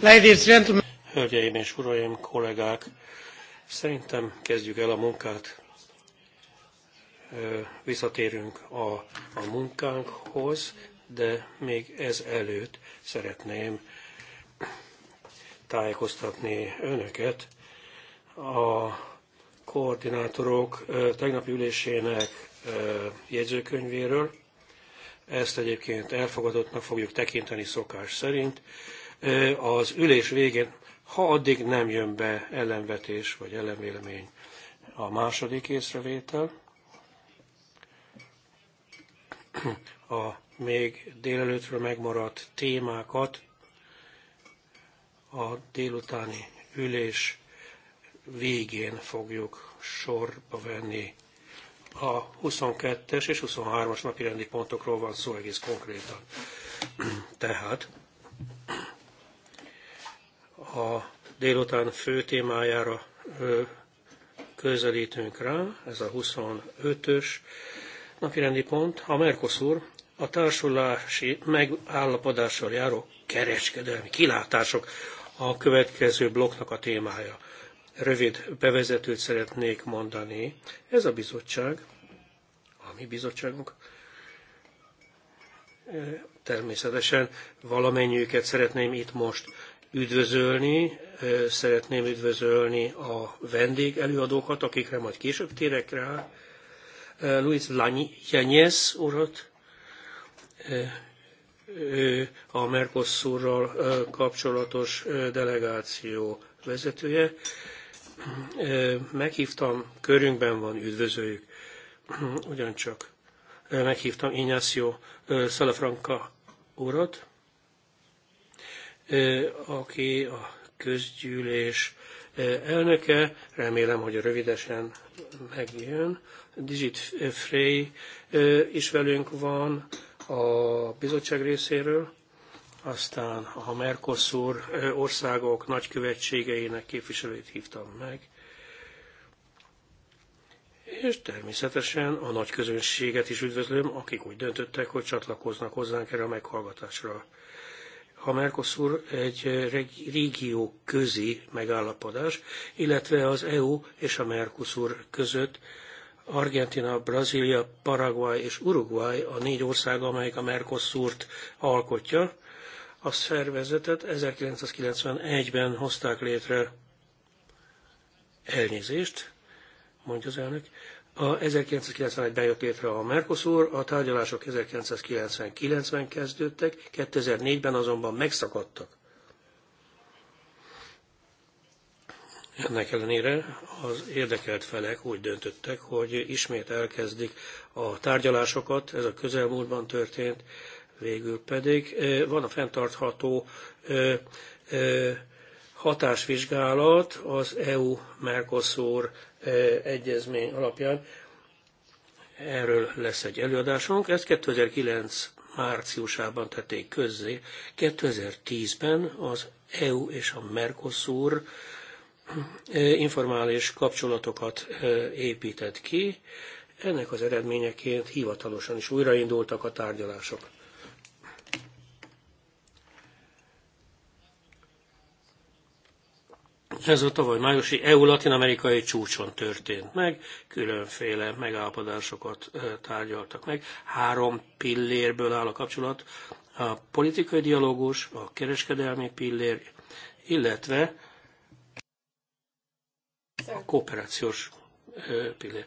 Ladies and gentlemen. Hölgyeim és uraim, kollégák, szerintem kezdjük el a munkát. Visszatérünk a, a munkánkhoz, de még ez előtt szeretném tájékoztatni önöket a koordinátorok tegnapi ülésének jegyzőkönyvéről. Ezt egyébként elfogadottnak fogjuk tekinteni szokás szerint az ülés végén, ha addig nem jön be ellenvetés vagy ellenvélemény. A második észrevétel a még délelőttről megmaradt témákat a délutáni ülés végén fogjuk sorba venni. A 22-es és 23-as napi rendi pontokról van szó egész konkrétan. Tehát a délután fő témájára közelítünk rá, ez a 25-ös napirendi pont, a Mercosur a társulási megállapodással járó kereskedelmi kilátások a következő blokknak a témája. Rövid bevezetőt szeretnék mondani. Ez a bizottság, a mi bizottságunk, természetesen valamennyiüket szeretném itt most üdvözölni, szeretném üdvözölni a vendég előadókat, akikre majd később térek rá. Luis Lanyanyes urat, ő a Mercosurral kapcsolatos delegáció vezetője. Meghívtam, körünkben van, üdvözöljük. Ugyancsak meghívtam Ignacio Salafranca urat, aki a közgyűlés elnöke, remélem, hogy rövidesen megjön. Digit Frey is velünk van a bizottság részéről, aztán a Mercosur országok nagykövetségeinek képviselőit hívtam meg, és természetesen a nagy közönséget is üdvözlöm, akik úgy döntöttek, hogy csatlakoznak hozzánk erre a meghallgatásra a Mercosur egy régió közi megállapodás, illetve az EU és a Mercosur között Argentina, Brazília, Paraguay és Uruguay a négy ország, amelyik a Mercosurt alkotja. A szervezetet 1991-ben hozták létre elnézést, mondja az elnök. A 1991-ben jött létre a Mercosur, a tárgyalások 1999-ben kezdődtek, 2004-ben azonban megszakadtak. Ennek ellenére az érdekelt felek úgy döntöttek, hogy ismét elkezdik a tárgyalásokat, ez a közelmúltban történt, végül pedig van a fenntartható hatásvizsgálat az EU-Mercosur egyezmény alapján. Erről lesz egy előadásunk. Ezt 2009 márciusában tették közzé. 2010-ben az EU és a Mercosur informális kapcsolatokat épített ki. Ennek az eredményeként hivatalosan is újraindultak a tárgyalások. Ez a tavaly májusi EU-latin-amerikai csúcson történt meg, különféle megállapodásokat tárgyaltak meg. Három pillérből áll a kapcsolat, a politikai dialógus, a kereskedelmi pillér, illetve a kooperációs pillér.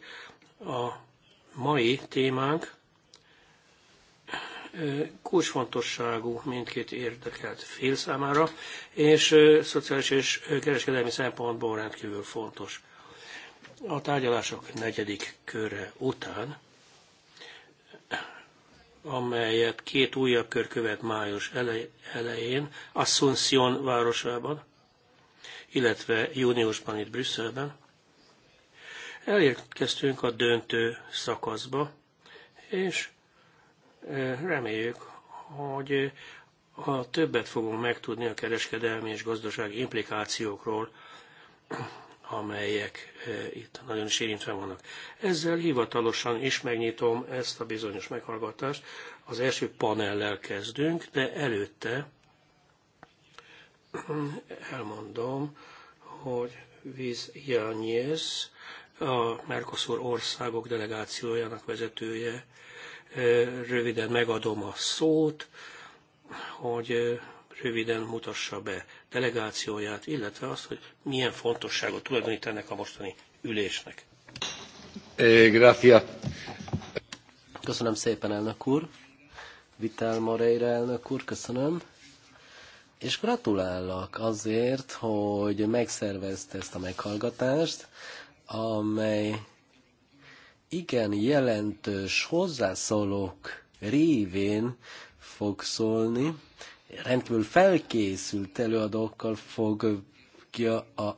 A mai témánk kulcsfontosságú mindkét érdekelt fél számára, és szociális és kereskedelmi szempontból rendkívül fontos. A tárgyalások negyedik körre után, amelyet két újabb kör követ május elején, Asunción városában, illetve júniusban itt Brüsszelben, elérkeztünk a döntő szakaszba, és Reméljük, hogy a többet fogunk megtudni a kereskedelmi és gazdasági implikációkról, amelyek itt nagyon is érintve vannak. Ezzel hivatalosan is megnyitom ezt a bizonyos meghallgatást. Az első panellel kezdünk, de előtte elmondom, hogy Viz Jányész, a Mercosur országok delegációjának vezetője, Röviden megadom a szót, hogy röviden mutassa be delegációját, illetve azt, hogy milyen fontosságot tulajdonít ennek a mostani ülésnek. Köszönöm szépen, elnök úr. Vitál Moreira elnök úr, köszönöm. És gratulálok azért, hogy megszervezte ezt a meghallgatást, amely igen jelentős hozzászólók révén fog szólni, rendkívül felkészült előadókkal fogja a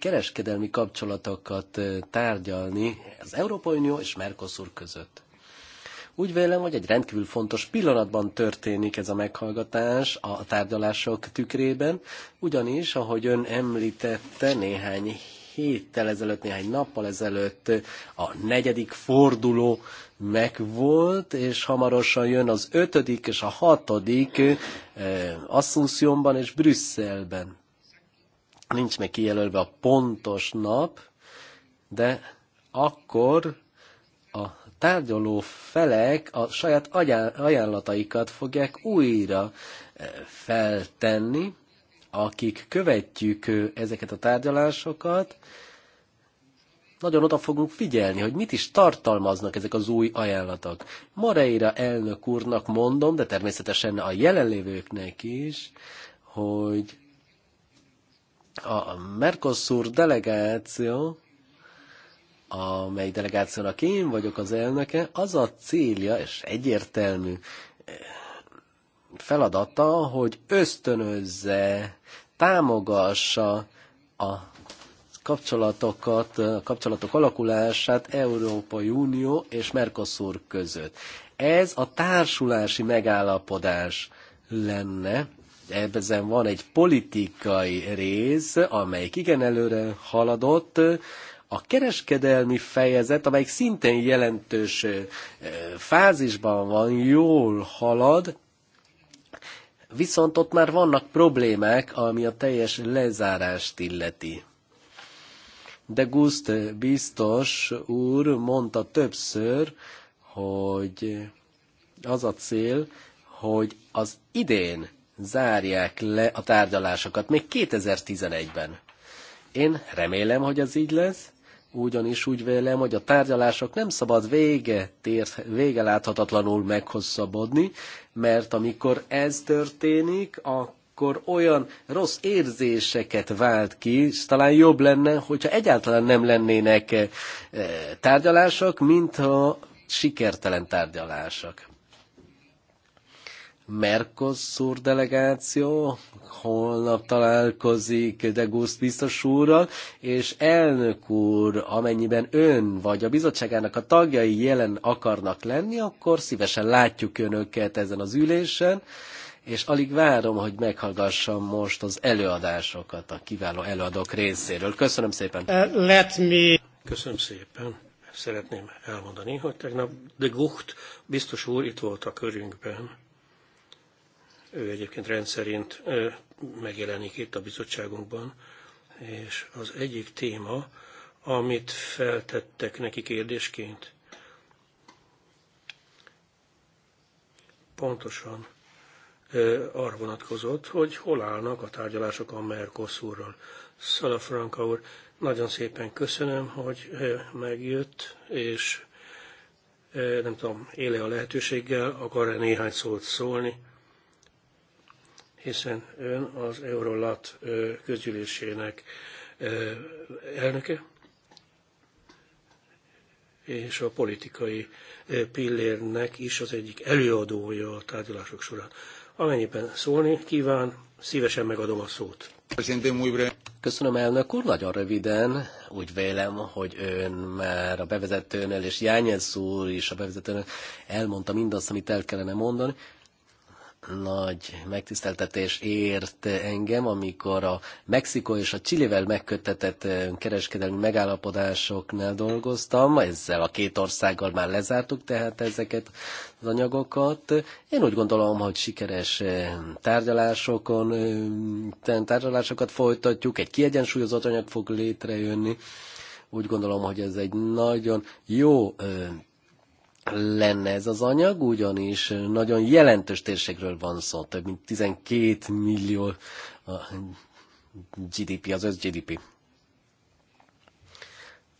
kereskedelmi kapcsolatokat tárgyalni az Európai Unió és Mercosur között. Úgy vélem, hogy egy rendkívül fontos pillanatban történik ez a meghallgatás a tárgyalások tükrében, ugyanis, ahogy ön említette, néhány héttel ezelőtt, néhány nappal ezelőtt a negyedik forduló megvolt, és hamarosan jön az ötödik és a hatodik eh, Asszunciónban és Brüsszelben. Nincs meg kijelölve a pontos nap, de akkor a tárgyaló felek a saját ajánlataikat fogják újra eh, feltenni, akik követjük ezeket a tárgyalásokat, nagyon oda fogunk figyelni, hogy mit is tartalmaznak ezek az új ajánlatok. Moreira elnök úrnak mondom, de természetesen a jelenlévőknek is, hogy a Mercosur delegáció, amely delegációnak én vagyok az elnöke, az a célja, és egyértelmű feladata, hogy ösztönözze, támogassa a kapcsolatokat, a kapcsolatok alakulását Európai Unió és Mercosur között. Ez a társulási megállapodás lenne, ebben van egy politikai rész, amelyik igen előre haladott, a kereskedelmi fejezet, amelyik szintén jelentős eh, fázisban van, jól halad, viszont ott már vannak problémák, ami a teljes lezárást illeti. De Gust biztos úr mondta többször, hogy az a cél, hogy az idén zárják le a tárgyalásokat, még 2011-ben. Én remélem, hogy az így lesz, ugyanis úgy vélem, hogy a tárgyalások nem szabad vége, tér vége láthatatlanul meghosszabbodni, mert amikor ez történik, akkor olyan rossz érzéseket vált ki, és talán jobb lenne, hogyha egyáltalán nem lennének eh, tárgyalások, mint ha sikertelen tárgyalások. Mercosur delegáció holnap találkozik de Gust biztos úrral, és elnök úr, amennyiben ön vagy a bizottságának a tagjai jelen akarnak lenni, akkor szívesen látjuk önöket ezen az ülésen, és alig várom, hogy meghallgassam most az előadásokat a kiváló előadók részéről. Köszönöm szépen! Uh, let me... Köszönöm szépen! Szeretném elmondani, hogy tegnap de Gucht biztos úr itt volt a körünkben ő egyébként rendszerint megjelenik itt a bizottságunkban, és az egyik téma, amit feltettek neki kérdésként, pontosan arra vonatkozott, hogy hol állnak a tárgyalások a Mercosurral. Franka úr, nagyon szépen köszönöm, hogy megjött, és nem tudom, éle a lehetőséggel, akar-e néhány szót szólni? hiszen ön az Eurolat közgyűlésének elnöke, és a politikai pillérnek is az egyik előadója a tárgyalások során. Amennyiben szólni kíván, szívesen megadom a szót. Köszönöm elnök úr, nagyon röviden. Úgy vélem, hogy ön már a bevezetőnél, és Jányez úr is a bevezetőnél elmondta mindazt, amit el kellene mondani nagy megtiszteltetés ért engem, amikor a Mexikó és a Csillivel megköttetett kereskedelmi megállapodásoknál dolgoztam. Ezzel a két országgal már lezártuk tehát ezeket az anyagokat. Én úgy gondolom, hogy sikeres tárgyalásokon, tárgyalásokat folytatjuk, egy kiegyensúlyozott anyag fog létrejönni. Úgy gondolom, hogy ez egy nagyon jó lenne ez az anyag, ugyanis nagyon jelentős térségről van szó, több mint 12 millió a GDP, az össz GDP.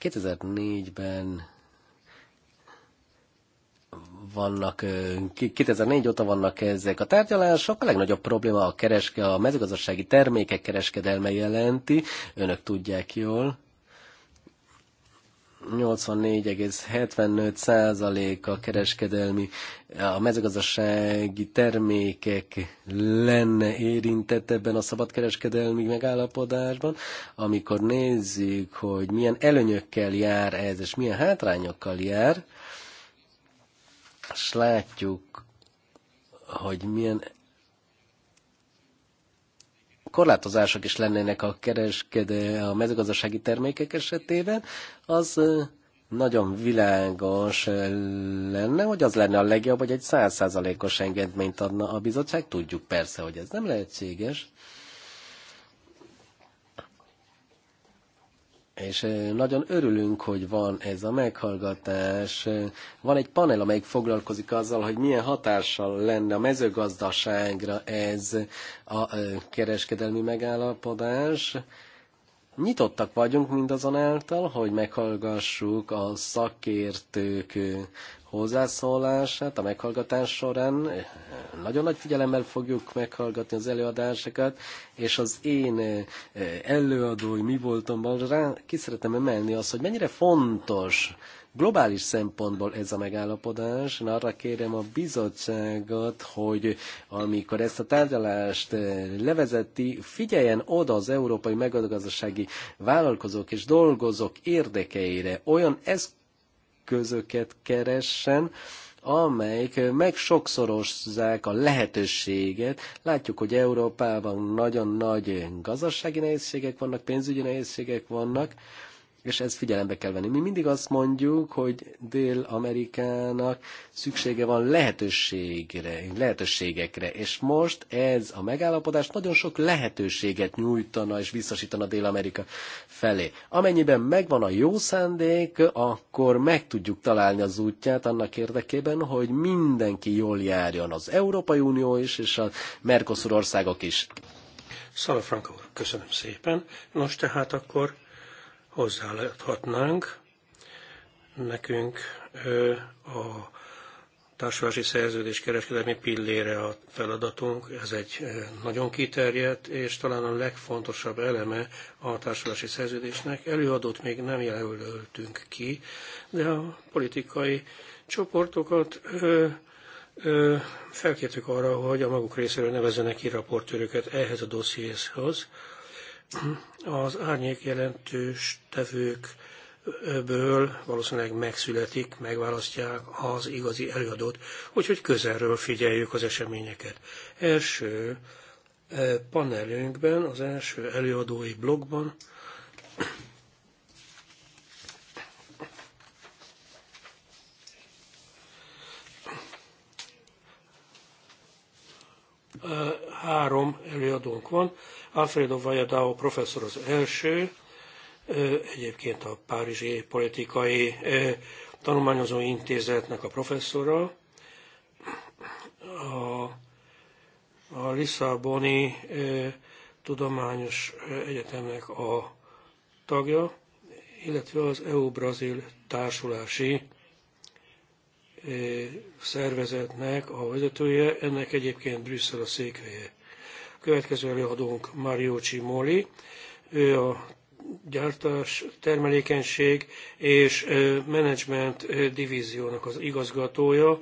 2004-ben vannak, 2004 óta vannak ezek a tárgyalások. A legnagyobb probléma a, kereske, a mezőgazdasági termékek kereskedelme jelenti. Önök tudják jól. 84,75% a kereskedelmi, a mezőgazdasági termékek lenne érintett ebben a szabadkereskedelmi megállapodásban, amikor nézzük, hogy milyen előnyökkel jár ez, és milyen hátrányokkal jár, és látjuk, hogy milyen korlátozások is lennének a, kereskedő, a mezőgazdasági termékek esetében, az nagyon világos lenne, hogy az lenne a legjobb, hogy egy százszázalékos engedményt adna a bizottság. Tudjuk persze, hogy ez nem lehetséges. és nagyon örülünk, hogy van ez a meghallgatás. Van egy panel, amelyik foglalkozik azzal, hogy milyen hatással lenne a mezőgazdaságra ez a kereskedelmi megállapodás. Nyitottak vagyunk mindazonáltal, hogy meghallgassuk a szakértők hozzászólását a meghallgatás során. Nagyon nagy figyelemmel fogjuk meghallgatni az előadásokat, és az én eh, előadói mi voltomban rá ki szeretem emelni azt, hogy mennyire fontos globális szempontból ez a megállapodás. Én arra kérem a bizottságot, hogy amikor ezt a tárgyalást eh, levezeti, figyeljen oda az európai megadagazdasági vállalkozók és dolgozók érdekeire. Olyan eszközök, eszközöket keressen, amelyik meg sokszorozzák a lehetőséget. Látjuk, hogy Európában nagyon nagy gazdasági nehézségek vannak, pénzügyi nehézségek vannak, és ez figyelembe kell venni. Mi mindig azt mondjuk, hogy Dél-Amerikának szüksége van lehetőségre, lehetőségekre, és most ez a megállapodás nagyon sok lehetőséget nyújtana és biztosítana Dél-Amerika felé. Amennyiben megvan a jó szándék, akkor meg tudjuk találni az útját annak érdekében, hogy mindenki jól járjon, az Európai Unió is, és a Mercosur országok is. Szalafranka úr, köszönöm szépen. Nos, tehát akkor hozzáadhatnánk. Nekünk a társulási szerződés kereskedelmi pillére a feladatunk, ez egy nagyon kiterjedt, és talán a legfontosabb eleme a társulási szerződésnek. Előadót még nem jelöltünk ki, de a politikai csoportokat felkértük arra, hogy a maguk részéről nevezzenek ki raportőröket ehhez a dossziéhoz az árnyék jelentős tevők ből valószínűleg megszületik, megválasztják az igazi előadót, úgyhogy közelről figyeljük az eseményeket. Első panelünkben, az első előadói blogban három előadónk van. Alfredo Valladao professzor az első, egyébként a Párizsi Politikai Tanulmányozó Intézetnek a professzora, a, a Lisszaboni Tudományos Egyetemnek a tagja, illetve az EU-Brazil Társulási szervezetnek a vezetője, ennek egyébként Brüsszel a székhelye. A következő előadónk Mario Cimoli, ő a gyártás, termelékenység és menedzsment divíziónak az igazgatója,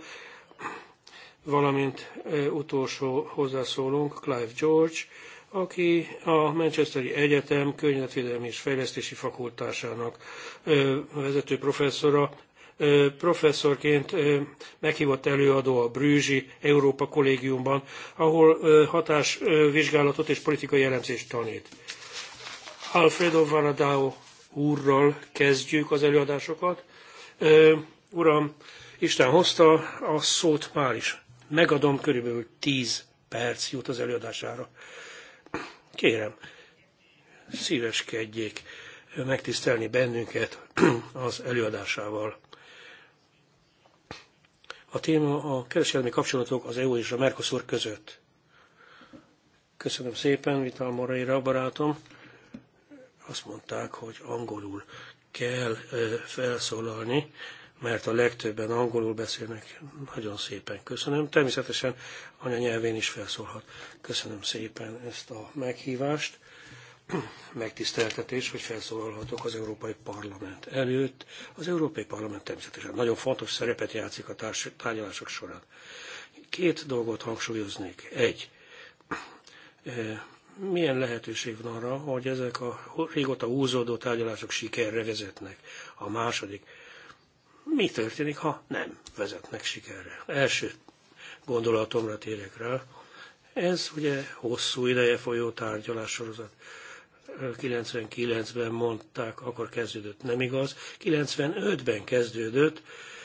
valamint utolsó hozzászólónk Clive George, aki a Manchesteri Egyetem Környezetvédelmi és Fejlesztési Fakultásának vezető professzora, professzorként meghívott előadó a Brűzsi Európa Kollégiumban, ahol hatásvizsgálatot és politikai elemzést tanít. Alfredo Varadao úrral kezdjük az előadásokat. Uram, Isten hozta a szót már is. Megadom körülbelül 10 perc jut az előadására. Kérem, szíveskedjék megtisztelni bennünket az előadásával. A téma a kereskedelmi kapcsolatok az EU és a Mercosur között. Köszönöm szépen, Vital Moreira barátom. Azt mondták, hogy angolul kell felszólalni, mert a legtöbben angolul beszélnek. Nagyon szépen köszönöm. Természetesen anyanyelvén is felszólhat. Köszönöm szépen ezt a meghívást megtiszteltetés, hogy felszólalhatok az Európai Parlament előtt. Az Európai Parlament természetesen nagyon fontos szerepet játszik a tárgyalások során. Két dolgot hangsúlyoznék. Egy, e, milyen lehetőség van arra, hogy ezek a régóta húzódó tárgyalások sikerre vezetnek? A második, mi történik, ha nem vezetnek sikerre? Első gondolatomra térek rá. Ez ugye hosszú ideje folyó tárgyalássorozat. 99-ben mondták, akkor kezdődött, nem igaz. 95-ben kezdődött,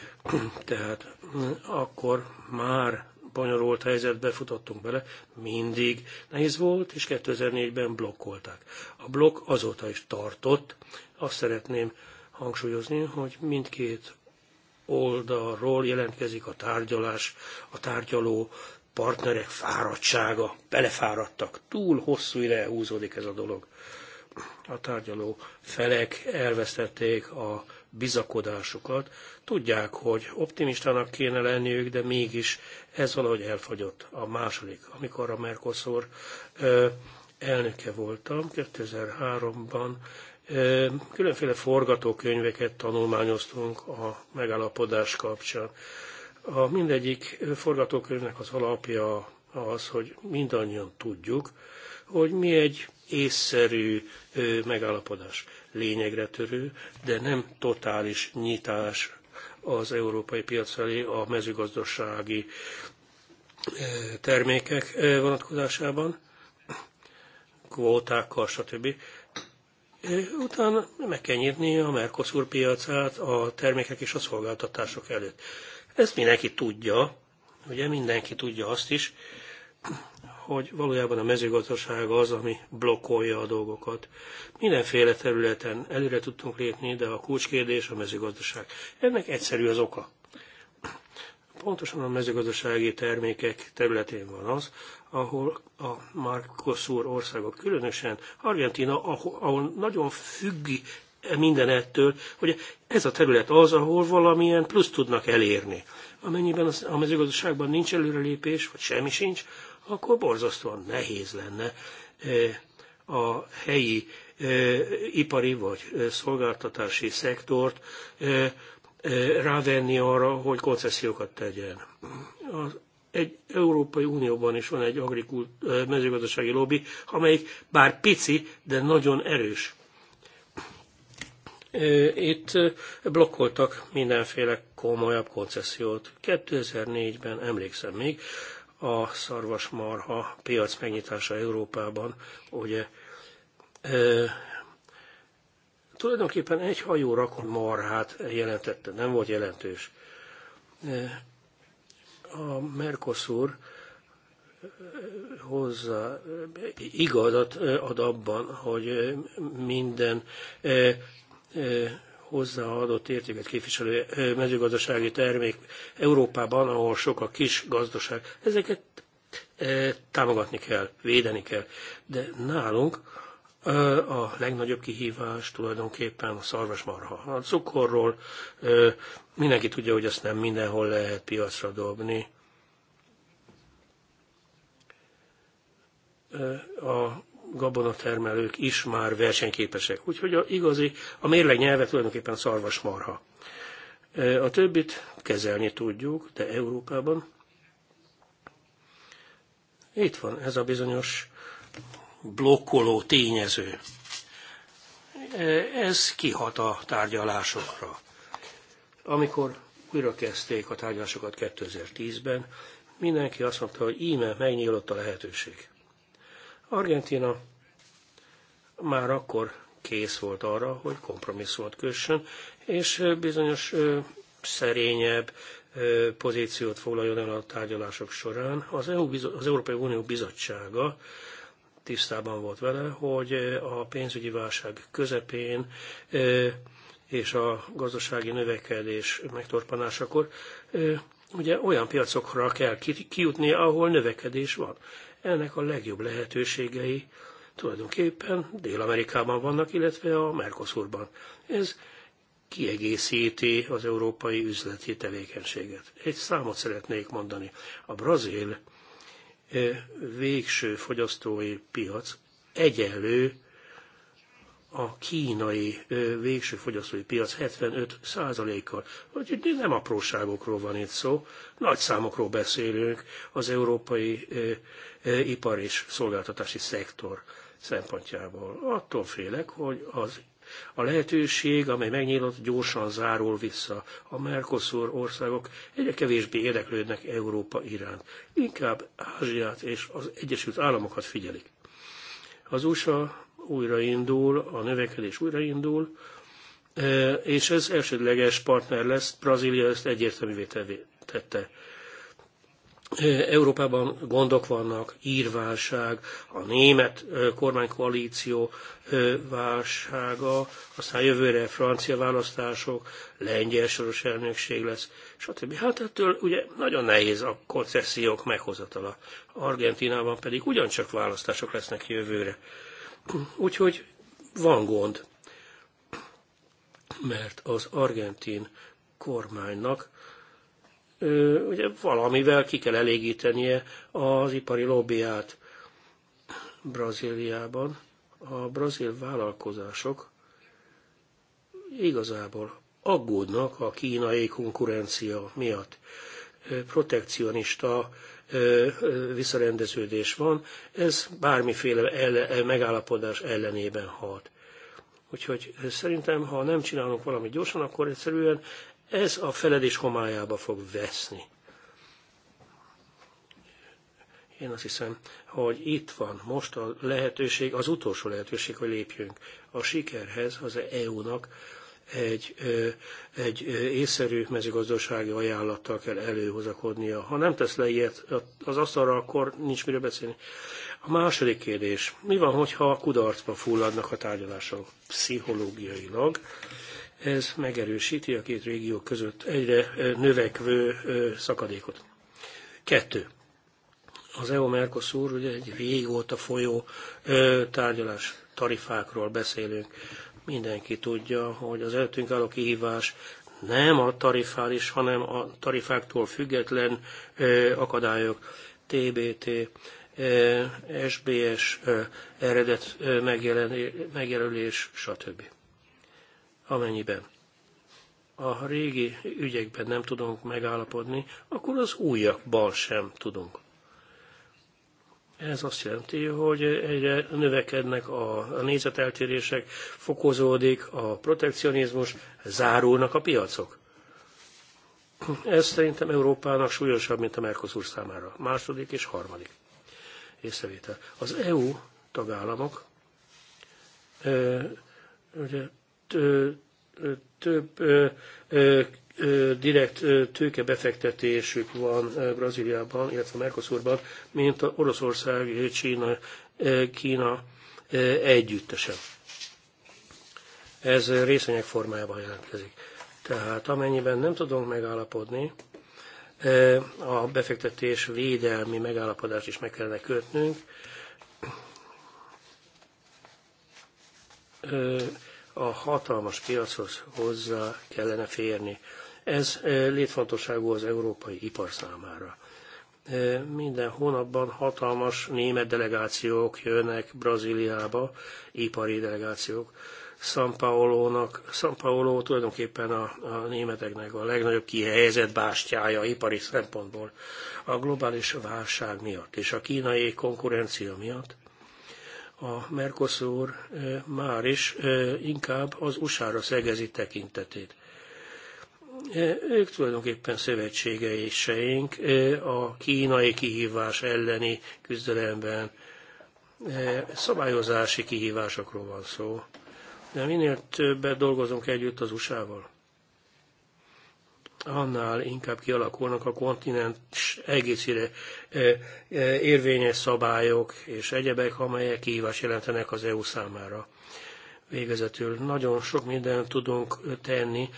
tehát hm, akkor már bonyolult helyzetbe futottunk bele, mindig nehéz volt, és 2004-ben blokkolták. A blokk azóta is tartott. Azt szeretném hangsúlyozni, hogy mindkét oldalról jelentkezik a tárgyalás, a tárgyaló partnerek fáradtsága, belefáradtak, túl hosszú ideje húzódik ez a dolog a tárgyaló felek elvesztették a bizakodásukat. Tudják, hogy optimistának kéne lenniük, de mégis ez valahogy elfogyott. A második, amikor a Mercosur elnöke voltam 2003-ban, különféle forgatókönyveket tanulmányoztunk a megállapodás kapcsán. A mindegyik forgatókönyvnek az alapja az, hogy mindannyian tudjuk, hogy mi egy észszerű megállapodás lényegre törő, de nem totális nyitás az európai piac felé a mezőgazdasági termékek vonatkozásában, kvótákkal, stb. Utána meg kell nyitni a Mercosur piacát a termékek és a szolgáltatások előtt. Ezt mindenki tudja, ugye mindenki tudja azt is, hogy valójában a mezőgazdaság az, ami blokkolja a dolgokat. Mindenféle területen előre tudtunk lépni, de a kulcskérdés a mezőgazdaság. Ennek egyszerű az oka. Pontosan a mezőgazdasági termékek területén van az, ahol a Marcosur országok, különösen Argentina, ahol, ahol nagyon függi minden ettől, hogy ez a terület az, ahol valamilyen plusz tudnak elérni. Amennyiben a mezőgazdaságban nincs előrelépés, vagy semmi sincs, akkor borzasztóan nehéz lenne e, a helyi e, ipari vagy e, szolgáltatási szektort rávenni arra, hogy koncesziókat tegyen. Az egy Európai Unióban is van egy agrikult, mezőgazdasági lobby, amelyik bár pici, de nagyon erős. Itt blokkoltak mindenféle komolyabb koncesziót. 2004-ben emlékszem még, a szarvasmarha piac megnyitása Európában, ugye e, tulajdonképpen egy hajó rakon marhát jelentette, nem volt jelentős. E, a Mercosur hozzá igazat ad abban, hogy minden hozzáadott értéket képviselő mezőgazdasági termék Európában, ahol sok a kis gazdaság. Ezeket támogatni kell, védeni kell. De nálunk a legnagyobb kihívás tulajdonképpen a szarvasmarha. A cukorról mindenki tudja, hogy azt nem mindenhol lehet piacra dobni. A gabonatermelők is már versenyképesek. Úgyhogy a igazi, a mérleg nyelve tulajdonképpen a szarvasmarha. A többit kezelni tudjuk, de Európában itt van ez a bizonyos blokkoló tényező. Ez kihat a tárgyalásokra. Amikor újra kezdték a tárgyalásokat 2010-ben, mindenki azt mondta, hogy íme megnyílott a lehetőség. Argentina már akkor kész volt arra, hogy kompromisszumot kössön, és bizonyos szerényebb pozíciót foglaljon el a tárgyalások során. Az, EU, az Európai Unió bizottsága tisztában volt vele, hogy a pénzügyi válság közepén és a gazdasági növekedés megtorpanásakor ugye olyan piacokra kell kijutni, ahol növekedés van. Ennek a legjobb lehetőségei tulajdonképpen Dél-Amerikában vannak, illetve a Mercosurban. Ez kiegészíti az európai üzleti tevékenységet. Egy számot szeretnék mondani. A brazil végső fogyasztói piac egyenlő a kínai végső fogyasztói piac 75%-kal. Úgyhogy nem apróságokról van itt szó, nagy számokról beszélünk. Az európai E, ipar és szolgáltatási szektor szempontjából. Attól félek, hogy az a lehetőség, amely megnyílott gyorsan zárul vissza. A Mercosur országok egyre kevésbé érdeklődnek Európa iránt. Inkább Ázsiát és az Egyesült Államokat figyelik. Az USA újraindul, a növekedés újraindul, e, és ez elsődleges partner lesz, Brazília ezt egyértelművé tette. Európában gondok vannak, írválság, a német kormánykoalíció válsága, aztán jövőre francia választások, lengyel soros elnökség lesz, stb. Hát ettől ugye nagyon nehéz a koncesziók meghozatala. Argentinában pedig ugyancsak választások lesznek jövőre. Úgyhogy van gond, mert az argentin kormánynak ugye valamivel ki kell elégítenie az ipari lobbyát Brazíliában. A brazil vállalkozások igazából aggódnak a kínai konkurencia miatt. Protekcionista visszarendeződés van, ez bármiféle ele, e, megállapodás ellenében hat. Úgyhogy szerintem, ha nem csinálunk valamit gyorsan, akkor egyszerűen ez a feledés homályába fog veszni. Én azt hiszem, hogy itt van most a lehetőség, az utolsó lehetőség, hogy lépjünk a sikerhez, az EU-nak egy, egy észszerű mezőgazdasági ajánlattal kell előhozakodnia. Ha nem tesz le ilyet az asztalra, akkor nincs miről beszélni. A második kérdés. Mi van, hogyha kudarcba fulladnak a tárgyalások pszichológiailag? Ez megerősíti a két régió között egyre növekvő szakadékot. Kettő. Az EU-Mercosur ugye egy régóta folyó tárgyalás tarifákról beszélünk. Mindenki tudja, hogy az előttünk álló kihívás nem a tarifális, hanem a tarifáktól független akadályok, TBT, SBS eredet megjelölés, stb. Amennyiben a régi ügyekben nem tudunk megállapodni, akkor az újakban sem tudunk. Ez azt jelenti, hogy egyre növekednek a, nézeteltérések, fokozódik a protekcionizmus, zárulnak a piacok. Ez szerintem Európának súlyosabb, mint a Mercosur számára. Második és harmadik észrevétel. Az EU tagállamok ugye, több direkt tőkebefektetésük van Brazíliában, illetve Mercosurban, mint a Oroszország, Csína, Kína együttesen. Ez részvények formájában jelentkezik. Tehát amennyiben nem tudunk megállapodni, a befektetés védelmi megállapodást is meg kellene kötnünk, a hatalmas piachoz hozzá kellene férni. Ez e, létfontosságú az európai ipar számára. E, minden hónapban hatalmas német delegációk jönnek Brazíliába, ipari delegációk. San Paulo nak San Paolo tulajdonképpen a, a németeknek a legnagyobb kihelyezett bástyája ipari szempontból a globális válság miatt és a kínai konkurencia miatt a Mercosur már is inkább az USA-ra szegezi tekintetét. Ők tulajdonképpen szövetségeiseink a kínai kihívás elleni küzdelemben szabályozási kihívásokról van szó. De minél többet dolgozunk együtt az USA-val, annál inkább kialakulnak a kontinens egészére e, e, érvényes szabályok és egyebek, amelyek kihívást jelentenek az EU számára. Végezetül nagyon sok mindent tudunk tenni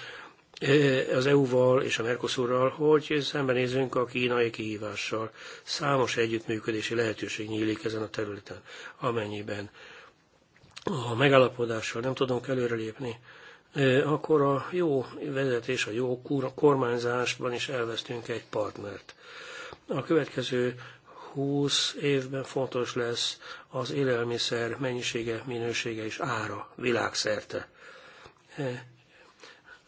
e, az EU-val és a Mercosurral, hogy szembenézünk a kínai kihívással. Számos együttműködési lehetőség nyílik ezen a területen, amennyiben a megállapodással nem tudunk előrelépni, akkor a jó vezetés, a jó kormányzásban is elvesztünk egy partnert. A következő 20 évben fontos lesz az élelmiszer mennyisége, minősége és ára világszerte.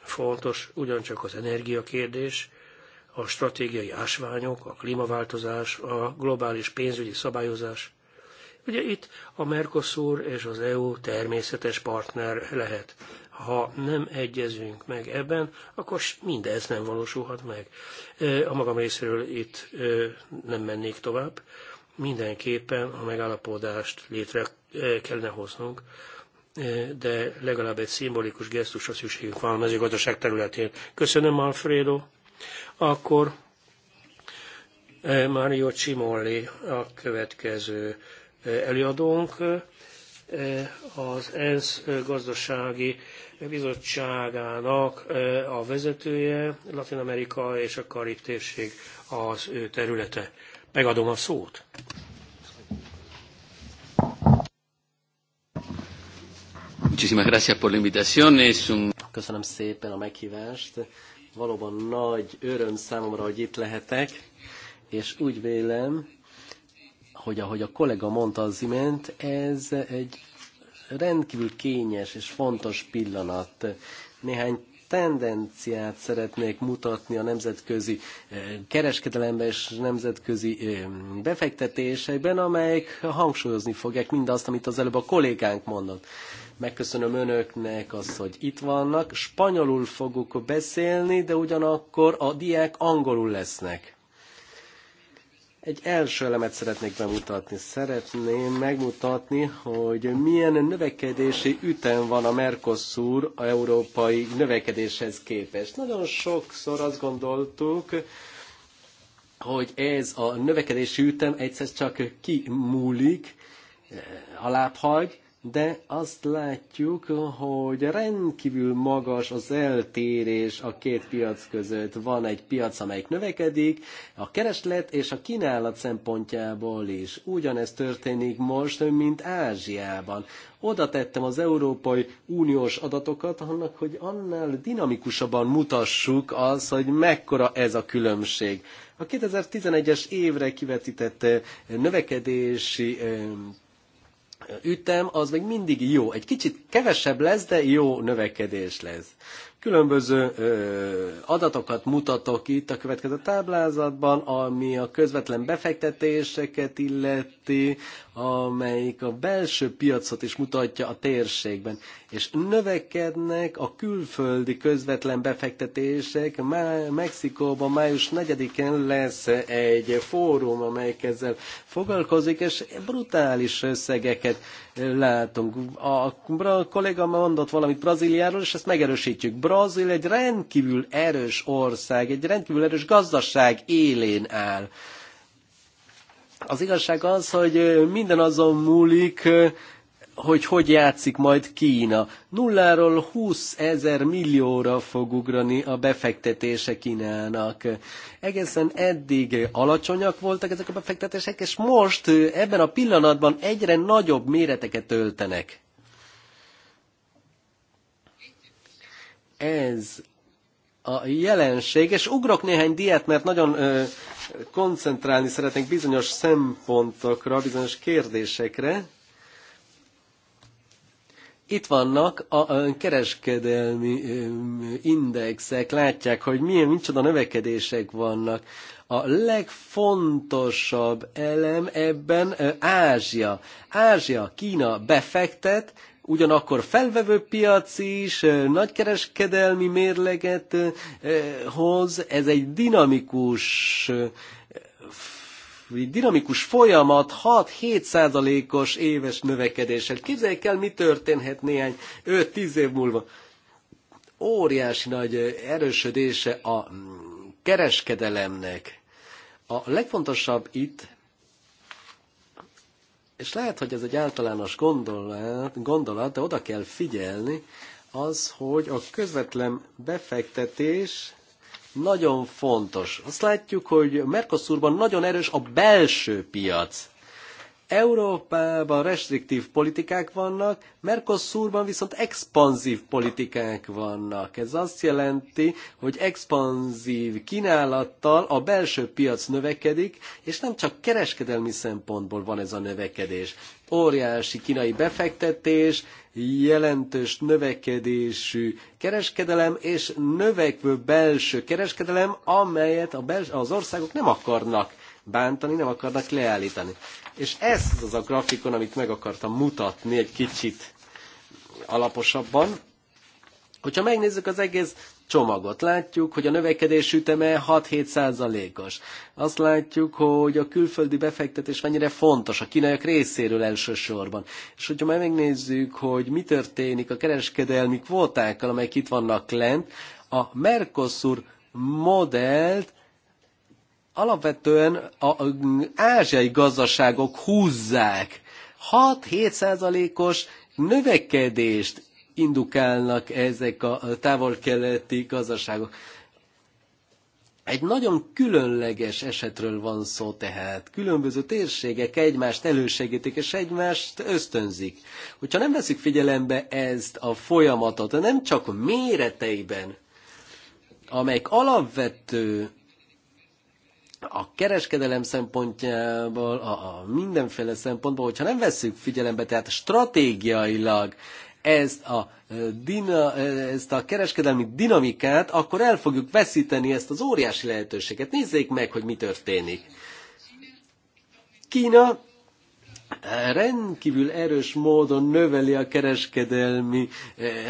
Fontos ugyancsak az energiakérdés, a stratégiai ásványok, a klímaváltozás, a globális pénzügyi szabályozás. Ugye itt a Mercosur és az EU természetes partner lehet ha nem egyezünk meg ebben, akkor mindez nem valósulhat meg. A magam részéről itt nem mennék tovább. Mindenképpen a megállapodást létre kellene hoznunk, de legalább egy szimbolikus gesztusra szükségünk van a mezőgazdaság területén. Köszönöm, Alfredo. Akkor Mario Cimolli a következő előadónk az ENSZ gazdasági bizottságának a vezetője, Latin Amerika és a Karib térség az ő területe. Megadom a szót. Köszönöm szépen a meghívást. Valóban nagy öröm számomra, hogy itt lehetek, és úgy vélem, hogy ahogy a kollega mondta az imént, ez egy rendkívül kényes és fontos pillanat. Néhány tendenciát szeretnék mutatni a nemzetközi eh, kereskedelemben és nemzetközi eh, befektetésekben, amelyek hangsúlyozni fogják mindazt, amit az előbb a kollégánk mondott. Megköszönöm önöknek azt, hogy itt vannak. Spanyolul fogok beszélni, de ugyanakkor a diák angolul lesznek. Egy első elemet szeretnék bemutatni. Szeretném megmutatni, hogy milyen növekedési ütem van a Mercosur a európai növekedéshez képest. Nagyon sokszor azt gondoltuk, hogy ez a növekedési ütem egyszer csak kimúlik, eh, alábbhagy, de azt látjuk, hogy rendkívül magas az eltérés a két piac között. Van egy piac, amelyik növekedik, a kereslet és a kínálat szempontjából is. Ugyanez történik most, mint Ázsiában. Oda tettem az Európai Uniós adatokat annak, hogy annál dinamikusabban mutassuk az, hogy mekkora ez a különbség. A 2011-es évre kivetített növekedési ütem az még mindig jó. Egy kicsit kevesebb lesz, de jó növekedés lesz. Különböző adatokat mutatok itt a következő táblázatban, ami a közvetlen befektetéseket illeti, amelyik a belső piacot is mutatja a térségben. És növekednek a külföldi közvetlen befektetések. Má- Mexikóban május 4-én lesz egy fórum, amelyik ezzel foglalkozik, és brutális összegeket látunk. A kolléga mondott valamit Brazíliáról, és ezt megerősítjük. Brazil egy rendkívül erős ország, egy rendkívül erős gazdaság élén áll. Az igazság az, hogy minden azon múlik, hogy hogy játszik majd Kína. Nulláról 20 ezer millióra fog ugrani a befektetése Kínának. Egészen eddig alacsonyak voltak ezek a befektetések, és most ebben a pillanatban egyre nagyobb méreteket öltenek. ez a jelenség, és ugrok néhány diát, mert nagyon ö, koncentrálni szeretnék bizonyos szempontokra, bizonyos kérdésekre. Itt vannak a kereskedelmi indexek, látják, hogy milyen, micsoda növekedések vannak. A legfontosabb elem ebben Ázsia. Ázsia, Kína befektet, ugyanakkor felvevő piac is, nagykereskedelmi mérleget hoz, ez egy dinamikus dinamikus folyamat 6-7 százalékos éves növekedéssel. Képzeljék el, mi történhet néhány 5-10 év múlva. Óriási nagy erősödése a mm, kereskedelemnek. A legfontosabb itt és lehet, hogy ez egy általános gondolat, gondolat, de oda kell figyelni, az, hogy a közvetlen befektetés nagyon fontos. Azt látjuk, hogy Mercosurban nagyon erős a belső piac. Európában restriktív politikák vannak, Mercosurban viszont expanzív politikák vannak. Ez azt jelenti, hogy expanzív kínálattal a belső piac növekedik, és nem csak kereskedelmi szempontból van ez a növekedés. Óriási kínai befektetés, jelentős növekedésű kereskedelem és növekvő belső kereskedelem, amelyet az országok nem akarnak bántani, nem akarnak leállítani. És ez az a grafikon, amit meg akartam mutatni egy kicsit alaposabban. Hogyha megnézzük az egész csomagot, látjuk, hogy a növekedés üteme 6-7 százalékos. Azt látjuk, hogy a külföldi befektetés mennyire fontos, a kínaiak részéről elsősorban. És hogyha már megnézzük, hogy mi történik a kereskedelmi kvótákkal, amelyek itt vannak lent, a Mercosur modellt alapvetően az ázsiai gazdaságok húzzák. 6-7 százalékos növekedést indukálnak ezek a távol-keleti gazdaságok. Egy nagyon különleges esetről van szó tehát. Különböző térségek egymást elősegítik és egymást ösztönzik. Hogyha nem veszik figyelembe ezt a folyamatot, nem csak méreteiben, amelyek alapvető a kereskedelem szempontjából, a, a mindenféle szempontból, hogyha nem vesszük figyelembe, tehát stratégiailag ezt a, dina, ezt a kereskedelmi dinamikát, akkor el fogjuk veszíteni ezt az óriási lehetőséget. Nézzék meg, hogy mi történik. Kína rendkívül erős módon növeli a kereskedelmi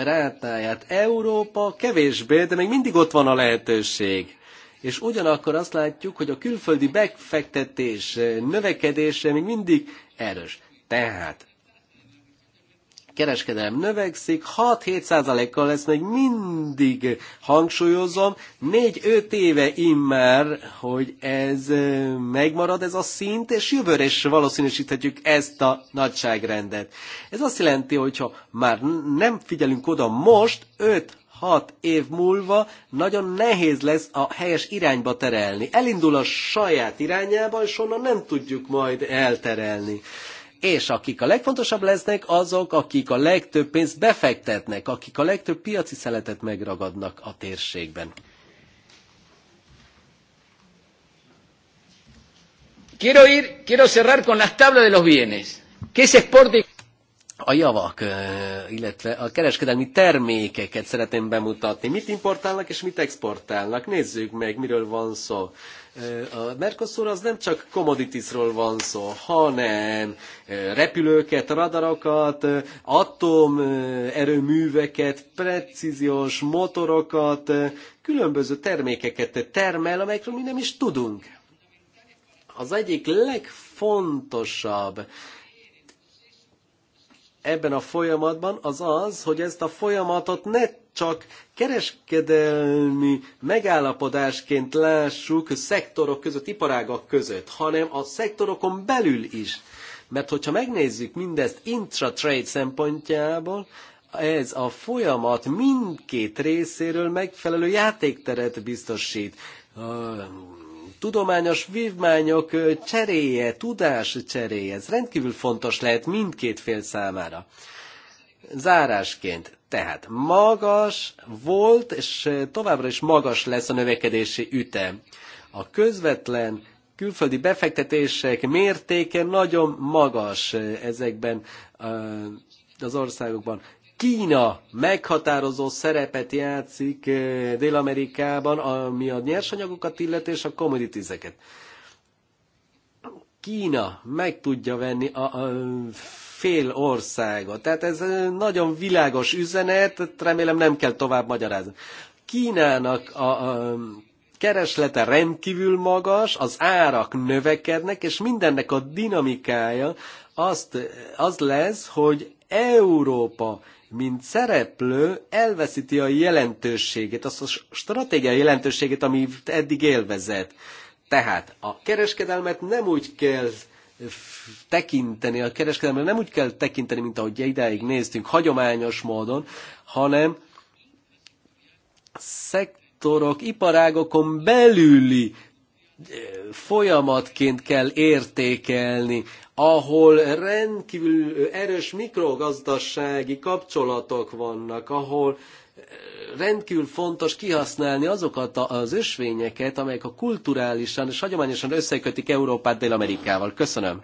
rátáját. Európa kevésbé, de még mindig ott van a lehetőség és ugyanakkor azt látjuk, hogy a külföldi befektetés eh, növekedése még mindig erős. Tehát kereskedelem növekszik, 6-7 százalékkal lesz még mindig, hangsúlyozom, 4-5 éve immár, hogy ez eh, megmarad ez a szint, és jövőre is valószínűsíthetjük ezt a nagyságrendet. Ez azt jelenti, hogyha már nem figyelünk oda most, hat év múlva nagyon nehéz lesz a helyes irányba terelni. Elindul a saját irányába, és onnan nem tudjuk majd elterelni. És akik a legfontosabb lesznek, azok, akik a legtöbb pénzt befektetnek, akik a legtöbb piaci szeletet megragadnak a térségben. Quiero ir, quiero cerrar con las tablas de los bienes. ¿Qué es exporte? a javak, illetve a kereskedelmi termékeket szeretném bemutatni. Mit importálnak és mit exportálnak? Nézzük meg, miről van szó. A Mercosur az nem csak commoditiesról van szó, hanem repülőket, radarokat, atomerőműveket, precíziós motorokat, különböző termékeket termel, amelyekről mi nem is tudunk. Az egyik legfontosabb ebben a folyamatban az az, hogy ezt a folyamatot ne csak kereskedelmi megállapodásként lássuk szektorok között, iparágak között, hanem a szektorokon belül is. Mert hogyha megnézzük mindezt intra trade szempontjából, ez a folyamat mindkét részéről megfelelő játékteret biztosít tudományos vívmányok cseréje, tudás cseréje, ez rendkívül fontos lehet mindkét fél számára. Zárásként, tehát magas volt, és továbbra is magas lesz a növekedési ütem. A közvetlen külföldi befektetések mértéke nagyon magas ezekben az országokban. Kína meghatározó szerepet játszik eh, Dél-Amerikában, ami a nyersanyagokat illeti és a komoditizeket. Kína meg tudja venni a, a fél országot. Tehát ez eh, nagyon világos üzenet, remélem nem kell tovább magyarázni. Kínának a, a kereslete rendkívül magas, az árak növekednek, és mindennek a dinamikája azt, eh, az lesz, hogy Európa, mint szereplő elveszíti a jelentőségét, azt a stratégiai jelentőségét, amit eddig élvezett. Tehát a kereskedelmet nem úgy kell tekinteni, a kereskedelmet nem úgy kell tekinteni, mint ahogy ideig néztünk, hagyományos módon, hanem szektorok, iparágokon belüli folyamatként kell értékelni, ahol rendkívül erős mikrogazdasági kapcsolatok vannak, ahol eh, rendkívül fontos kihasználni azokat az ösvényeket, amelyek a kulturálisan és hagyományosan összekötik Európát Dél-Amerikával. Köszönöm.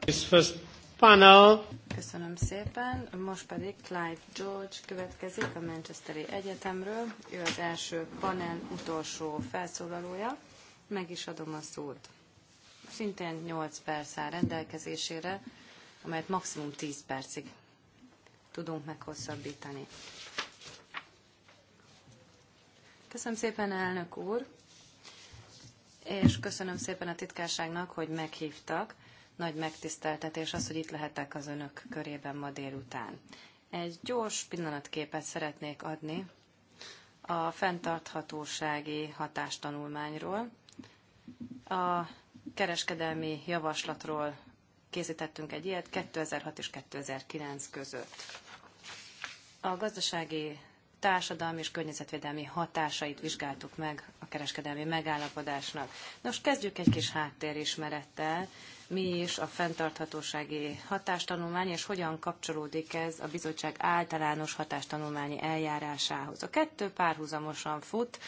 Panel. Köszönöm szépen. Most pedig Clive George következik a Manchesteri Egyetemről. Ő az első panel utolsó felszólalója meg is adom a szót. Szintén 8 perc áll rendelkezésére, amelyet maximum 10 percig tudunk meghosszabbítani. Köszönöm szépen, elnök úr, és köszönöm szépen a titkárságnak, hogy meghívtak. Nagy megtiszteltetés az, hogy itt lehetek az önök körében ma délután. Egy gyors pillanatképet szeretnék adni a fenntarthatósági hatástanulmányról, a kereskedelmi javaslatról készítettünk egy ilyet 2006 és 2009 között. A gazdasági, társadalmi és környezetvédelmi hatásait vizsgáltuk meg a kereskedelmi megállapodásnak. Nos, kezdjük egy kis háttérismerettel. Mi is a fenntarthatósági hatástanulmány, és hogyan kapcsolódik ez a bizottság általános hatástanulmányi eljárásához. A kettő párhuzamosan fut,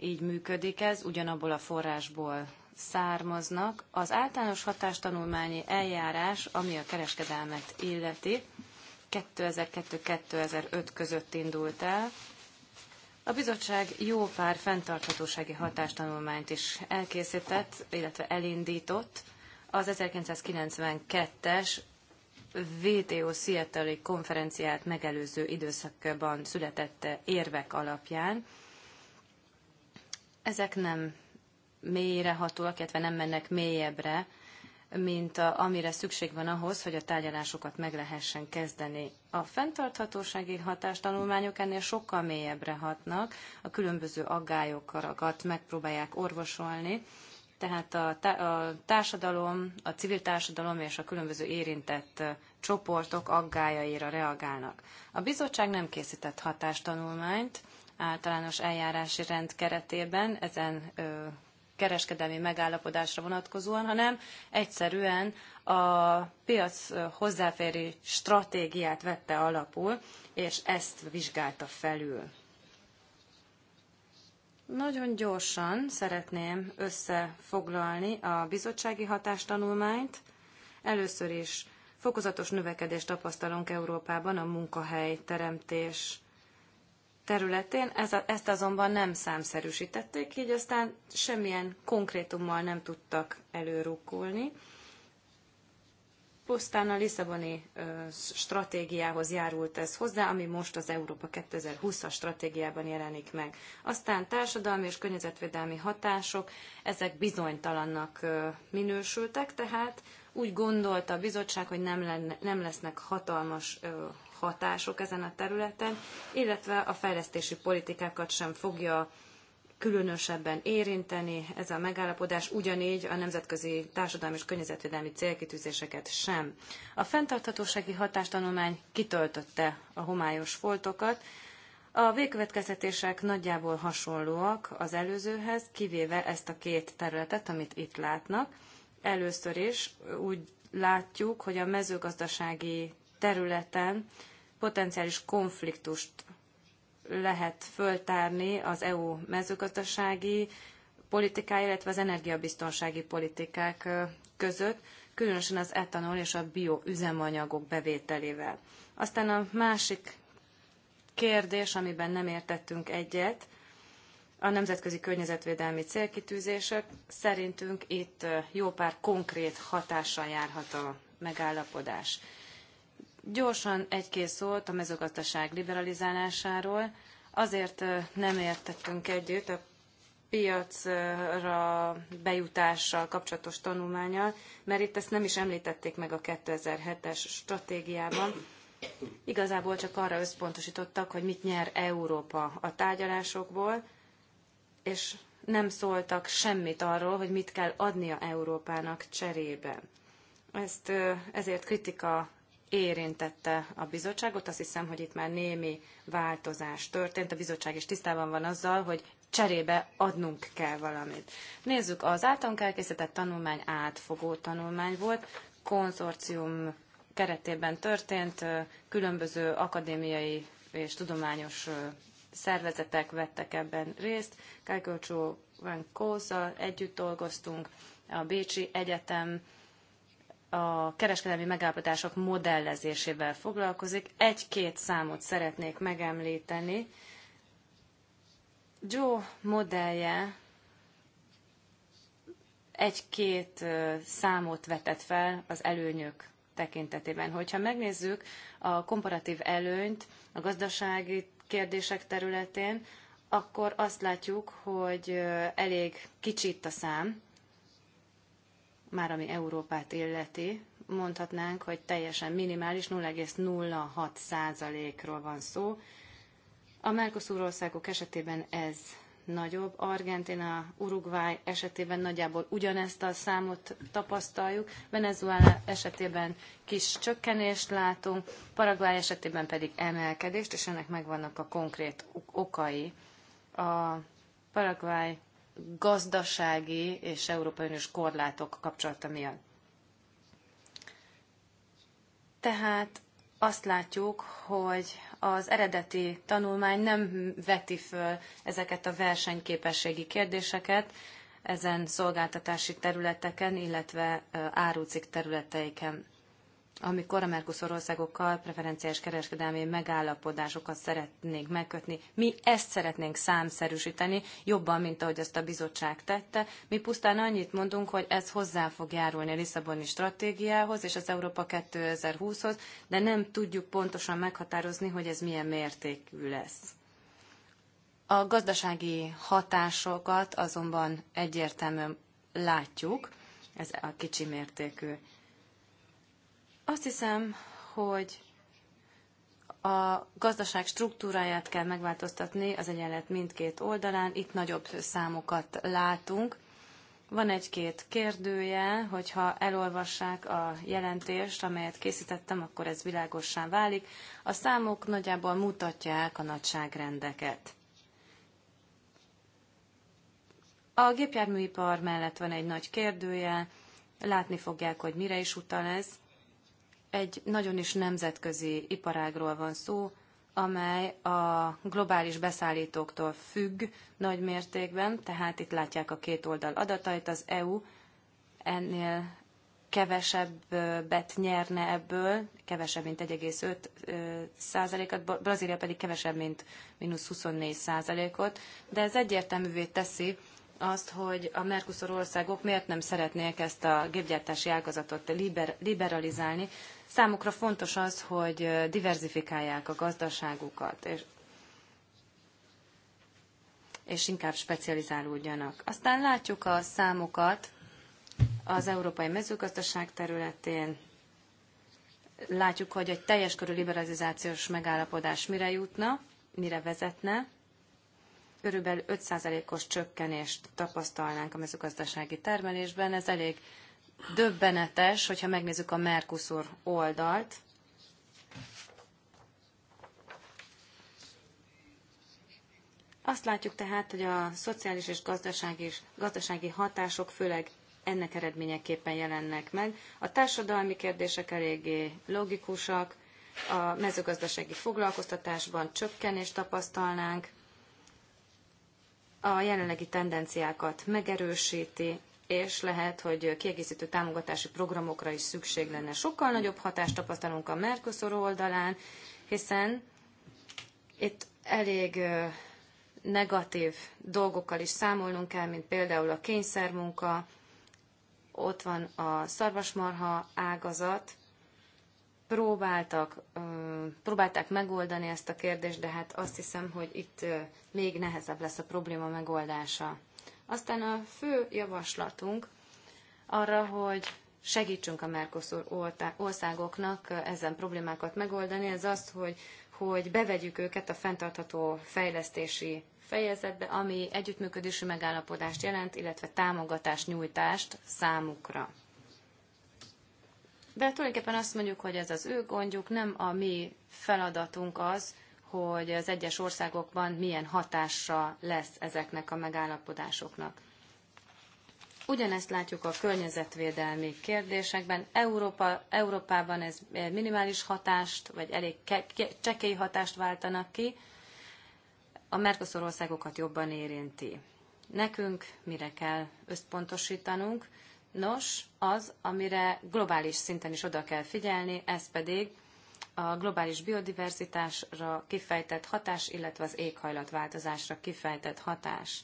így működik ez, ugyanabból a forrásból származnak. Az általános hatástanulmányi eljárás, ami a kereskedelmet illeti, 2002-2005 között indult el. A bizottság jó pár fenntarthatósági hatástanulmányt is elkészített, illetve elindított. Az 1992-es VTO Seattle konferenciát megelőző időszakban született érvek alapján ezek nem mélyrehatóak, illetve nem mennek mélyebbre, mint a, amire szükség van ahhoz, hogy a tárgyalásokat meg lehessen kezdeni. A fenntarthatósági hatástanulmányok ennél sokkal mélyebbre hatnak, a különböző aggályokat megpróbálják orvosolni, tehát a, a társadalom, a civil társadalom és a különböző érintett csoportok aggájaira reagálnak. A bizottság nem készített hatástanulmányt, általános eljárási rend keretében ezen kereskedelmi megállapodásra vonatkozóan, hanem egyszerűen a piac hozzáféri stratégiát vette alapul, és ezt vizsgálta felül. Nagyon gyorsan szeretném összefoglalni a bizottsági hatástanulmányt. Először is fokozatos növekedést tapasztalunk Európában a munkahely teremtés területén, ez a, ezt azonban nem számszerűsítették, így aztán semmilyen konkrétummal nem tudtak előrukkolni. Pusztán a Lisszaboni ö, stratégiához járult ez hozzá, ami most az Európa 2020-as stratégiában jelenik meg. Aztán társadalmi és környezetvédelmi hatások, ezek bizonytalannak ö, minősültek, tehát úgy gondolta a bizottság, hogy nem, lenne, nem lesznek hatalmas ö, hatások ezen a területen, illetve a fejlesztési politikákat sem fogja különösebben érinteni ez a megállapodás, ugyanígy a nemzetközi társadalmi és környezetvédelmi célkitűzéseket sem. A fenntarthatósági hatástanulmány kitöltötte a homályos foltokat, a végkövetkeztetések nagyjából hasonlóak az előzőhez, kivéve ezt a két területet, amit itt látnak. Először is úgy látjuk, hogy a mezőgazdasági területen potenciális konfliktust lehet föltárni az EU mezőgazdasági politikája, illetve az energiabiztonsági politikák között, különösen az etanol és a bioüzemanyagok bevételével. Aztán a másik kérdés, amiben nem értettünk egyet, a nemzetközi környezetvédelmi célkitűzések szerintünk itt jó pár konkrét hatással járhat a megállapodás. Gyorsan egy-két szót a mezőgazdaság liberalizálásáról. Azért nem értettünk együtt a piacra bejutással kapcsolatos tanulmányal, mert itt ezt nem is említették meg a 2007-es stratégiában. Igazából csak arra összpontosítottak, hogy mit nyer Európa a tárgyalásokból, és nem szóltak semmit arról, hogy mit kell adnia Európának cserébe. Ezt, ezért kritika érintette a bizottságot. Azt hiszem, hogy itt már némi változás történt. A bizottság is tisztában van azzal, hogy cserébe adnunk kell valamit. Nézzük, az általunk elkészített tanulmány átfogó tanulmány volt, konzorcium keretében történt, különböző akadémiai és tudományos szervezetek vettek ebben részt. Kálkölcsó Van együtt dolgoztunk, a Bécsi Egyetem a kereskedelmi megállapodások modellezésével foglalkozik. Egy-két számot szeretnék megemlíteni. Joe modellje egy-két számot vetett fel az előnyök tekintetében. Hogyha megnézzük a komparatív előnyt a gazdasági kérdések területén, akkor azt látjuk, hogy elég kicsit a szám, már ami Európát illeti, mondhatnánk, hogy teljesen minimális 0,06 százalékról van szó. A Mercosur országok esetében ez nagyobb. Argentina, Uruguay esetében nagyjából ugyanezt a számot tapasztaljuk, Venezuela esetében kis csökkenést látunk, Paraguay esetében pedig emelkedést, és ennek megvannak a konkrét okai. A Paraguay gazdasági és Európai Uniós korlátok kapcsolata miatt. Tehát azt látjuk, hogy az eredeti tanulmány nem veti föl ezeket a versenyképességi kérdéseket ezen szolgáltatási területeken, illetve árucik területeiken amikor a Mercosur országokkal preferenciás kereskedelmi megállapodásokat szeretnénk megkötni. Mi ezt szeretnénk számszerűsíteni, jobban, mint ahogy ezt a bizottság tette. Mi pusztán annyit mondunk, hogy ez hozzá fog járulni a Lisszaboni stratégiához és az Európa 2020-hoz, de nem tudjuk pontosan meghatározni, hogy ez milyen mértékű lesz. A gazdasági hatásokat azonban egyértelműen látjuk, ez a kicsi mértékű azt hiszem, hogy a gazdaság struktúráját kell megváltoztatni az egyenlet mindkét oldalán. Itt nagyobb számokat látunk. Van egy-két kérdője, hogyha elolvassák a jelentést, amelyet készítettem, akkor ez világossá válik. A számok nagyjából mutatják a nagyságrendeket. A gépjárműipar mellett van egy nagy kérdője, látni fogják, hogy mire is utal ez egy nagyon is nemzetközi iparágról van szó, amely a globális beszállítóktól függ nagy mértékben, tehát itt látják a két oldal adatait, az EU ennél kevesebbet nyerne ebből, kevesebb, mint 1,5 százalékot, Brazília pedig kevesebb, mint mínusz 24 százalékot, de ez egyértelművé teszi azt, hogy a Mercosur országok miért nem szeretnék ezt a gépgyártási ágazatot liberalizálni, Számukra fontos az, hogy diverzifikálják a gazdaságukat, és és inkább specializálódjanak. Aztán látjuk a számokat az európai mezőgazdaság területén, látjuk, hogy egy teljes körű liberalizációs megállapodás mire jutna, mire vezetne. Körülbelül 5%-os csökkenést tapasztalnánk a mezőgazdasági termelésben, ez elég döbbenetes, hogyha megnézzük a Mercosur oldalt. Azt látjuk tehát, hogy a szociális és gazdasági, gazdasági hatások főleg ennek eredményeképpen jelennek meg. A társadalmi kérdések eléggé logikusak, a mezőgazdasági foglalkoztatásban csökkenést tapasztalnánk, a jelenlegi tendenciákat megerősíti, és lehet, hogy kiegészítő támogatási programokra is szükség lenne. Sokkal nagyobb hatást tapasztalunk a Mercosur oldalán, hiszen itt elég negatív dolgokkal is számolnunk kell, mint például a kényszermunka, ott van a szarvasmarha ágazat, próbáltak, próbálták megoldani ezt a kérdést, de hát azt hiszem, hogy itt még nehezebb lesz a probléma megoldása. Aztán a fő javaslatunk arra, hogy segítsünk a Mercosur országoknak ezen problémákat megoldani, ez az, hogy, hogy bevegyük őket a fenntartható fejlesztési fejezetbe, ami együttműködési megállapodást jelent, illetve támogatást, nyújtást számukra. De tulajdonképpen azt mondjuk, hogy ez az ő gondjuk, nem a mi feladatunk az, hogy az egyes országokban milyen hatása lesz ezeknek a megállapodásoknak. Ugyanezt látjuk a környezetvédelmi kérdésekben. Európa, Európában ez minimális hatást, vagy elég csekély hatást váltanak ki. A Mercosur országokat jobban érinti. Nekünk mire kell összpontosítanunk? Nos, az, amire globális szinten is oda kell figyelni, ez pedig a globális biodiverzitásra kifejtett hatás, illetve az éghajlatváltozásra kifejtett hatás.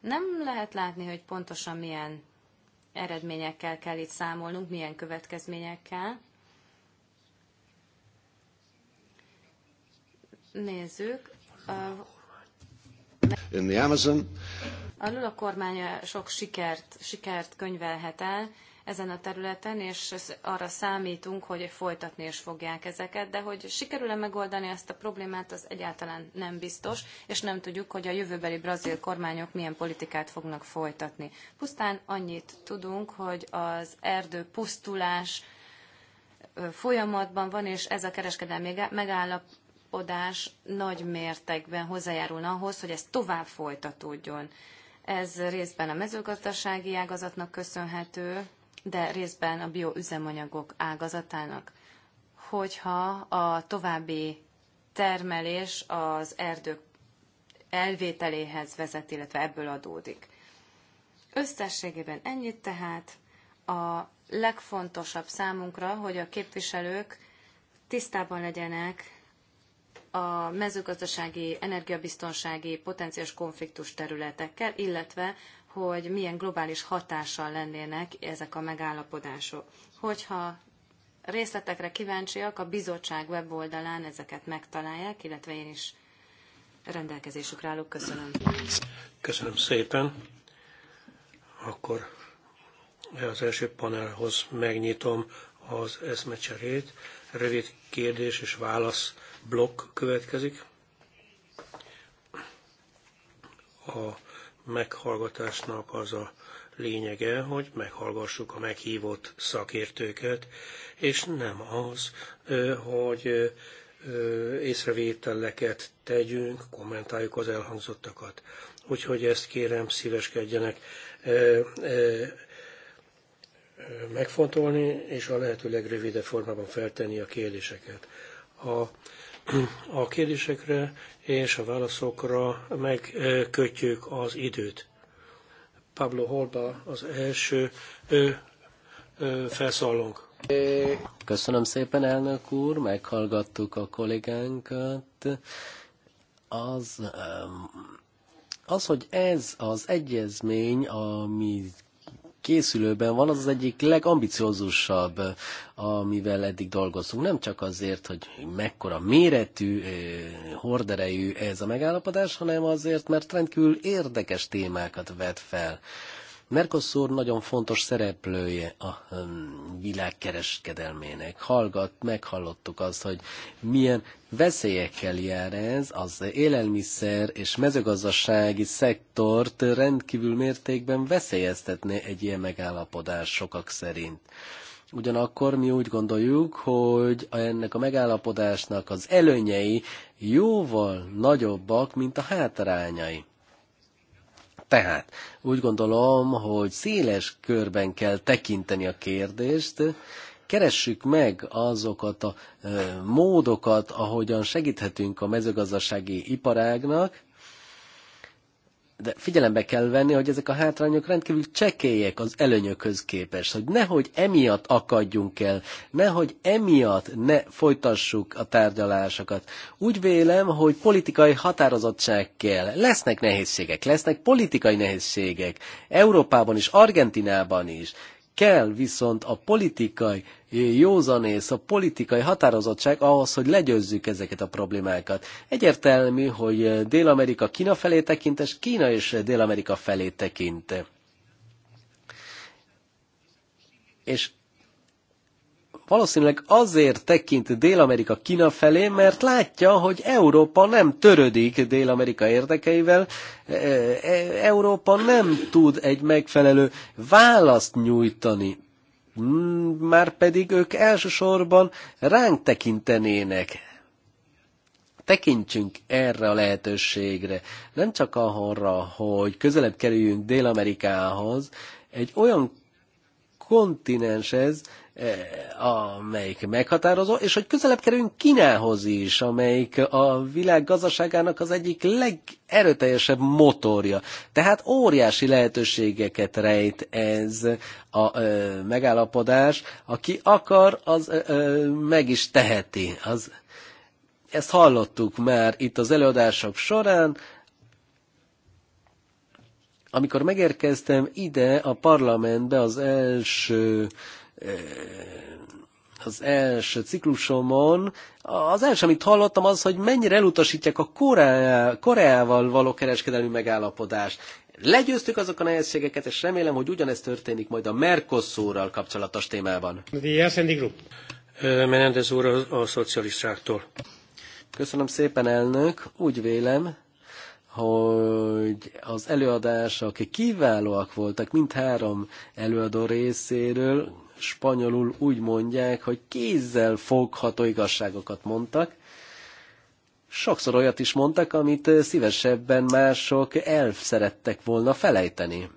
Nem lehet látni, hogy pontosan milyen eredményekkel kell itt számolnunk, milyen következményekkel. Nézzük. In the Amazon. A Lula kormánya sok sikert, sikert könyvelhet el, ezen a területen, és arra számítunk, hogy folytatni is fogják ezeket, de hogy sikerül-e megoldani ezt a problémát, az egyáltalán nem biztos, és nem tudjuk, hogy a jövőbeli brazil kormányok milyen politikát fognak folytatni. Pusztán annyit tudunk, hogy az erdő pusztulás folyamatban van, és ez a kereskedelmi megállapodás nagy mértékben hozzájárul ahhoz, hogy ez tovább folytatódjon. Ez részben a mezőgazdasági ágazatnak köszönhető, de részben a bioüzemanyagok ágazatának, hogyha a további termelés az erdők elvételéhez vezet, illetve ebből adódik. Összességében ennyit tehát. A legfontosabb számunkra, hogy a képviselők tisztában legyenek a mezőgazdasági, energiabiztonsági potenciális konfliktus területekkel, illetve hogy milyen globális hatással lennének ezek a megállapodások. Hogyha részletekre kíváncsiak, a bizottság weboldalán ezeket megtalálják, illetve én is rendelkezésükre állok. Köszönöm. Köszönöm szépen. Akkor az első panelhoz megnyitom az eszmecserét. Rövid kérdés és válasz blokk következik. A meghallgatásnak az a lényege, hogy meghallgassuk a meghívott szakértőket, és nem az, hogy észrevételeket tegyünk, kommentáljuk az elhangzottakat. Úgyhogy ezt kérem, szíveskedjenek megfontolni, és a lehető legrövidebb formában feltenni a kérdéseket. A a kérdésekre és a válaszokra megkötjük az időt. Pablo Holba az első ő, ő, felszólunk. Köszönöm szépen, elnök úr, meghallgattuk a kollégánkat. Az, az, hogy ez az egyezmény, amit készülőben van, az az egyik legambiciózusabb, amivel eddig dolgozunk. Nem csak azért, hogy mekkora méretű, horderejű ez a megállapodás, hanem azért, mert rendkívül érdekes témákat vet fel. Mercosur nagyon fontos szereplője a világkereskedelmének. Hallgat, meghallottuk azt, hogy milyen veszélyekkel jár ez, az élelmiszer és mezőgazdasági szektort rendkívül mértékben veszélyeztetné egy ilyen megállapodás sokak szerint. Ugyanakkor mi úgy gondoljuk, hogy ennek a megállapodásnak az előnyei jóval nagyobbak, mint a hátrányai. Tehát úgy gondolom, hogy széles körben kell tekinteni a kérdést, keressük meg azokat a módokat, ahogyan segíthetünk a mezőgazdasági iparágnak, de figyelembe kell venni, hogy ezek a hátrányok rendkívül csekélyek az előnyökhöz képest, hogy nehogy emiatt akadjunk el, nehogy emiatt ne folytassuk a tárgyalásokat. Úgy vélem, hogy politikai határozottság kell. Lesznek nehézségek, lesznek politikai nehézségek. Európában is, Argentinában is kell viszont a politikai józanész, a politikai határozottság ahhoz, hogy legyőzzük ezeket a problémákat. Egyértelmű, hogy Dél-Amerika Kína felé tekint, és Kína és Dél-Amerika felé tekint. És valószínűleg azért tekint Dél-Amerika Kína felé, mert látja, hogy Európa nem törődik Dél-Amerika érdekeivel, e, e, e, Európa nem tud egy megfelelő választ nyújtani. Mm, már pedig ők elsősorban ránk tekintenének. Tekintsünk erre a lehetőségre. Nem csak arra, hogy közelebb kerüljünk Dél-Amerikához, egy olyan kontinens ez, Eh, amelyik meghatározó, és hogy közelebb kerüljünk Kínához is, amelyik a világ gazdaságának az egyik legerőteljesebb motorja. Tehát óriási lehetőségeket rejt ez a ö, megállapodás. Aki akar, az ö, ö, meg is teheti. Az, ezt hallottuk már itt az előadások során, amikor megérkeztem ide a parlamentbe az első Eh, az első ciklusomon, az első, amit hallottam, az, hogy mennyire elutasítják a Koreá, Koreával való kereskedelmi megállapodást. Legyőztük azok a nehézségeket, és remélem, hogy ugyanezt történik majd a Mercosurral kapcsolatos témában. Menendez úr a, szocialistáktól. Köszönöm szépen, elnök. Úgy vélem, hogy az előadások kiválóak voltak mindhárom előadó részéről, spanyolul úgy mondják, hogy kézzel fogható igazságokat mondtak. Sokszor olyat is mondtak, amit szívesebben mások elf szerettek volna felejteni.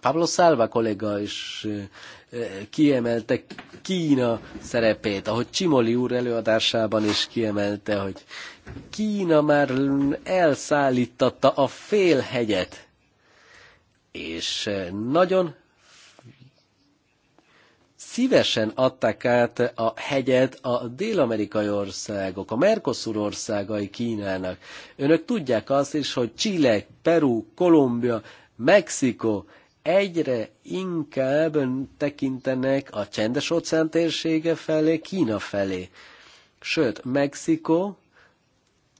Pablo Salva kollega is kiemelte Kína szerepét, ahogy Csimoli úr előadásában is kiemelte, hogy Kína már elszállítatta a félhegyet, és nagyon szívesen adták át a hegyet a dél-amerikai országok, a Mercosur országai Kínának. Önök tudják azt is, hogy Chile, Peru, Kolumbia, Mexikó egyre inkább tekintenek a csendes óceán térsége felé, Kína felé. Sőt, Mexikó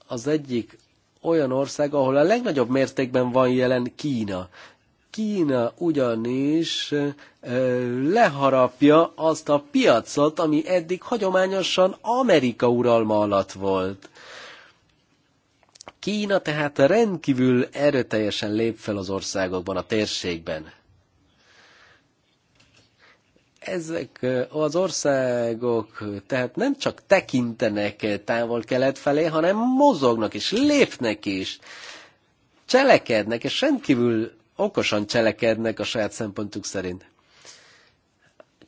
az egyik olyan ország, ahol a legnagyobb mértékben van jelen Kína. Kína ugyanis leharapja azt a piacot, ami eddig hagyományosan Amerika uralma alatt volt. Kína tehát rendkívül erőteljesen lép fel az országokban, a térségben. Ezek az országok tehát nem csak tekintenek távol-kelet felé, hanem mozognak és lépnek is, cselekednek, és rendkívül okosan cselekednek a saját szempontjuk szerint.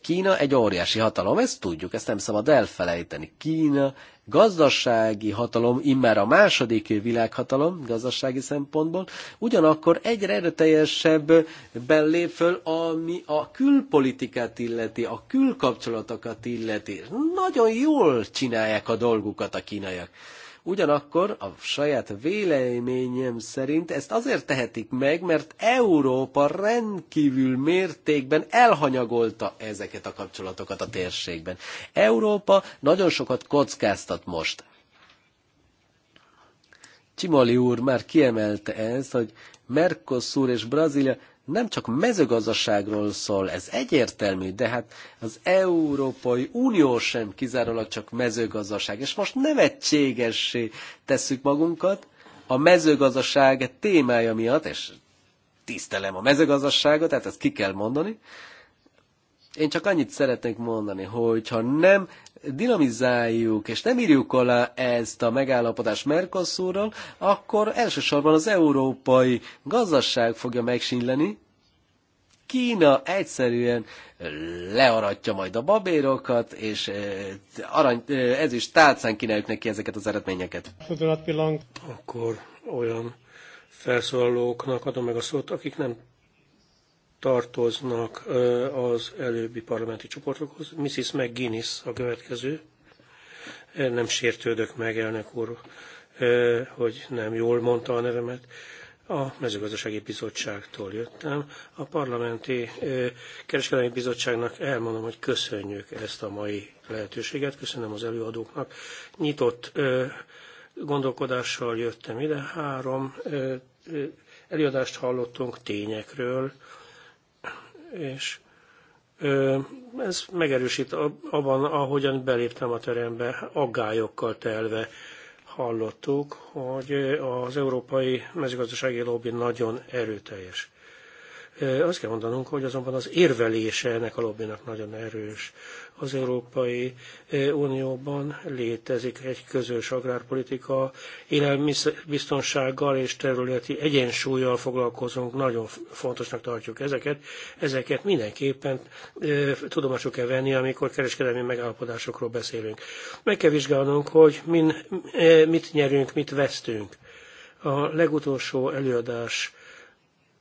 Kína egy óriási hatalom, ezt tudjuk, ezt nem szabad elfelejteni. Kína gazdasági hatalom, immár a második világhatalom gazdasági szempontból, ugyanakkor egyre erőteljesebben lép föl, ami a külpolitikát illeti, a külkapcsolatokat illeti. Nagyon jól csinálják a dolgukat a kínaiak. Ugyanakkor a saját véleményem szerint ezt azért tehetik meg, mert Európa rendkívül mértékben elhanyagolta ezeket a kapcsolatokat a térségben. Európa nagyon sokat kockáztat most. Csimali úr már kiemelte ezt, hogy Mercosur és Brazília nem csak mezőgazdaságról szól, ez egyértelmű, de hát az Európai Unió sem kizárólag csak mezőgazdaság. És most nevetségessé tesszük magunkat a mezőgazdaság témája miatt, és tisztelem a mezőgazdaságot, tehát ezt ki kell mondani. Én csak annyit szeretnék mondani, hogy ha nem dinamizáljuk, és nem írjuk alá ezt a megállapodást Mercosurral, akkor elsősorban az európai gazdaság fogja megsínyleni, Kína egyszerűen learatja majd a babérokat, és eh, arany, eh, ez is tálcán kínáljuk neki ezeket az eredményeket. Akkor olyan felszólalóknak adom meg a szót, akik nem tartoznak az előbbi parlamenti csoportokhoz. Mrs. McGuinness a következő. Nem sértődök meg, elnök úr, hogy nem jól mondta a nevemet. A mezőgazdasági bizottságtól jöttem. A parlamenti kereskedelmi bizottságnak elmondom, hogy köszönjük ezt a mai lehetőséget, köszönöm az előadóknak. Nyitott gondolkodással jöttem ide, három előadást hallottunk tényekről, és ez megerősít abban, ahogyan beléptem a terembe, aggályokkal telve hallottuk, hogy az európai mezőgazdasági lobby nagyon erőteljes. Azt kell mondanunk, hogy azonban az érvelése ennek a lobbynak nagyon erős. Az Európai Unióban létezik egy közös agrárpolitika, élelmiszerbiztonsággal és területi egyensúlyjal foglalkozunk, nagyon fontosnak tartjuk ezeket. Ezeket mindenképpen tudomásul kell venni, amikor kereskedelmi megállapodásokról beszélünk. Meg kell vizsgálnunk, hogy min, mit nyerünk, mit vesztünk. A legutolsó előadás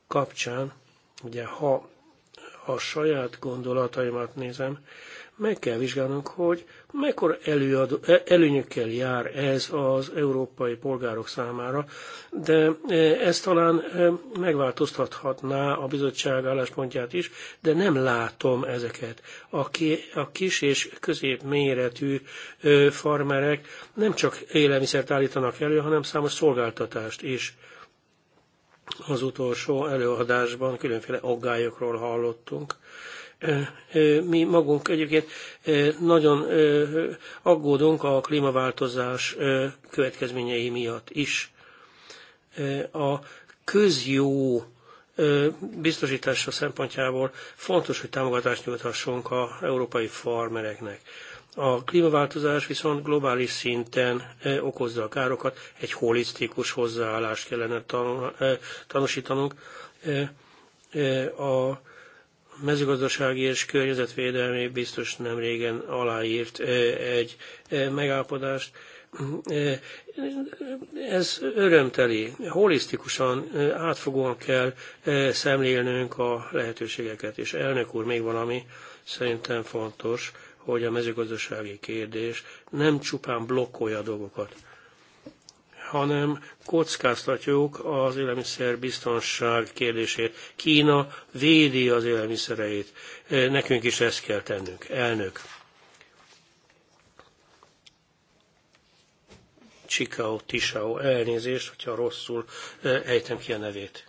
kapcsán Ugye, ha a saját gondolataimat nézem, meg kell vizsgálnunk, hogy mekkora előadó, előnyökkel jár ez az európai polgárok számára, de e, ez talán e, megváltoztathatná a bizottság álláspontját is, de nem látom ezeket. A, ki, a kis és közép méretű e, farmerek nem csak élelmiszert állítanak elő, hanem számos szolgáltatást is az utolsó előadásban különféle aggályokról hallottunk. Mi magunk egyébként nagyon aggódunk a klímaváltozás következményei miatt is. A közjó biztosítása szempontjából fontos, hogy támogatást nyújthassunk a európai farmereknek. A klímaváltozás viszont globális szinten eh, okozza a károkat, egy holisztikus hozzáállást kellene eh, tanúsítanunk. Eh, a mezőgazdasági és környezetvédelmi biztos nem régen aláírt egy megállapodást. Ez örömteli, holisztikusan, átfogóan kell szemlélnünk a lehetőségeket. És elnök úr, még valami szerintem fontos hogy a mezőgazdasági kérdés nem csupán blokkolja a dolgokat, hanem kockáztatjuk az élelmiszerbiztonság kérdését. Kína védi az élelmiszereit. Nekünk is ezt kell tennünk. Elnök. Csikao Tisao, elnézést, hogyha rosszul eh, ejtem ki a nevét.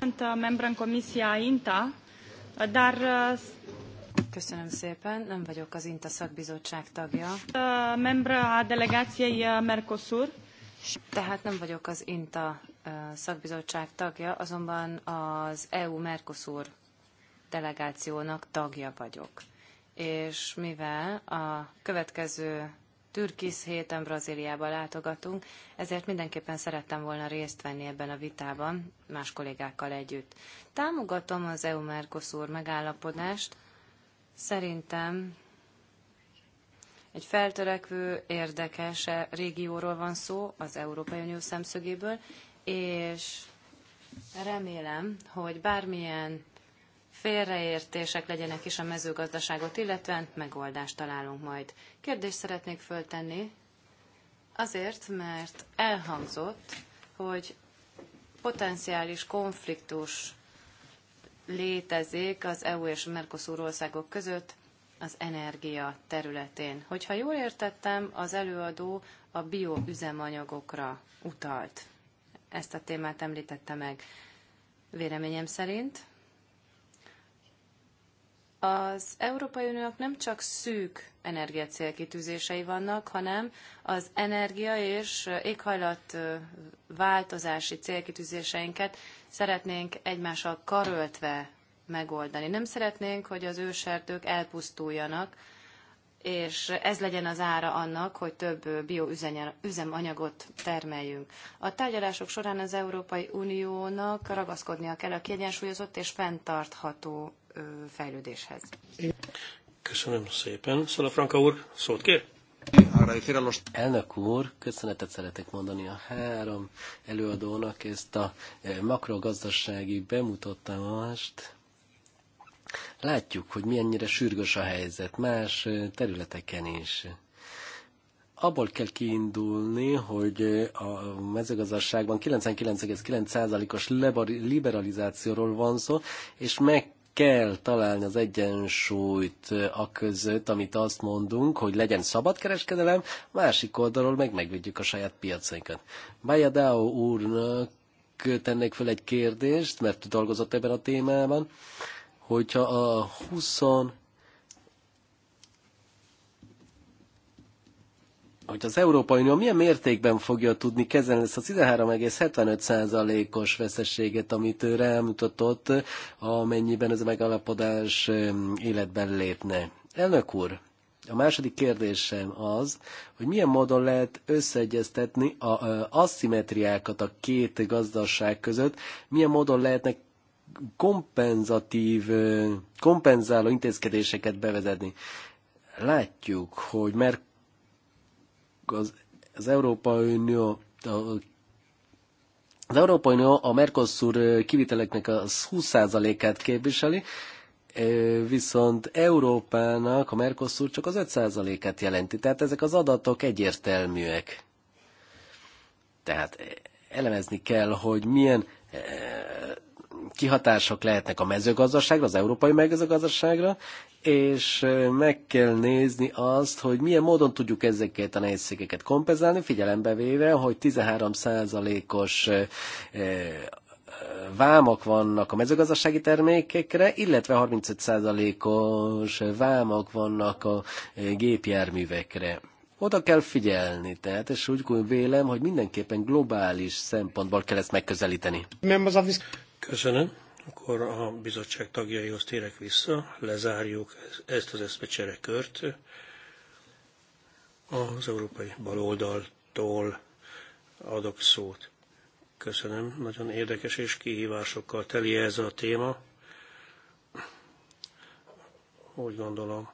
A eh, membră în Comisia INTA, eh, dar Köszönöm szépen, nem vagyok az INTA szakbizottság tagja. Membra a delegáciai Mercosur. Tehát nem vagyok az INTA szakbizottság tagja, azonban az EU-Mercosur delegációnak tagja vagyok. És mivel a következő Türkisz héten Brazíliába látogatunk, ezért mindenképpen szerettem volna részt venni ebben a vitában, más kollégákkal együtt. Támogatom az EU-Mercosur megállapodást, Szerintem egy feltörekvő, érdekes régióról van szó az Európai Unió szemszögéből, és remélem, hogy bármilyen félreértések legyenek is a mezőgazdaságot, illetően megoldást találunk majd. Kérdést szeretnék föltenni, azért, mert elhangzott, hogy potenciális konfliktus létezik az EU és Mercosur országok között az energia területén. Hogyha jól értettem, az előadó a bioüzemanyagokra utalt. Ezt a témát említette meg véleményem szerint. Az Európai Uniónak nem csak szűk energiacélkitűzései vannak, hanem az energia és éghajlat változási célkitűzéseinket szeretnénk egymással karöltve megoldani. Nem szeretnénk, hogy az ősertők elpusztuljanak, és ez legyen az ára annak, hogy több bioüzemanyagot termeljünk. A tárgyalások során az Európai Uniónak ragaszkodnia kell a kiegyensúlyozott és fenntartható fejlődéshez. Köszönöm szépen. Szala Franka úr, szót kér? Elnök úr, köszönetet szeretek mondani a három előadónak ezt a eh, makrogazdasági bemutatást. Látjuk, hogy milyennyire sürgős a helyzet más eh, területeken is abból kell kiindulni, hogy eh, a mezőgazdaságban 99,9%-os liberalizációról van szó, és meg kell találni az egyensúlyt a között, amit azt mondunk, hogy legyen szabad kereskedelem, másik oldalról meg megvédjük a saját piacainkat. Dao úrnak tennék fel egy kérdést, mert dolgozott ebben a témában, hogyha a 20 hogy az Európai Unió milyen mértékben fogja tudni kezelni ezt a 13,75%-os veszességet, amit ő rámutatott, amennyiben ez a megalapodás életben lépne. Elnök úr, a második kérdésem az, hogy milyen módon lehet összeegyeztetni a, a aszimetriákat a két gazdaság között, milyen módon lehetnek kompenzatív, kompenzáló intézkedéseket bevezetni. Látjuk, hogy mert az, az Európai Unió a az Európai Unió a Mercosur kiviteleknek a 20%-át képviseli, viszont Európának a Mercosur csak az 5%-át jelenti. Tehát ezek az adatok egyértelműek. Tehát elemezni kell, hogy milyen kihatások lehetnek a mezőgazdaságra, az európai mezőgazdaságra, és meg kell nézni azt, hogy milyen módon tudjuk ezeket a nehézségeket kompenzálni, figyelembe véve, hogy 13%-os vámok vannak a mezőgazdasági termékekre, illetve 35%-os vámok vannak a gépjárművekre oda kell figyelni, tehát, és úgy vélem, hogy mindenképpen globális szempontból kell ezt megközelíteni. Köszönöm. Akkor a bizottság tagjaihoz térek vissza, lezárjuk ezt az eszmecserekört az európai baloldaltól adok szót. Köszönöm, nagyon érdekes és kihívásokkal teli ez a téma. Úgy gondolom,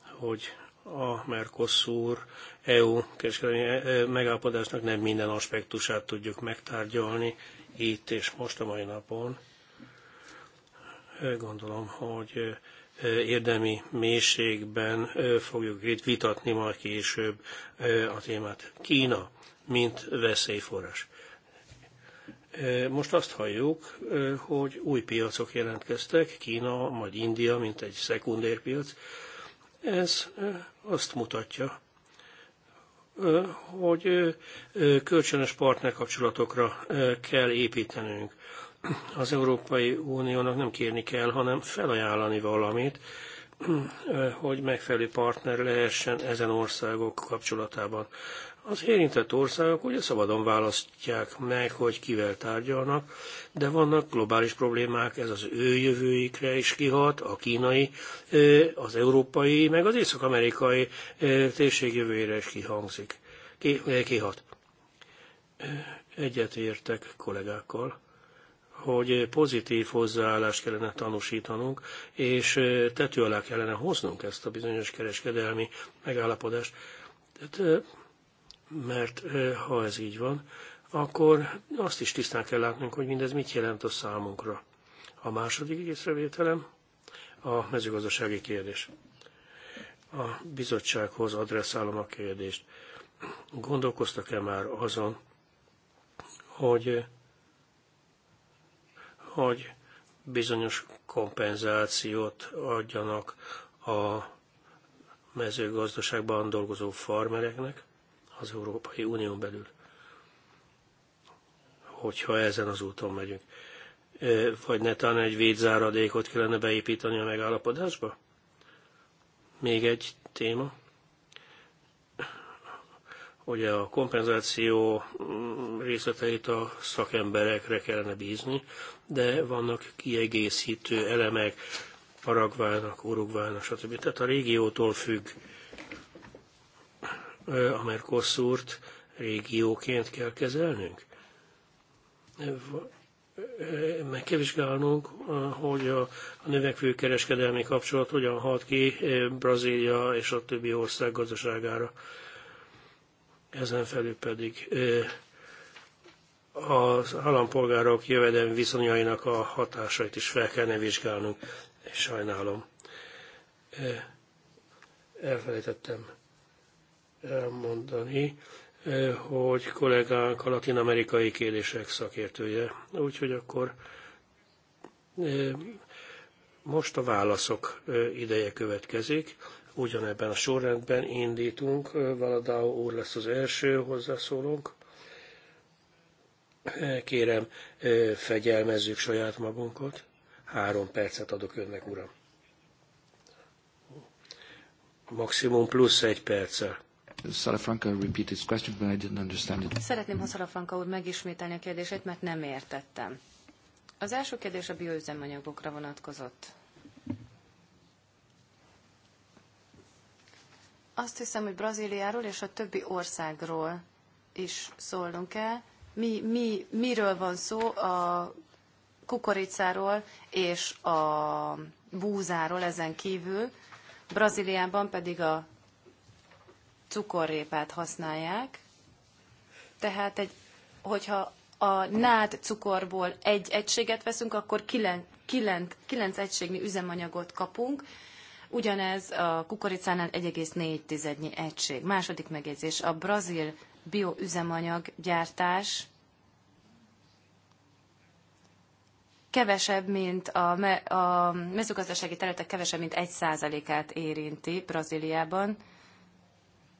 hogy a Mercosur EU kereskedelmi e, e, megállapodásnak nem minden aspektusát tudjuk megtárgyalni itt és most a mai napon. Gondolom, hogy e, érdemi mélységben fogjuk itt vitatni majd később a témát. Kína, mint veszélyforrás. Most azt halljuk, hogy új piacok jelentkeztek, Kína, majd India, mint egy szekundérpiac. piac ez azt mutatja, hogy kölcsönös partnerkapcsolatokra kell építenünk. Az Európai Uniónak nem kérni kell, hanem felajánlani valamit, hogy megfelelő partner lehessen ezen országok kapcsolatában az érintett országok ugye szabadon választják meg, hogy kivel tárgyalnak, de vannak globális problémák, ez az ő jövőikre is kihat, a kínai, az európai, meg az észak-amerikai térség jövőjére is kihangzik, kihat. Egyetértek kollégákkal hogy pozitív hozzáállást kellene tanúsítanunk, és tető alá kellene hoznunk ezt a bizonyos kereskedelmi megállapodást. Tehát mert ha ez így van, akkor azt is tisztán kell látnunk, hogy mindez mit jelent a számunkra. A második észrevételem a mezőgazdasági kérdés. A bizottsághoz adresszálom a kérdést. Gondolkoztak-e már azon, hogy, hogy bizonyos kompenzációt adjanak a mezőgazdaságban dolgozó farmereknek? az Európai Unión belül, hogyha ezen az úton megyünk. Vagy netán egy védzáradékot kellene beépíteni a megállapodásba? Még egy téma. Ugye a kompenzáció mm, részleteit a szakemberekre kellene bízni, de vannak kiegészítő elemek, Paragvának, Urugvának, stb. Tehát a régiótól függ a Mercosurt régióként kell kezelnünk? Meg kell vizsgálnunk, hogy a, növekvő kereskedelmi kapcsolat hogyan hat ki Brazília és a többi ország gazdaságára. Ezen felül pedig az állampolgárok jövedelmi viszonyainak a hatásait is fel kellene vizsgálnunk. Sajnálom. Elfelejtettem elmondani, eh, hogy kollégánk a latin-amerikai kérdések szakértője. Úgyhogy akkor eh, most a válaszok eh, ideje következik. Ugyanebben a sorrendben indítunk. Valadáó úr lesz az első hozzászólónk. Kérem, fegyelmezzük saját magunkat. Három percet adok önnek, uram. Maximum plusz egy perccel. Salafranca repeat his question, but I didn't understand it. Szeretném, ha Salafranca úr megismételni a kérdését, mert nem értettem. Az első kérdés a bioüzemanyagokra vonatkozott. Azt hiszem, hogy Brazíliáról és a többi országról is szólnunk kell. Mi, mi, miről van szó a kukoricáról és a búzáról ezen kívül, Brazíliában pedig a cukorrépát használják, tehát egy, hogyha a nád cukorból egy egységet veszünk, akkor kilen, kilenc, kilenc egységnyi üzemanyagot kapunk, ugyanez a kukoricánál 14 tizednyi egység. Második megjegyzés, a brazil bioüzemanyag gyártás kevesebb, mint a, me, a mezőgazdasági területek kevesebb, mint 1%-át érinti Brazíliában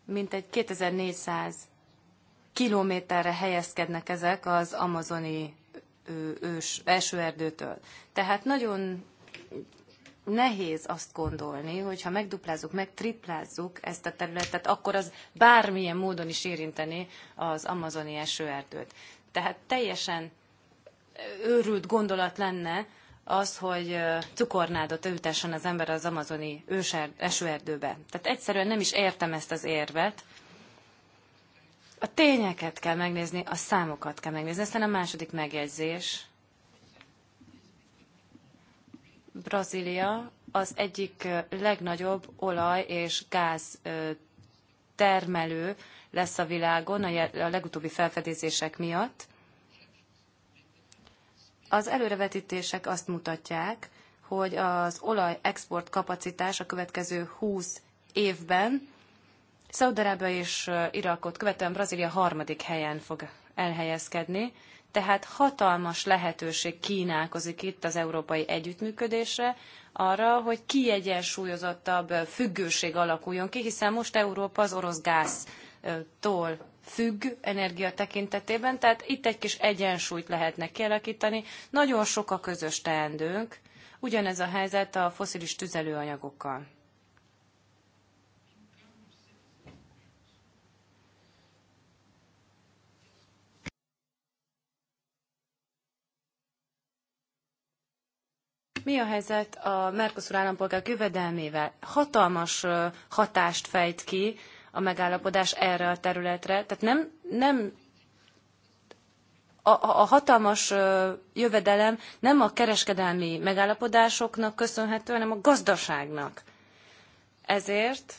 mintegy 2400 kilométerre helyezkednek ezek az amazoni ős, esőerdőtől. Tehát nagyon nehéz azt gondolni, hogy ha megduplázzuk, megtriplázzuk ezt a területet, akkor az bármilyen módon is érinteni az amazoni esőerdőt. Tehát teljesen őrült gondolat lenne az, hogy cukornádot ültessen az ember az amazoni őser, esőerdőbe. Tehát egyszerűen nem is értem ezt az érvet. A tényeket kell megnézni, a számokat kell megnézni. Aztán a második megjegyzés. Brazília az egyik legnagyobb olaj és gáz termelő lesz a világon a legutóbbi felfedezések miatt. Az előrevetítések azt mutatják, hogy az olaj export kapacitás a következő 20 évben Szaudarábia és Irakot követően Brazília harmadik helyen fog elhelyezkedni, tehát hatalmas lehetőség kínálkozik itt az európai együttműködésre, arra, hogy kiegyensúlyozottabb függőség alakuljon ki, hiszen most Európa az orosz gáztól függ energia tekintetében, tehát itt egy kis egyensúlyt lehetne kialakítani. Nagyon sok a közös teendőnk, ugyanez a helyzet a foszilis tüzelőanyagokkal. Mi a helyzet a Mercosur állampolgár jövedelmével? Hatalmas hatást fejt ki a megállapodás erre a területre. Tehát nem, nem a, a hatalmas jövedelem nem a kereskedelmi megállapodásoknak köszönhető, hanem a gazdaságnak. Ezért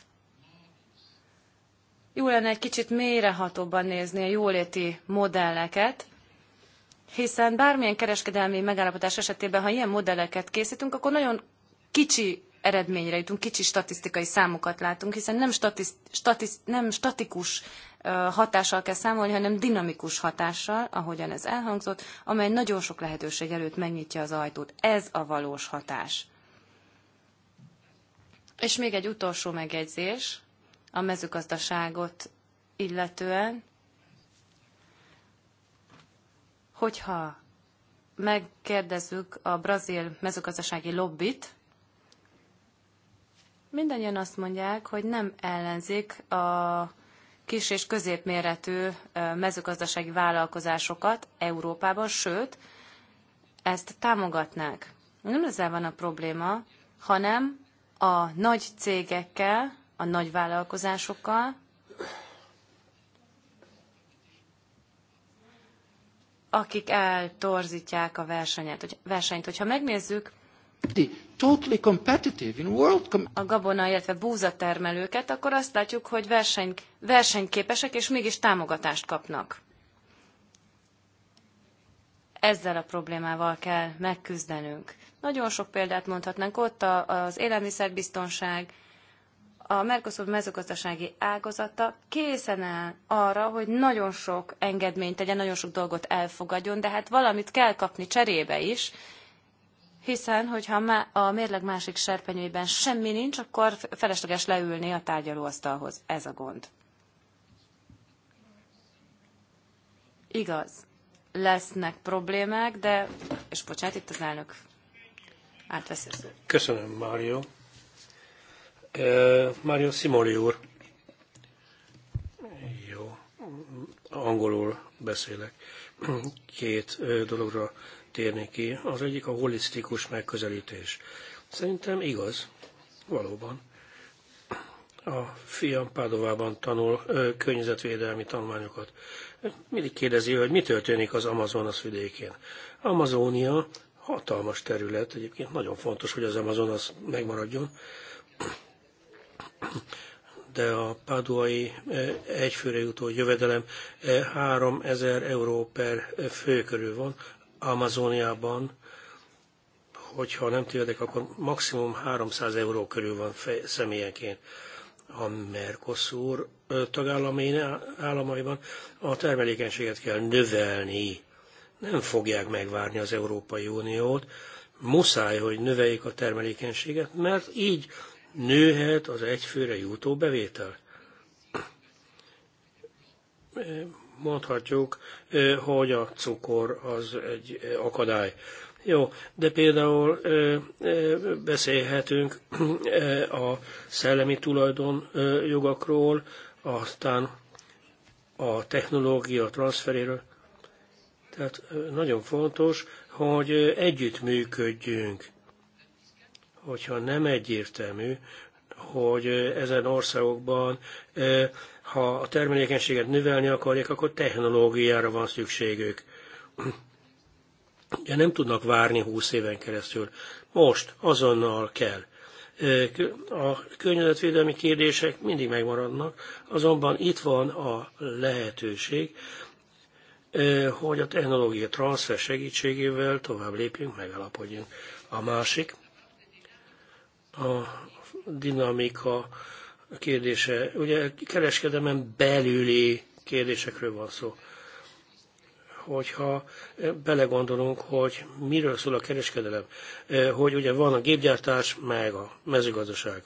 jó lenne egy kicsit mélyrehatóban nézni a jóléti modelleket, hiszen bármilyen kereskedelmi megállapodás esetében, ha ilyen modelleket készítünk, akkor nagyon kicsi eredményre jutunk, kicsi statisztikai számokat látunk, hiszen nem, statiszt, statiszt, nem statikus hatással kell számolni, hanem dinamikus hatással, ahogyan ez elhangzott, amely nagyon sok lehetőség előtt megnyitja az ajtót. Ez a valós hatás. És még egy utolsó megjegyzés a mezőgazdaságot illetően, hogyha megkérdezzük a brazil mezőgazdasági lobbit, Mindannyian azt mondják, hogy nem ellenzik a kis és középméretű mezőgazdasági vállalkozásokat Európában, sőt, ezt támogatnák. Nem ezzel van a probléma, hanem a nagy cégekkel, a nagy vállalkozásokkal, akik eltorzítják a versenyt. versenyt. Hogyha megnézzük a gabona, illetve búzatermelőket, akkor azt látjuk, hogy verseny, versenyképesek, és mégis támogatást kapnak. Ezzel a problémával kell megküzdenünk. Nagyon sok példát mondhatnánk. Ott az élelmiszerbiztonság, a Mercosur mezőgazdasági ágazata készen áll arra, hogy nagyon sok engedményt tegyen, nagyon sok dolgot elfogadjon, de hát valamit kell kapni cserébe is, hiszen hogyha a mérleg másik serpenyőiben semmi nincs, akkor felesleges leülni a tárgyalóasztalhoz. Ez a gond. Igaz, lesznek problémák, de, és bocsánat, itt az elnök átveszi Köszönöm, Mário. Mário Simoli úr. Jó, angolul beszélek. Két dologra térni ki. Az egyik a holisztikus megközelítés. Szerintem igaz, valóban. A fiam Pádovában tanul ö, környezetvédelmi tanulmányokat. Mindig kérdezi, hogy mi történik az Amazonas vidékén. Amazónia hatalmas terület, egyébként nagyon fontos, hogy az Amazonas megmaradjon, de a páduai egyfőre jutó jövedelem 3000 euró per fő körül van, Amazoniában, hogyha nem tévedek, akkor maximum 300 euró körül van személyenként. A Mercosur tagállamai államaiban a termelékenységet kell növelni. Nem fogják megvárni az Európai Uniót, muszáj, hogy növeljék a termelékenységet, mert így nőhet az egyfőre jutó bevétel mondhatjuk, hogy a cukor az egy akadály. Jó, de például beszélhetünk a szellemi tulajdon jogakról, aztán a technológia transferéről. Tehát nagyon fontos, hogy együttműködjünk. Hogyha nem egyértelmű, hogy ezen országokban ha a termelékenységet növelni akarják, akkor technológiára van szükségük. Ugye nem tudnak várni 20 éven keresztül. Most, azonnal kell. A környezetvédelmi kérdések mindig megmaradnak, azonban itt van a lehetőség, hogy a technológia transfer segítségével tovább lépjünk, megalapodjunk. A másik, a dinamika a kérdése. Ugye kereskedemen belüli kérdésekről van szó. Hogyha eh, belegondolunk, hogy miről szól a kereskedelem, eh, hogy ugye van a gépgyártás, meg a mezőgazdaság.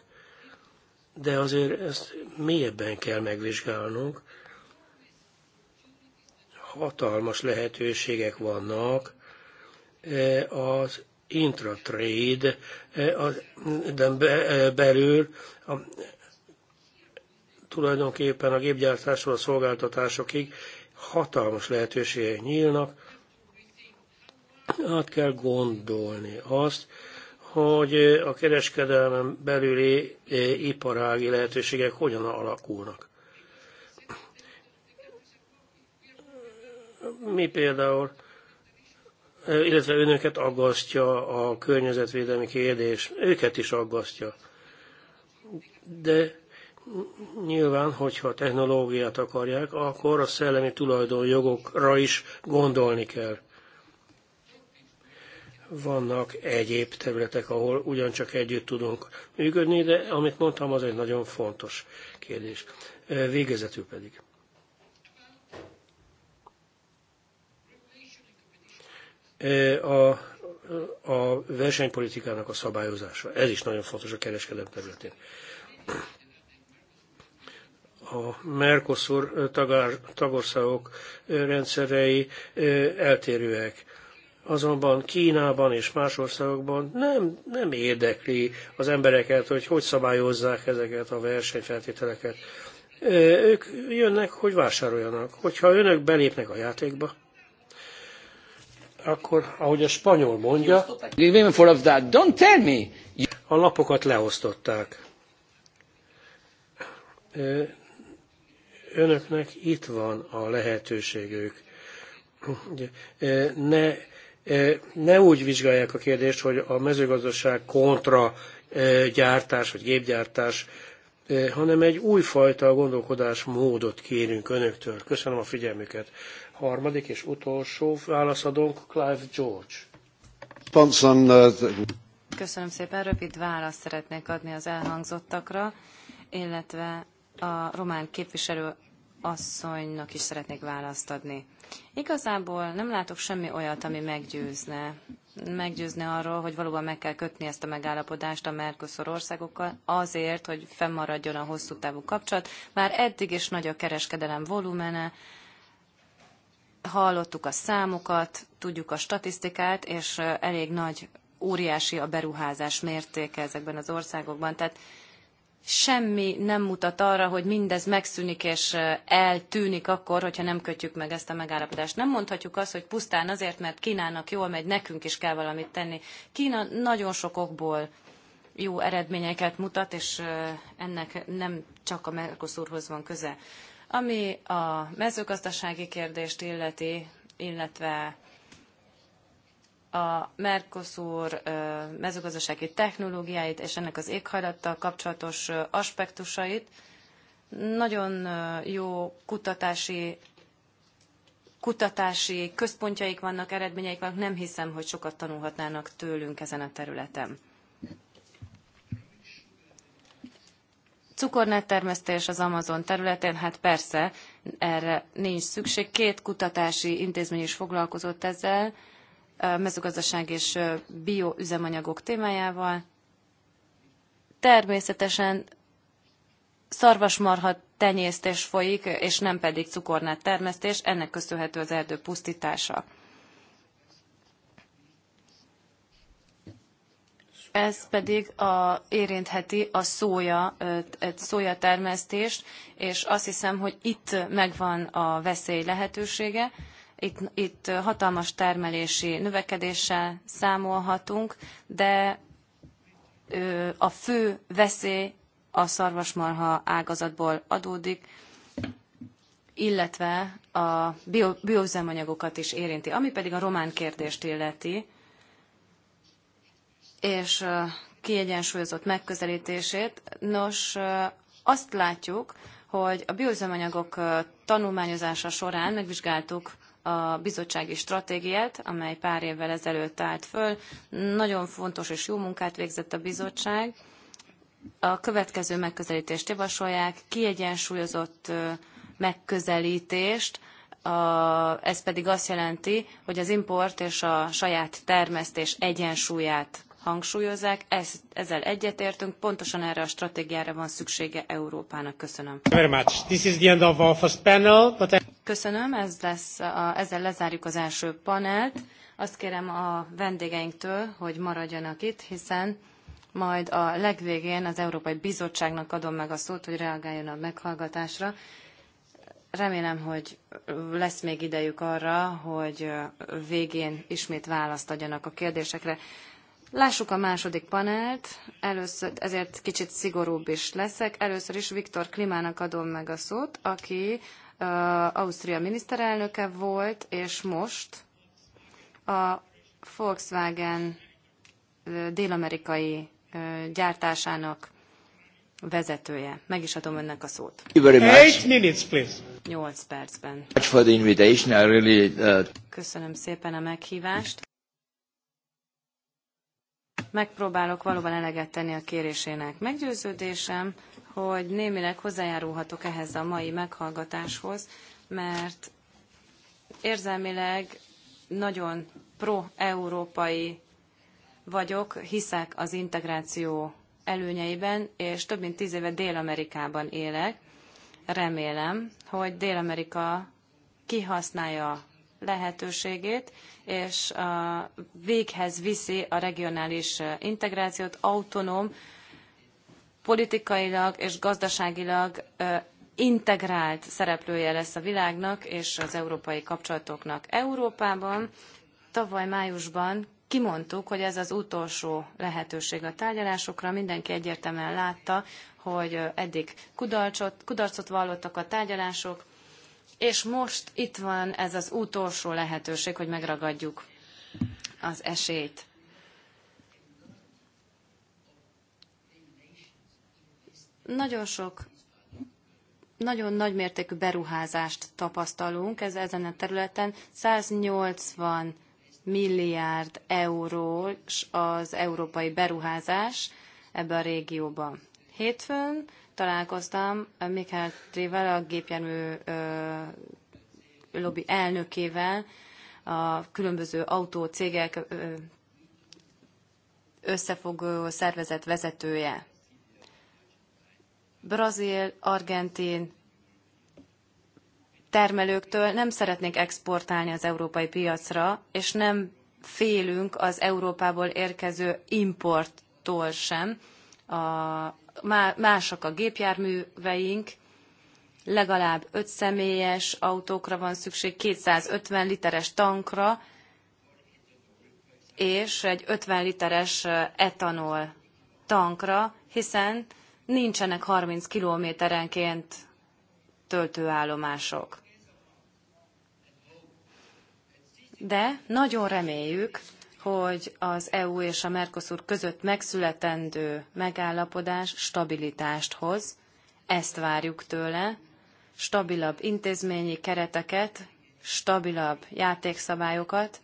De azért ezt mélyebben kell megvizsgálnunk. Hatalmas lehetőségek vannak eh, az intratrade, de belül tulajdonképpen a gépgyártásról a szolgáltatásokig hatalmas lehetőségek nyílnak. Át kell gondolni azt, hogy a kereskedelmen belüli eh, iparági lehetőségek hogyan alakulnak. Mi például, eh, illetve önöket aggasztja a környezetvédelmi kérdés, őket is aggasztja. De nyilván, hogyha technológiát akarják, akkor a szellemi tulajdonjogokra is gondolni kell. Vannak egyéb területek, ahol ugyancsak együtt tudunk működni, de amit mondtam, az egy nagyon fontos kérdés. Végezetül pedig. A, a versenypolitikának a szabályozása. Ez is nagyon fontos a kereskedelem területén a Mercosur tagországok rendszerei eltérőek. Azonban Kínában és más országokban nem, nem érdekli az embereket, hogy hogy szabályozzák ezeket a versenyfeltételeket. Ők jönnek, hogy vásároljanak. Hogyha önök belépnek a játékba, akkor, ahogy a spanyol mondja, a lapokat leosztották önöknek itt van a lehetőségük. E, ne, e, ne úgy vizsgálják a kérdést, hogy a mezőgazdaság kontra e, gyártás vagy gépgyártás, hanem egy újfajta gondolkodásmódot kérünk önöktől. Köszönöm a figyelmüket. Harmadik és utolsó válaszadónk Clive George. Uh, Köszönöm szépen. Rövid választ szeretnék adni az elhangzottakra, illetve a román képviselő asszonynak is szeretnék választ adni. Igazából nem látok semmi olyat, ami meggyőzne. Meggyőzne arról, hogy valóban meg kell kötni ezt a megállapodást a Mercosur országokkal azért, hogy fennmaradjon a hosszú távú kapcsolat. Már eddig is nagy a kereskedelem volumene, hallottuk a számokat, tudjuk a statisztikát, és elég nagy, óriási a beruházás mértéke ezekben az országokban. Tehát semmi nem mutat arra, hogy mindez megszűnik és eltűnik akkor, hogyha nem kötjük meg ezt a megállapodást. Nem mondhatjuk azt, hogy pusztán azért, mert Kínának jól megy, nekünk is kell valamit tenni. Kína nagyon sok okból jó eredményeket mutat, és ennek nem csak a Mercosurhoz van köze. Ami a mezőgazdasági kérdést illeti, illetve a Mercosur mezőgazdasági technológiáit és ennek az éghajlattal kapcsolatos aspektusait. Nagyon jó kutatási kutatási központjaik vannak, eredményeik vannak, nem hiszem, hogy sokat tanulhatnának tőlünk ezen a területen. Cukornettermesztés az Amazon területén, hát persze, erre nincs szükség. Két kutatási intézmény is foglalkozott ezzel, mezőgazdaság és bioüzemanyagok témájával. Természetesen szarvasmarha tenyésztés folyik, és nem pedig cukornát termesztés, ennek köszönhető az erdő pusztítása. Ez pedig a, érintheti a szója, szója termesztést, és azt hiszem, hogy itt megvan a veszély lehetősége. Itt, itt hatalmas termelési növekedéssel számolhatunk, de a fő veszély a szarvasmarha ágazatból adódik, illetve a bio, bioüzemanyagokat is érinti, ami pedig a román kérdést illeti, és kiegyensúlyozott megközelítését. Nos, azt látjuk, hogy a bioüzemanyagok tanulmányozása során megvizsgáltuk a bizottsági stratégiát, amely pár évvel ezelőtt állt föl. Nagyon fontos és jó munkát végzett a bizottság. A következő megközelítést javasolják, kiegyensúlyozott megközelítést, ez pedig azt jelenti, hogy az import és a saját termesztés egyensúlyát hangsúlyozzák. Ez, ezzel egyetértünk, pontosan erre a stratégiára van szüksége Európának. Köszönöm. Köszönöm, ez lesz a, ezzel lezárjuk az első panelt. Azt kérem a vendégeinktől, hogy maradjanak itt, hiszen majd a legvégén az Európai Bizottságnak adom meg a szót, hogy reagáljon a meghallgatásra. Remélem, hogy lesz még idejük arra, hogy végén ismét választ adjanak a kérdésekre. Lássuk a második panelt. Először, ezért kicsit szigorúbb is leszek. Először is Viktor Klimának adom meg a szót, aki Ausztria miniszterelnöke volt, és most a Volkswagen dél-amerikai gyártásának vezetője. Meg is adom önnek a szót. Eight minutes, please. percben. For the invitation, I really, uh, Köszönöm szépen a meghívást. Megpróbálok valóban eleget tenni a kérésének. Meggyőződésem, hogy némileg hozzájárulhatok ehhez a mai meghallgatáshoz, mert érzelmileg nagyon pro-európai vagyok, hiszek az integráció előnyeiben, és több mint tíz éve Dél-Amerikában élek. Remélem, hogy Dél-Amerika kihasználja lehetőségét, és véghez viszi a regionális integrációt, autonóm, politikailag és gazdaságilag integrált szereplője lesz a világnak és az európai kapcsolatoknak. Európában tavaly májusban kimondtuk, hogy ez az utolsó lehetőség a tárgyalásokra. Mindenki egyértelműen látta, hogy eddig kudarcot, kudarcot vallottak a tárgyalások, és most itt van ez az utolsó lehetőség, hogy megragadjuk az esélyt. Nagyon sok nagyon nagymértékű beruházást tapasztalunk ez, ezen a területen. 180 milliárd eurós az európai beruházás ebbe a régióba. Hétfőn találkoztam Mikhail Trével, a gépjármű lobby elnökével, a különböző autócégek összefogó szervezet vezetője brazil, argentin termelőktől nem szeretnénk exportálni az európai piacra, és nem félünk az Európából érkező importtól sem. A, mások a gépjárműveink, legalább 5 személyes autókra van szükség, 250 literes tankra, és egy 50 literes eh, etanol tankra, hiszen nincsenek 30 kilométerenként töltőállomások. De nagyon reméljük, hogy az EU és a Mercosur között megszületendő megállapodás stabilitást hoz. Ezt várjuk tőle. Stabilabb intézményi kereteket, stabilabb játékszabályokat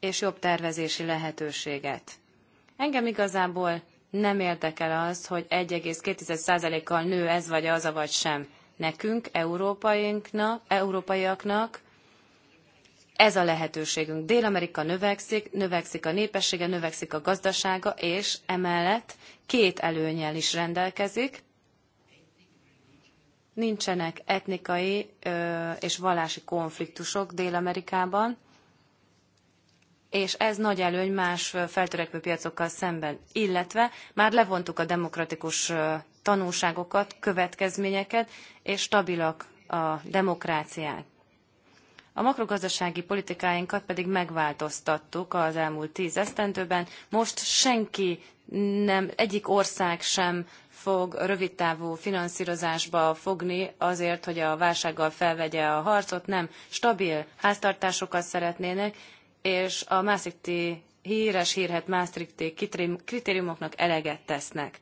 és jobb tervezési lehetőséget. Engem igazából nem érdekel az, hogy 1,2%-kal nő ez vagy az, vagy sem. Nekünk, európaiaknak, európaiaknak ez a lehetőségünk. Dél-Amerika növekszik, növekszik a népessége, növekszik a gazdasága, és emellett két előnyel is rendelkezik. Nincsenek etnikai ö, és vallási konfliktusok Dél-Amerikában, és ez nagy előny más feltörekvő piacokkal szemben, illetve már levontuk a demokratikus tanulságokat, következményeket, és stabilak a demokráciák. A makrogazdasági politikáinkat pedig megváltoztattuk az elmúlt tíz esztendőben. Most senki nem, egyik ország sem fog rövidtávú finanszírozásba fogni azért, hogy a válsággal felvegye a harcot, nem stabil háztartásokat szeretnének, és a Maastrichti híres hírhet Maastrichti kritériumoknak eleget tesznek.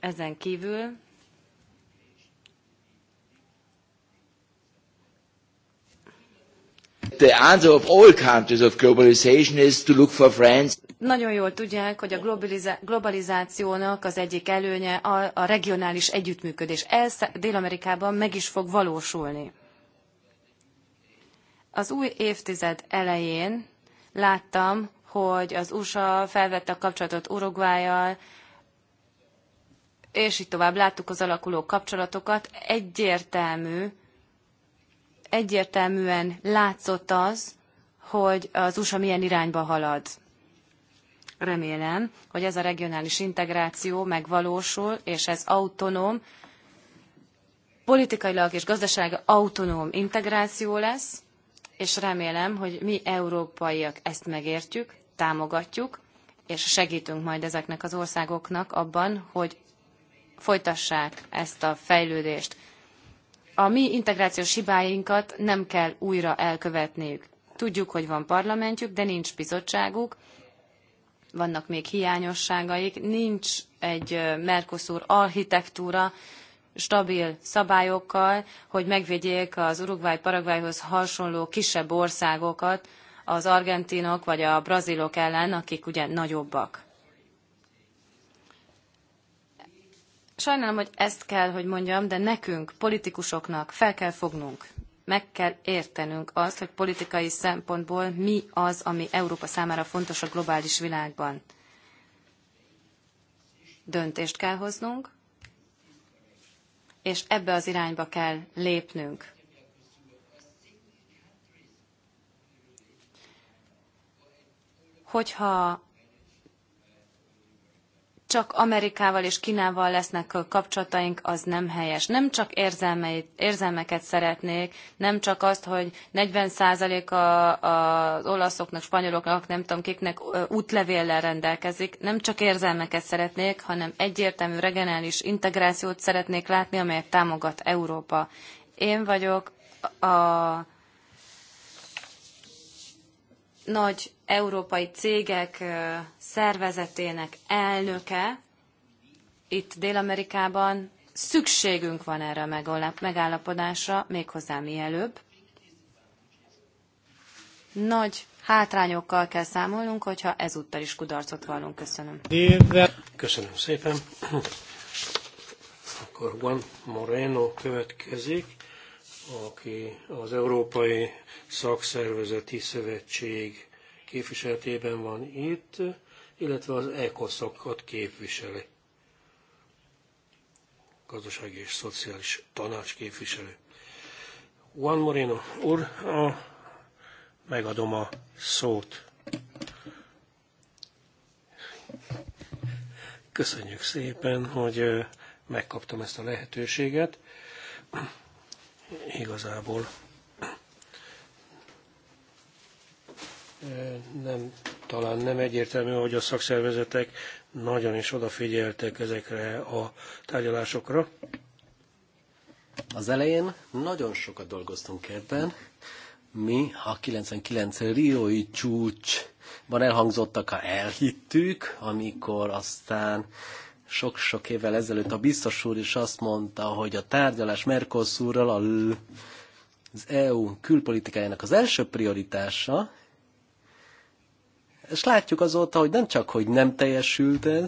Ezen kívül The answer of all countries of globalization is to look for friends. Nagyon jól tudják, hogy a globalizációnak az egyik előnye a, a regionális együttműködés. Ez Dél-Amerikában meg is fog valósulni. Az új évtized elején láttam, hogy az USA felvette a kapcsolatot Uruguayjal, és így tovább láttuk az alakuló kapcsolatokat. Egyértelmű, egyértelműen látszott az, hogy az USA milyen irányba halad. Remélem, hogy ez a regionális integráció megvalósul, és ez autonóm, politikailag és gazdaság autonóm integráció lesz, és remélem, hogy mi európaiak ezt megértjük, támogatjuk, és segítünk majd ezeknek az országoknak abban, hogy folytassák ezt a fejlődést. A mi integrációs hibáinkat nem kell újra elkövetniük. Tudjuk, hogy van parlamentjük, de nincs bizottságuk, vannak még hiányosságaik, nincs egy Mercosur architektúra, stabil szabályokkal, hogy megvédjék az Uruguay Paraguayhoz hasonló kisebb országokat az argentinok vagy a brazilok ellen, akik ugye nagyobbak. Sajnálom, hogy ezt kell, hogy mondjam, de nekünk, politikusoknak fel kell fognunk meg kell értenünk azt, hogy politikai szempontból mi az, ami Európa számára fontos a globális világban. Döntést kell hoznunk, és ebbe az irányba kell lépnünk. Hogyha csak Amerikával és Kínával lesznek kapcsolataink, az nem helyes. Nem csak érzelmeit, érzelmeket szeretnék, nem csak azt, hogy 40% a, az olaszoknak, spanyoloknak, nem tudom kiknek útlevéllel rendelkezik. Nem csak érzelmeket szeretnék, hanem egyértelmű regionális integrációt szeretnék látni, amelyet támogat Európa. Én vagyok a nagy európai cégek szervezetének elnöke itt Dél-Amerikában. Szükségünk van erre a megállapodásra, méghozzá mielőbb. Nagy hátrányokkal kell számolnunk, hogyha ezúttal is kudarcot vallunk. Köszönöm. Köszönöm szépen. Akkor Juan Moreno következik aki az Európai Szakszervezeti Szövetség képviseletében van itt, illetve az ECOSZOKot képviseli. Gazdasági és Szociális Tanács képviselő. Juan Moreno úr, a, megadom a szót. Köszönjük szépen, hogy megkaptam ezt a lehetőséget igazából nem, talán nem egyértelmű, hogy a szakszervezetek nagyon is odafigyeltek ezekre a tárgyalásokra. Az elején nagyon sokat dolgoztunk ebben. Mi a 99 Riói csúcsban elhangzottak, ha elhittük, amikor aztán sok-sok évvel ezelőtt a biztos úr is azt mondta, hogy a tárgyalás Mercosurral a az EU külpolitikájának az első prioritása, és látjuk azóta, hogy nem csak, hogy nem teljesült ez,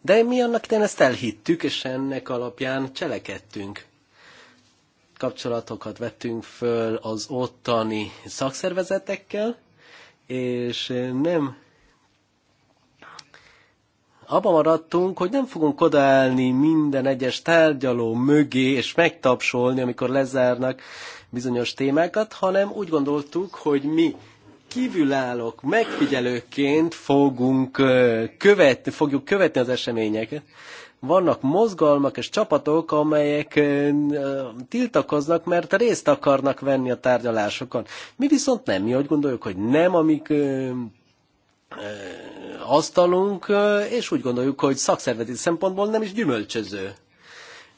de mi annak idején ezt elhittük, és ennek alapján cselekedtünk. Kapcsolatokat vettünk föl az ottani szakszervezetekkel, és nem abban maradtunk, hogy nem fogunk odaállni minden egyes tárgyaló mögé, és megtapsolni, amikor lezárnak bizonyos témákat, hanem úgy gondoltuk, hogy mi kívülállók, megfigyelőként fogunk követni, fogjuk követni az eseményeket. Vannak mozgalmak és csapatok, amelyek tiltakoznak, mert részt akarnak venni a tárgyalásokon. Mi viszont nem, mi úgy gondoljuk, hogy nem, amik Eh, asztalunk, eh, és úgy gondoljuk, hogy szakszervezeti szempontból nem is gyümölcsöző.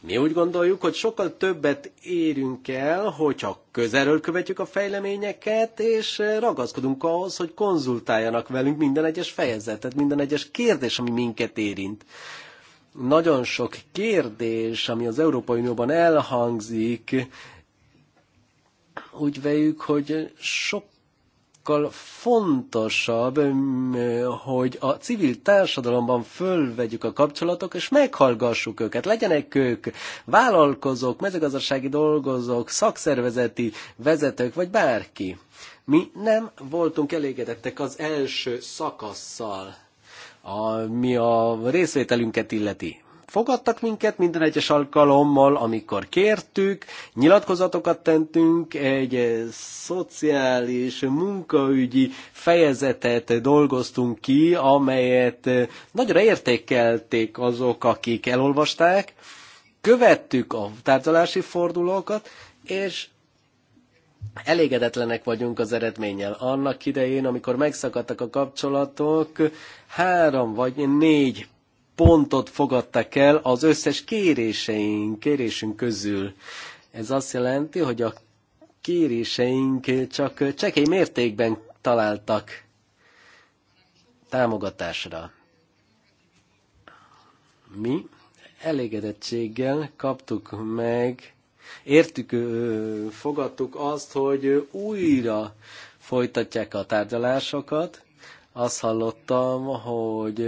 Mi úgy gondoljuk, hogy sokkal többet érünk el, hogyha közelről követjük a fejleményeket, és eh, ragaszkodunk ahhoz, hogy konzultáljanak velünk minden egyes fejezetet, minden egyes kérdés, ami minket érint. Nagyon sok kérdés, ami az Európai Unióban elhangzik, úgy vejük, hogy sok sokkal fontosabb, mm, hogy a civil társadalomban fölvegyük a kapcsolatok, és meghallgassuk őket. Legyenek ők vállalkozók, mezőgazdasági dolgozók, szakszervezeti vezetők, vagy bárki. Mi nem voltunk elégedettek az első szakasszal, ami a részvételünket illeti fogadtak minket minden egyes alkalommal, amikor kértük, nyilatkozatokat tentünk, egy eh, szociális munkaügyi fejezetet dolgoztunk ki, amelyet eh, nagyra értékelték azok, akik elolvasták, követtük a tárgyalási fordulókat, és elégedetlenek vagyunk az eredménnyel. Annak idején, amikor megszakadtak a kapcsolatok, három vagy négy pontot fogadtak el az összes kéréseink, kérésünk közül. Ez azt jelenti, hogy a kéréseink csak csekély mértékben találtak támogatásra. Mi elégedettséggel kaptuk meg, értük, fogadtuk azt, hogy újra folytatják a tárgyalásokat. Azt hallottam, hogy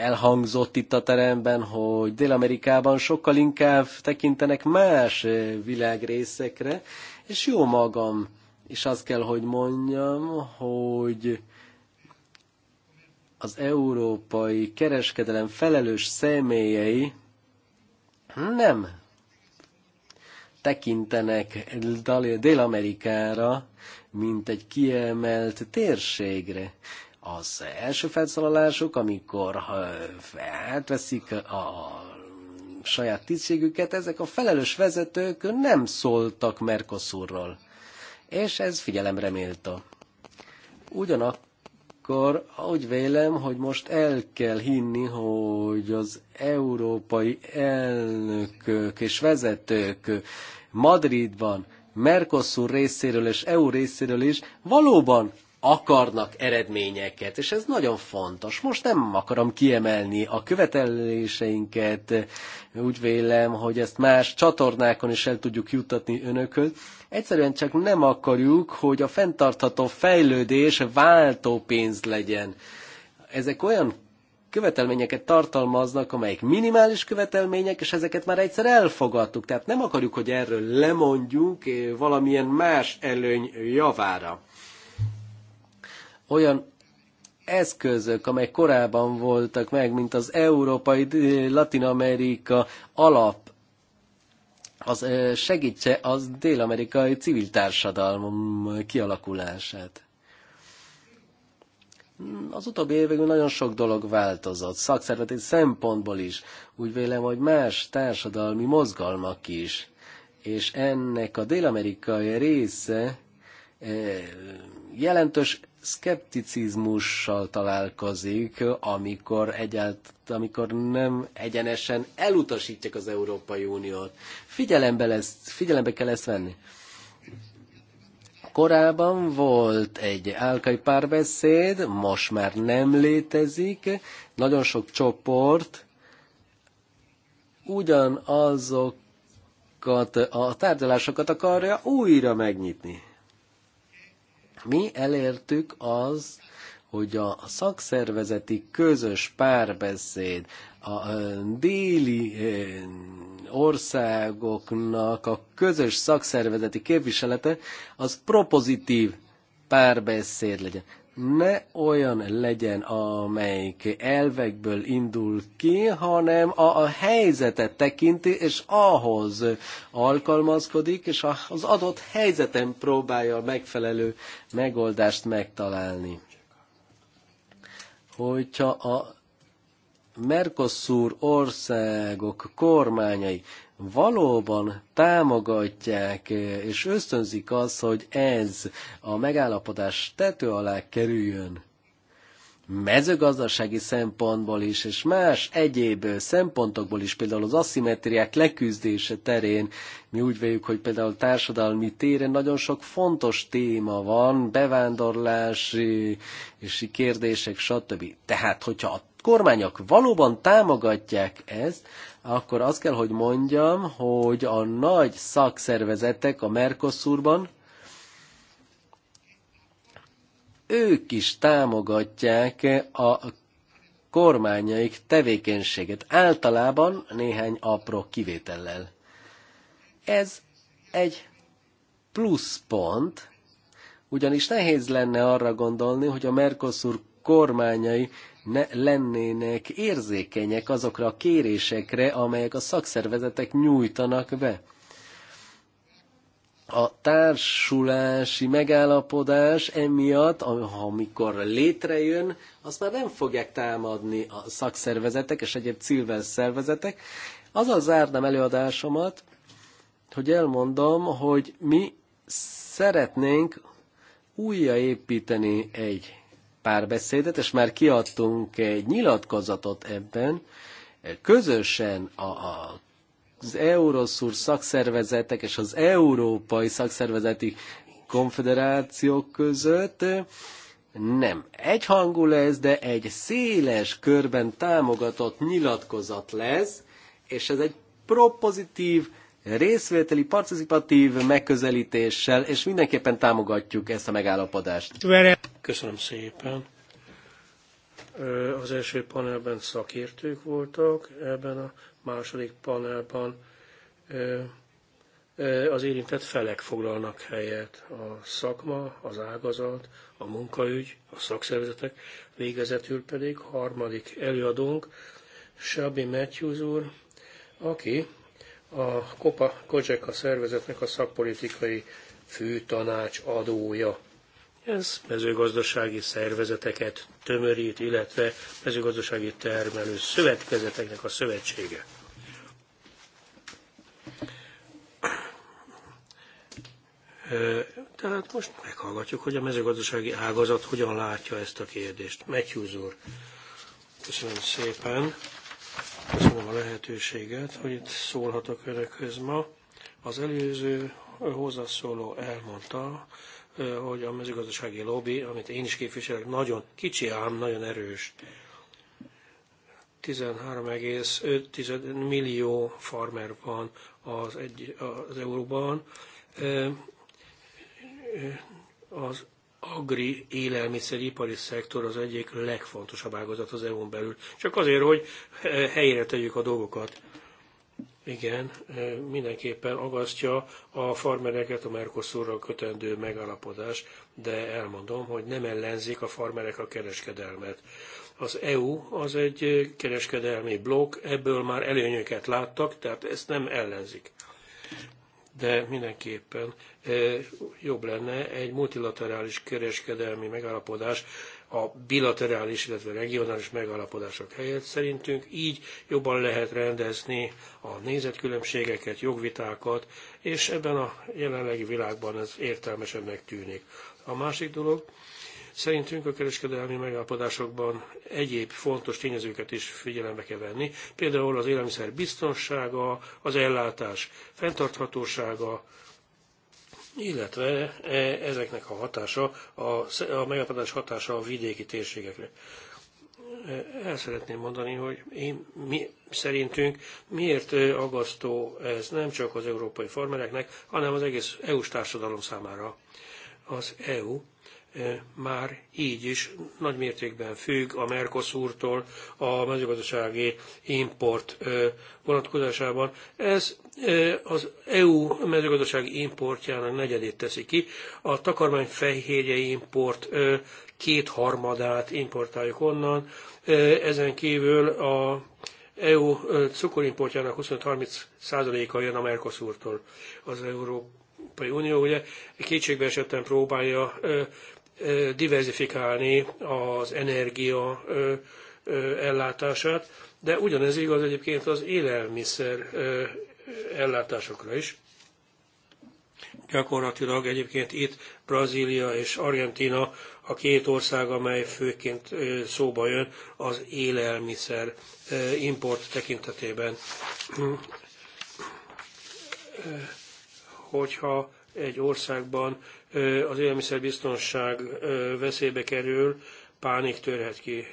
elhangzott itt a teremben, hogy Dél-Amerikában sokkal inkább tekintenek más eh, világrészekre, és jó magam, és azt kell, hogy mondjam, hogy az európai kereskedelem felelős személyei nem tekintenek Dél-Amerikára, mint egy kiemelt térségre. Az első felszólalások, amikor átveszik a saját tisztségüket, ezek a felelős vezetők nem szóltak Mercosurról. És ez figyelemre méltó. Ugyanakkor úgy vélem, hogy most el kell hinni, hogy az európai elnökök és vezetők Madridban, Mercosur részéről és EU részéről is valóban akarnak eredményeket, és ez nagyon fontos. Most nem akarom kiemelni a követeléseinket, úgy vélem, hogy ezt más csatornákon is el tudjuk juttatni önököt. Egyszerűen csak nem akarjuk, hogy a fenntartható fejlődés váltó pénz legyen. Ezek olyan követelményeket tartalmaznak, amelyek minimális követelmények, és ezeket már egyszer elfogadtuk. Tehát nem akarjuk, hogy erről lemondjunk eh, valamilyen más előny javára olyan eszközök, amelyek korábban voltak meg, mint az Európai eh, Latin Amerika alap, az eh, segítse az dél-amerikai civil társadalom kialakulását. Az utóbbi években nagyon sok dolog változott, szakszervezeti szempontból is. Úgy vélem, hogy más társadalmi mozgalmak is. És ennek a dél-amerikai része eh, jelentős szkepticizmussal találkozik, amikor, egyált, amikor nem egyenesen elutasítják az Európai Uniót. Figyelembe, lesz, figyelembe kell ezt venni. Korábban volt egy álkai párbeszéd, most már nem létezik. Nagyon sok csoport ugyanazokat a tárgyalásokat akarja újra megnyitni. Mi elértük az, hogy a szakszervezeti közös párbeszéd a déli országoknak a közös szakszervezeti képviselete az propozitív párbeszéd legyen ne olyan legyen, amelyik elvekből indul ki, hanem a, a helyzetet tekinti, és ahhoz alkalmazkodik, és az adott helyzeten próbálja a megfelelő megoldást megtalálni. Hogyha a Mercosur országok kormányai valóban támogatják és ösztönzik azt, hogy ez a megállapodás tető alá kerüljön mezőgazdasági szempontból is, és más egyéb szempontokból is, például az aszimetriák leküzdése terén, mi úgy véljük, hogy például társadalmi téren nagyon sok fontos téma van, bevándorlási és kérdések, stb. Tehát, hogyha a kormányok valóban támogatják ezt, akkor azt kell, hogy mondjam, hogy a nagy szakszervezetek a Mercosurban, ők is támogatják a kormányaik tevékenységet, általában néhány apró kivétellel. Ez egy pluszpont, ugyanis nehéz lenne arra gondolni, hogy a Mercosur kormányai ne lennének érzékenyek azokra a kérésekre, amelyek a szakszervezetek nyújtanak be. A társulási megállapodás emiatt, amikor létrejön, azt már nem fogják támadni a szakszervezetek és egyéb civil szervezetek. Azzal zárnám előadásomat, hogy elmondom, hogy mi szeretnénk újraépíteni egy párbeszédet, és már kiadtunk egy nyilatkozatot ebben, közösen a, a az Euroszur szakszervezetek és az Európai Szakszervezeti Konfederációk között nem egyhangú lesz, de egy széles körben támogatott nyilatkozat lesz, és ez egy propozitív részvételi, participatív megközelítéssel, és mindenképpen támogatjuk ezt a megállapodást. Köszönöm szépen. Az első panelben szakértők voltak, ebben a második panelban az érintett felek foglalnak helyet. A szakma, az ágazat, a munkaügy, a szakszervezetek, végezetül pedig harmadik előadónk, Sabi Matthews úr, aki a Kopa Koceka szervezetnek a szakpolitikai főtanács adója. Ez mezőgazdasági szervezeteket tömörít, illetve mezőgazdasági termelő szövetkezeteknek a szövetsége. Tehát most meghallgatjuk, hogy a mezőgazdasági ágazat hogyan látja ezt a kérdést. Matthews úr, köszönöm szépen a lehetőséget, hogy itt szólhatok önökhöz ma. Az előző hozzászóló elmondta, hogy a mezőgazdasági lobby, amit én is képviselek, nagyon kicsi, ám nagyon erős. 13,5 millió farmer van az, egy, az euróban. Az agri élelmiszeripari szektor az egyik legfontosabb ágazat az EU-n belül. Csak azért, hogy helyére tegyük a dolgokat. Igen, mindenképpen agasztja a farmereket a Mercosurra kötendő megállapodás, de elmondom, hogy nem ellenzik a farmerek a kereskedelmet. Az EU az egy kereskedelmi blokk, ebből már előnyöket láttak, tehát ezt nem ellenzik de mindenképpen jobb lenne egy multilaterális kereskedelmi megállapodás a bilaterális, illetve regionális megállapodások helyett szerintünk. Így jobban lehet rendezni a nézetkülönbségeket, jogvitákat, és ebben a jelenlegi világban ez értelmesebbnek tűnik. A másik dolog, Szerintünk a kereskedelmi megállapodásokban egyéb fontos tényezőket is figyelembe kell venni, például az élelmiszer biztonsága, az ellátás fenntarthatósága, illetve e, ezeknek a hatása, a, megállapodás hatása a vidéki térségekre. El szeretném mondani, hogy én, mi szerintünk miért aggasztó ez nem csak az európai farmereknek, hanem az egész EU-s társadalom számára. Az EU E, már így is nagy mértékben függ a Mercosurtól a mezőgazdasági import e, vonatkozásában. Ez e, az EU mezőgazdasági importjának negyedét teszi ki. A takarmány fehérje import kétharmadát importáljuk onnan. Ezen kívül a EU cukorimportjának 25-30%-a jön a Mercosurtól az Európai Unió. Ugye kétségbe esetten próbálja diversifikálni az energia ellátását, de ugyanez igaz egyébként az élelmiszer ellátásokra is. Gyakorlatilag egyébként itt Brazília és Argentina a két ország, amely főként szóba jön az élelmiszer import tekintetében. Hogyha egy országban az élelmiszerbiztonság veszélybe kerül, pánik törhet ki.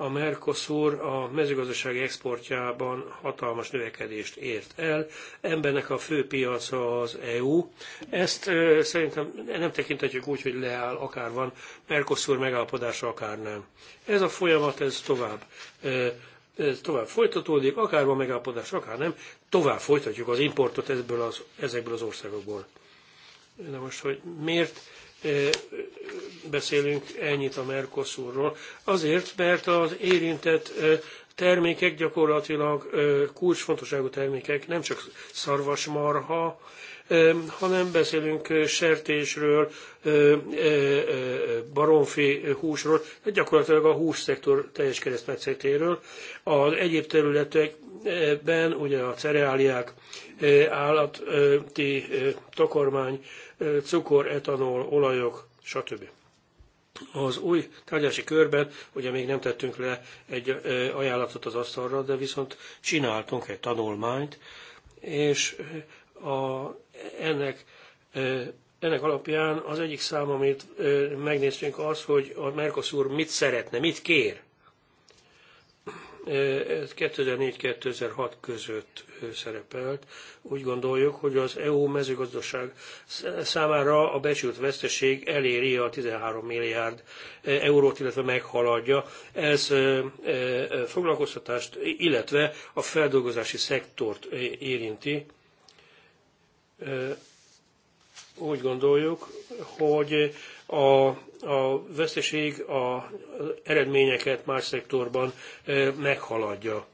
A Mercosur a mezőgazdasági exportjában hatalmas növekedést ért el. Embernek a fő piaca az EU. Ezt szerintem nem tekinthetjük úgy, hogy leáll, akár van Mercosur megállapodása, akár nem. Ez a folyamat, ez tovább ez tovább folytatódik, akár van megállapodás, akár nem, tovább folytatjuk az importot az, ezekből az országokból. Na most, hogy miért eh, beszélünk ennyit a Mercosurról? Azért, mert az érintett eh, termékek gyakorlatilag eh, kulcsfontosságú termékek, nem csak szarvasmarha, hanem beszélünk sertésről, baromfi húsról, gyakorlatilag a szektor teljes keresztmetszetéről. Az egyéb területekben ugye a cereáliák, állati takarmány, cukor, etanol, olajok, stb. Az új tárgyási körben ugye még nem tettünk le egy ajánlatot az asztalra, de viszont csináltunk egy tanulmányt, és a, ennek, ennek alapján az egyik szám, amit megnéztünk az, hogy a Mercosur mit szeretne, mit kér. Ez 2004-2006 között szerepelt. Úgy gondoljuk, hogy az EU mezőgazdaság számára a becsült veszteség eléri a 13 milliárd eurót, illetve meghaladja. Ez foglalkoztatást, illetve a feldolgozási szektort érinti úgy gondoljuk, hogy a a veszteség az eredményeket más szektorban meghaladja.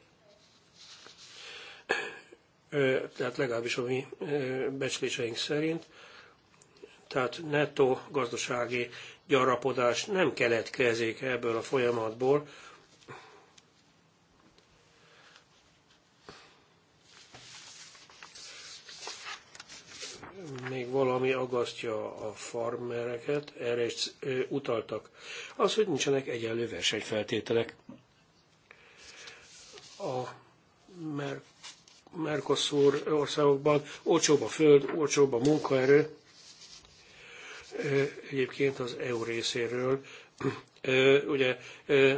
Tehát legalábbis a mi becsléseink szerint. Tehát nettó gazdasági gyarapodás nem keletkezik ebből a folyamatból, még valami agasztja a farmereket, erre is utaltak. Az, hogy nincsenek egyenlő versenyfeltételek. A Mer Mercosur országokban olcsóbb a föld, olcsóbb a munkaerő. Egyébként az EU részéről ugye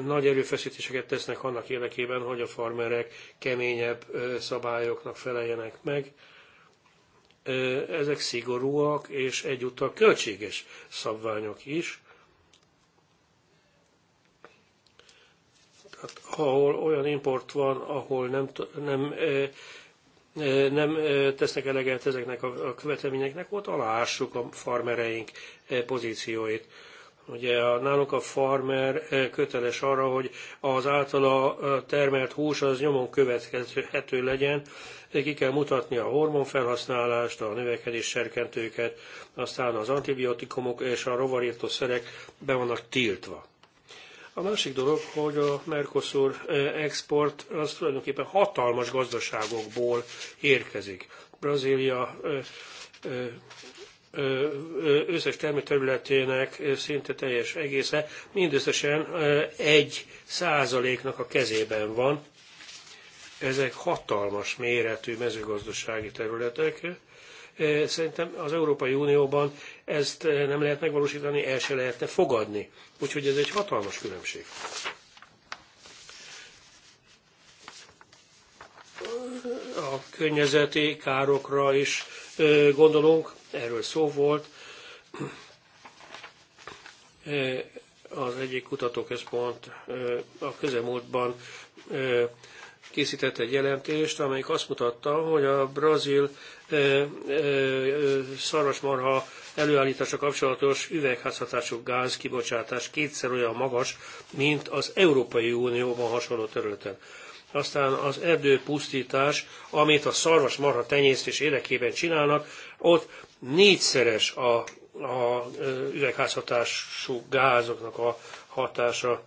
nagy erőfeszítéseket tesznek annak érdekében, hogy a farmerek keményebb szabályoknak feleljenek meg ezek szigorúak és egyúttal költséges szabványok is. Tehát, ahol olyan import van, ahol nem, nem, nem tesznek eleget ezeknek a követelményeknek, ott aláássuk a farmereink pozícióit. Ugye a, nálunk a farmer eh, köteles arra, hogy az általa eh, termelt hús az nyomon következhető legyen, ki kell mutatni a hormonfelhasználást, a növekedés serkentőket, aztán az antibiotikumok és a rovarírtószerek be vannak tiltva. A másik dolog, hogy a Mercosur eh, export az tulajdonképpen hatalmas gazdaságokból érkezik. Brazília összes termőterületének szinte teljes egésze mindösszesen egy százaléknak a kezében van. Ezek hatalmas méretű mezőgazdasági területek. Szerintem az Európai Unióban ezt nem lehet megvalósítani, el se lehetne fogadni. Úgyhogy ez egy hatalmas különbség. a környezeti károkra is gondolunk, erről szó volt. E, az egyik kutatóközpont e, a közelmúltban e, készített egy jelentést, amelyik azt mutatta, hogy a brazil szarvasmarha előállítása kapcsolatos üvegházhatású gáz kibocsátás kétszer olyan magas, mint az Európai Unióban hasonló területen. Aztán az erdőpusztítás, amit a szarvas marha tenyésztés érdekében csinálnak, ott négyszeres a, a üvegházhatású gázoknak a hatása.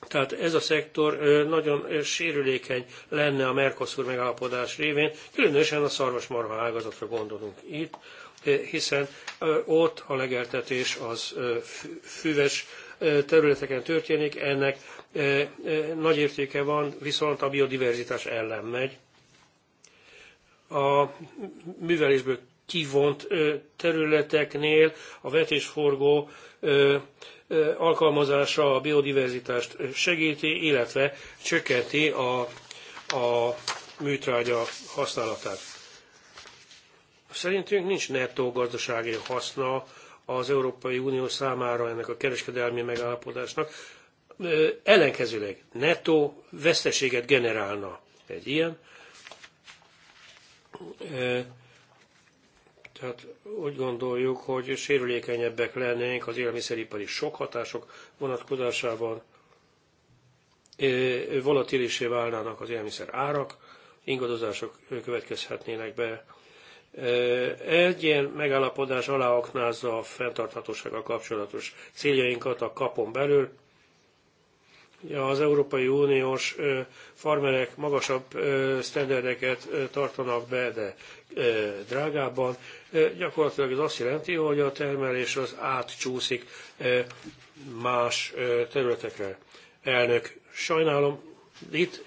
Tehát ez a szektor nagyon sérülékeny lenne a Mercosur megállapodás révén, különösen a szarvasmarha ágazatra gondolunk itt, hiszen ott a legeltetés az füves területeken történik, ennek nagy értéke van, viszont a biodiverzitás ellen megy. A művelésből kivont területeknél a vetésforgó alkalmazása a biodiverzitást segíti, illetve csökkenti a, a műtrágya használatát. Szerintünk nincs nettó gazdasági haszna az Európai Unió számára ennek a kereskedelmi megállapodásnak, ellenkezőleg nettó veszteséget generálna egy ilyen. Tehát úgy gondoljuk, hogy sérülékenyebbek lennénk az élelmiszeripari sok hatások vonatkozásában, volatilisé válnának az élelmiszer árak, ingadozások következhetnének be, egy ilyen megállapodás aláaknázza a fenntarthatósággal kapcsolatos céljainkat a kapon belül. Az Európai Uniós farmerek magasabb sztenderdeket tartanak be, de drágábban. Gyakorlatilag ez azt jelenti, hogy a termelés az átcsúszik más területekre. Elnök, sajnálom, itt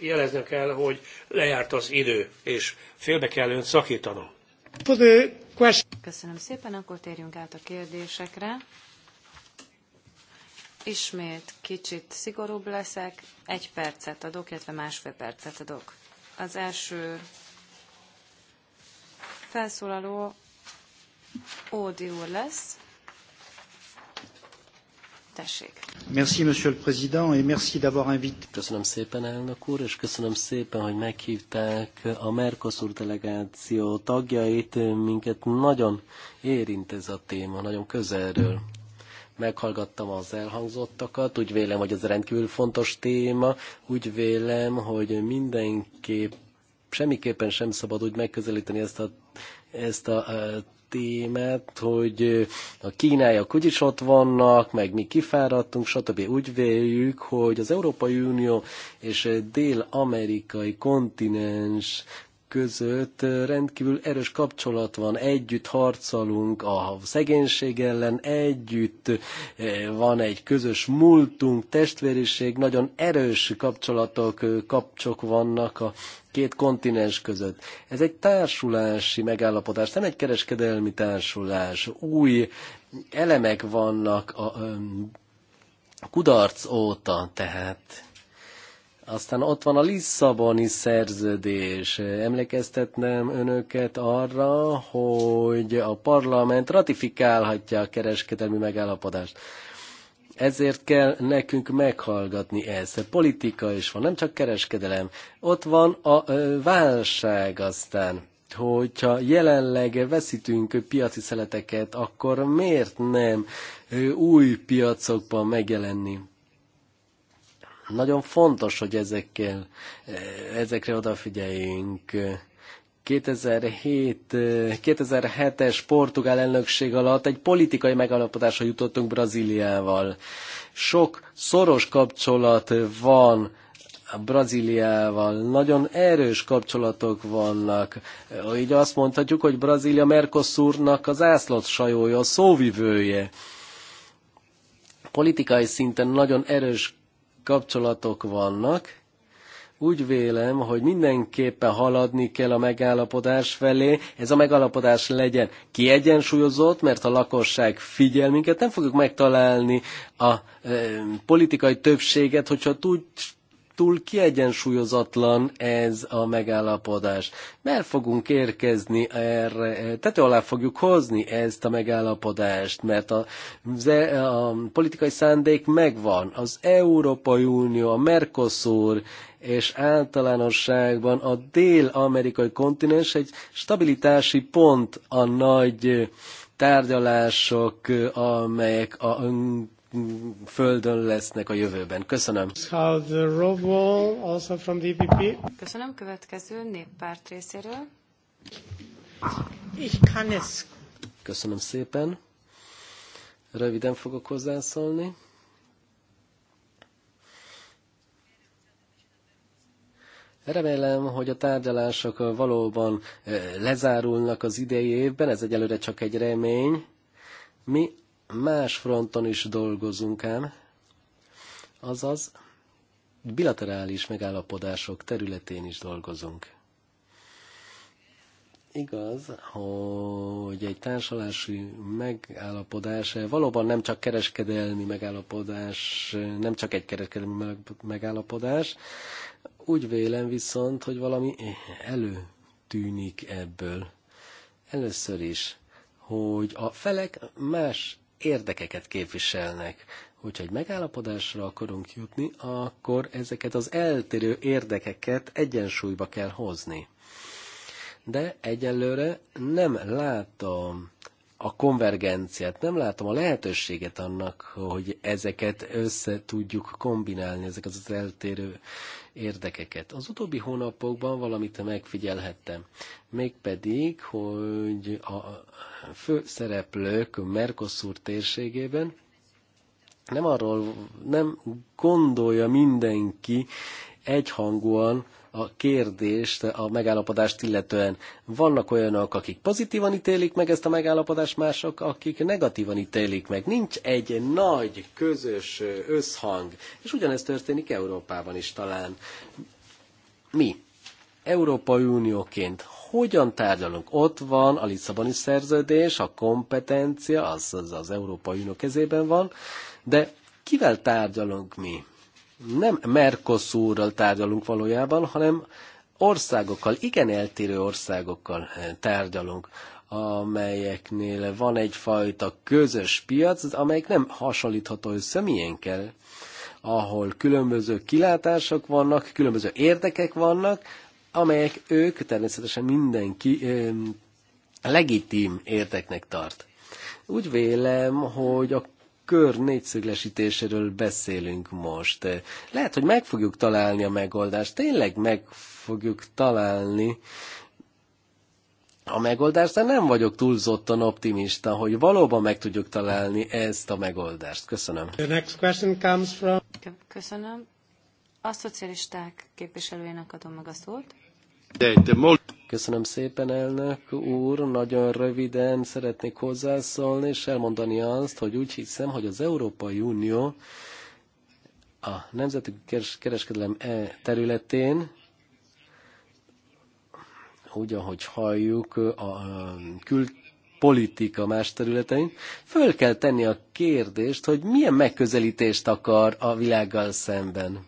jeleznem kell, hogy lejárt az idő, és félbe kell önt szakítanom. Köszönöm szépen, akkor térjünk át a kérdésekre. Ismét kicsit szigorúbb leszek, egy percet adok, illetve másfél percet adok. Az első felszólaló Ódi úr lesz, Tessék. Merci, monsieur le président, et merci d'avoir invité. Köszönöm szépen, elnök úr, és köszönöm szépen, hogy meghívták a Mercosur delegáció tagjait. Minket nagyon érint ez a téma, nagyon közelről meghallgattam az elhangzottakat, úgy vélem, hogy ez rendkívül fontos téma, úgy vélem, hogy mindenképp semmiképpen sem szabad úgy megközelíteni ezt a, ezt a, a témát, hogy a kínaiak úgyis ott vannak, meg mi kifáradtunk, stb. Úgy véljük, hogy az Európai Unió és dél-amerikai kontinens között rendkívül erős kapcsolat van, együtt harcolunk a szegénység ellen, együtt van egy közös múltunk, testvériség, nagyon erős kapcsolatok, kapcsok vannak a két kontinens között. Ez egy társulási megállapodás, nem egy kereskedelmi társulás. Új elemek vannak a, a kudarc óta, tehát aztán ott van a Lisszaboni szerződés. Emlékeztetnem önöket arra, hogy a parlament ratifikálhatja a kereskedelmi megállapodást ezért kell nekünk meghallgatni ezt. Politika is van, nem csak kereskedelem. Ott van a válság aztán hogyha jelenleg veszítünk piaci szeleteket, akkor miért nem új piacokban megjelenni? Nagyon fontos, hogy ezekkel, ezekre odafigyeljünk. 2007, 2007-es portugál elnökség alatt egy politikai megállapodásra jutottunk Brazíliával. Sok szoros kapcsolat van a Brazíliával. Nagyon erős kapcsolatok vannak. Így azt mondhatjuk, hogy Brazília Mercosurnak az ászlott sajója, a szóvivője. Politikai szinten nagyon erős kapcsolatok vannak, úgy vélem, hogy mindenképpen haladni kell a megállapodás felé. Ez a megállapodás legyen kiegyensúlyozott, mert a lakosság figyel minket. Nem fogjuk megtalálni a e, politikai többséget, hogyha tud, túl kiegyensúlyozatlan ez a megállapodás. Mert fogunk érkezni erre, tető alá fogjuk hozni ezt a megállapodást, mert a, a politikai szándék megvan. Az Európai Unió, a Mercosur és általánosságban a dél-amerikai kontinens egy stabilitási pont a nagy tárgyalások, amelyek a földön lesznek a jövőben. Köszönöm. Köszönöm. Következő néppárt részéről. Ich kann es. Köszönöm szépen. Röviden fogok hozzászólni. Remélem, hogy a tárgyalások valóban eh, lezárulnak az idei évben, ez egyelőre csak egy remény. Mi más fronton is dolgozunk ám, azaz bilaterális megállapodások területén is dolgozunk. Igaz, hogy egy társulási megállapodás valóban nem csak kereskedelmi megállapodás, nem csak egy kereskedelmi megállapodás, úgy vélem viszont, hogy valami elő tűnik ebből. Először is, hogy a felek más érdekeket képviselnek. Úgyhogy megállapodásra akarunk jutni, akkor ezeket az eltérő érdekeket egyensúlyba kell hozni. De egyelőre nem látom a konvergenciát, nem látom a lehetőséget annak, hogy ezeket össze tudjuk kombinálni, ezeket az eltérő érdekeket. Az utóbbi hónapokban valamit megfigyelhettem, mégpedig, hogy a fő szereplők Mercosur térségében nem arról, nem gondolja mindenki egyhangúan, a kérdést a megállapodást illetően. Vannak olyanok, akik pozitívan ítélik meg ezt a megállapodást, mások, akik negatívan ítélik meg. Nincs egy nagy, közös összhang, és ugyanezt történik Európában is talán. Mi, Európai Unióként hogyan tárgyalunk? Ott van a Lisszaboni szerződés, a kompetencia, az az, az Európai Unió kezében van, de kivel tárgyalunk mi? nem Mercosurral tárgyalunk valójában, hanem országokkal, igen eltérő országokkal eh, tárgyalunk, amelyeknél van egyfajta közös piac, amelyik nem hasonlítható össze kell, ahol különböző kilátások vannak, különböző érdekek vannak, amelyek ők természetesen mindenki ö, eh, legitim érteknek tart. Úgy vélem, hogy a kör négyszöglesítéséről beszélünk most. Lehet, hogy meg fogjuk találni a megoldást, tényleg meg fogjuk találni a megoldást, de nem vagyok túlzottan optimista, hogy valóban meg tudjuk találni ezt a megoldást. Köszönöm. The next question comes from... Köszönöm. A szocialisták képviselőjének adom meg a szót. Köszönöm szépen, elnök úr. Nagyon röviden szeretnék hozzászólni, és elmondani azt, hogy úgy hiszem, hogy az Európai Unió a nemzeti kereskedelem e területén úgy, ahogy halljuk, a külpolitika más területein, föl kell tenni a kérdést, hogy milyen megközelítést akar a világgal szemben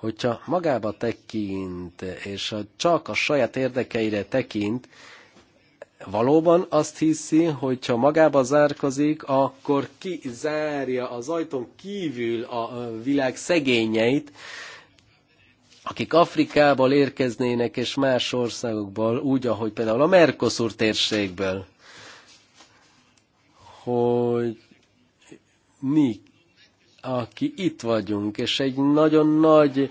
hogyha magába tekint, és ha csak a saját érdekeire tekint, valóban azt hiszi, hogyha magába zárkozik, akkor kizárja az ajtón kívül a világ szegényeit, akik Afrikából érkeznének és más országokból, úgy, ahogy például a Mercosur térségből, hogy mi aki itt vagyunk, és egy nagyon nagy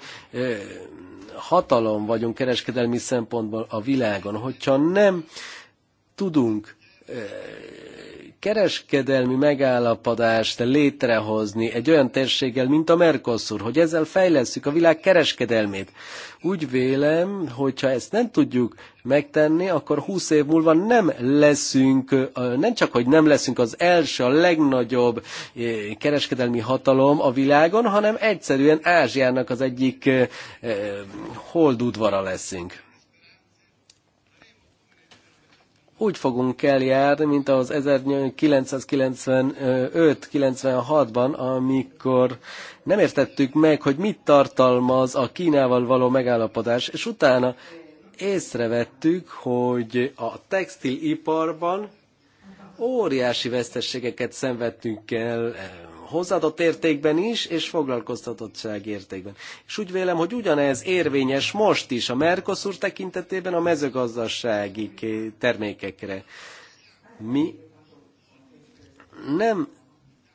hatalom vagyunk kereskedelmi szempontból a világon, hogyha nem tudunk kereskedelmi megállapodást létrehozni egy olyan térséggel, mint a Mercosur, hogy ezzel fejlesszük a világ kereskedelmét. Úgy vélem, hogyha ezt nem tudjuk megtenni, akkor 20 év múlva nem leszünk, nem csak, hogy nem leszünk az első, a legnagyobb kereskedelmi hatalom a világon, hanem egyszerűen Ázsiának az egyik holdudvara leszünk. úgy fogunk eljárni, mint az 1995-96-ban, amikor nem értettük meg, hogy mit tartalmaz a Kínával való megállapodás, és utána észrevettük, hogy a textiliparban óriási vesztességeket szenvedtünk el hozzáadott értékben is, és foglalkoztatottság értékben. És úgy vélem, hogy ugyanez érvényes most is a Mercosur tekintetében a mezőgazdasági termékekre. Mi nem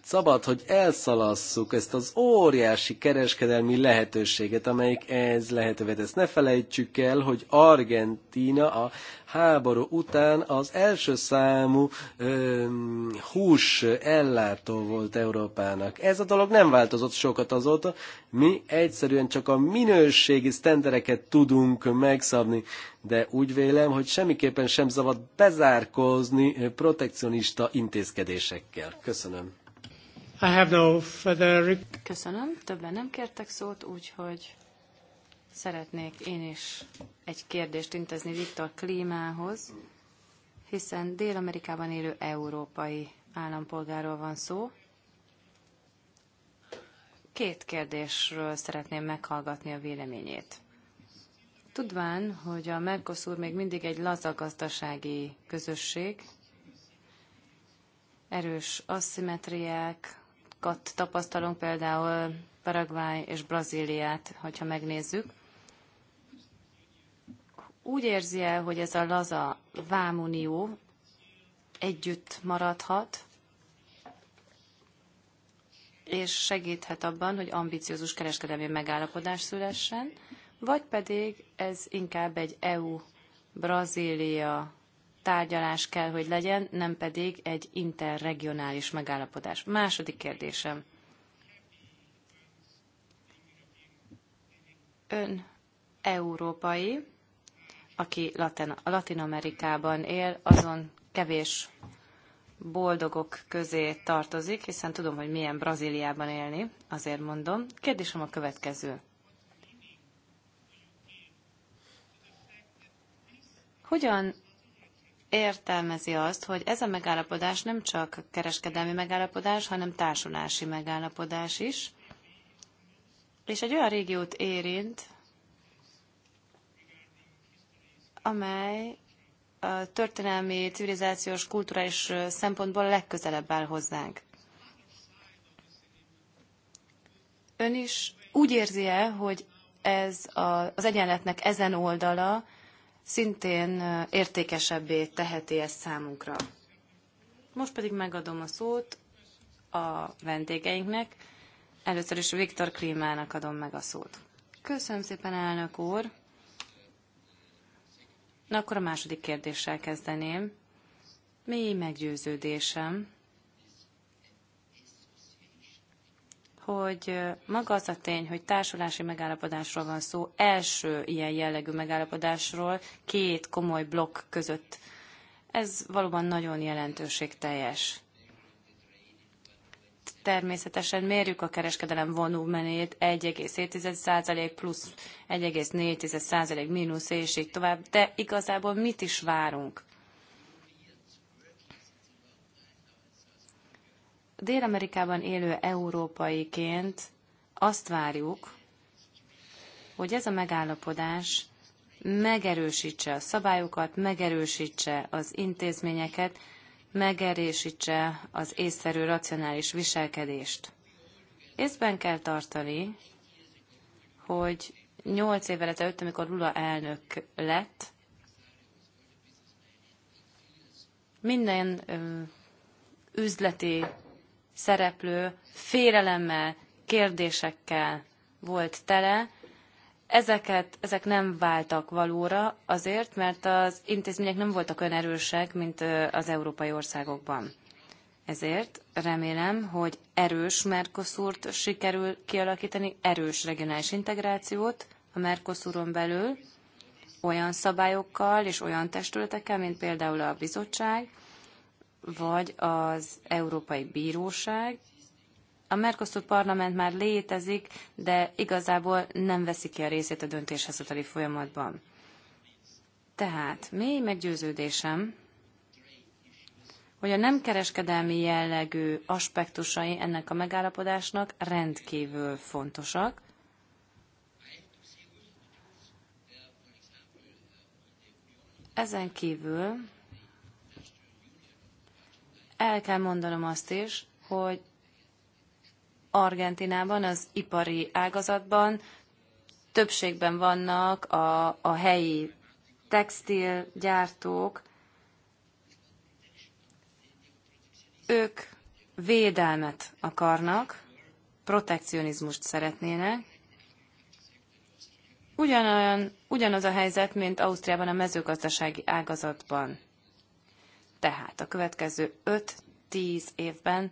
szabad, hogy elszalasszuk ezt az óriási kereskedelmi lehetőséget, amelyik ez lehetővé tesz. Ne felejtsük el, hogy Argentína a háború után az első számú ö, hús ellátó volt Európának. Ez a dolog nem változott sokat azóta, mi egyszerűen csak a minőségi sztendereket tudunk megszabni, de úgy vélem, hogy semmiképpen sem szabad bezárkózni protekcionista intézkedésekkel. Köszönöm. I have no further... Köszönöm, többen nem kértek szót, úgyhogy szeretnék én is egy kérdést intézni Viktor Klímához, hiszen Dél-Amerikában élő európai állampolgáról van szó. Két kérdésről szeretném meghallgatni a véleményét. Tudván, hogy a Mercosur még mindig egy laza gazdasági közösség, erős asszimetriák példákat tapasztalunk, például Paraguay és Brazíliát, hogyha megnézzük. Úgy érzi el, hogy ez a laza vámunió együtt maradhat, és segíthet abban, hogy ambiciózus kereskedelmi megállapodás szülessen, vagy pedig ez inkább egy EU-Brazília tárgyalás kell, hogy legyen, nem pedig egy interregionális megállapodás. Második kérdésem. Ön európai, aki Latin, Latin Amerikában él, azon kevés boldogok közé tartozik, hiszen tudom, hogy milyen Brazíliában élni, azért mondom. Kérdésem a következő. Hogyan értelmezi azt, hogy ez a megállapodás nem csak kereskedelmi megállapodás, hanem társulási megállapodás is, és egy olyan régiót érint, amely a történelmi, civilizációs, kulturális szempontból legközelebb áll hozzánk. Ön is úgy érzi-e, hogy ez a, az egyenletnek ezen oldala szintén értékesebbé teheti ezt számunkra. Most pedig megadom a szót a vendégeinknek. Először is Viktor Klímának adom meg a szót. Köszönöm szépen, elnök úr! Na akkor a második kérdéssel kezdeném. Mély meggyőződésem, hogy maga az a tény, hogy társulási megállapodásról van szó, első ilyen jellegű megállapodásról két komoly blokk között. Ez valóban nagyon jelentőségteljes. Természetesen mérjük a kereskedelem vonulmenét 1,7% plusz 1,4% mínusz és így tovább, de igazából mit is várunk? Dél-Amerikában élő európaiként azt várjuk, hogy ez a megállapodás megerősítse a szabályokat, megerősítse az intézményeket, megerősítse az észszerű, racionális viselkedést. Észben kell tartani, hogy nyolc évvel ezelőtt, amikor Lula elnök lett, minden üzleti szereplő félelemmel, kérdésekkel volt tele. Ezeket, ezek nem váltak valóra azért, mert az intézmények nem voltak olyan erősek, mint az európai országokban. Ezért remélem, hogy erős Mercosurt sikerül kialakítani, erős regionális integrációt a Mercosuron belül, olyan szabályokkal és olyan testületekkel, mint például a bizottság, vagy az Európai Bíróság. A Mercosur parlament már létezik, de igazából nem veszi ki a részét a döntéshozatali folyamatban. Tehát mély meggyőződésem, hogy a nem kereskedelmi jellegű aspektusai ennek a megállapodásnak rendkívül fontosak. Ezen kívül el kell mondanom azt is, hogy Argentinában, az ipari ágazatban többségben vannak a, a helyi textilgyártók, ők védelmet akarnak, protekcionizmust szeretnének. Ugyanolyan, ugyanaz a helyzet, mint Ausztriában a mezőgazdasági ágazatban. Tehát a következő 5-10 évben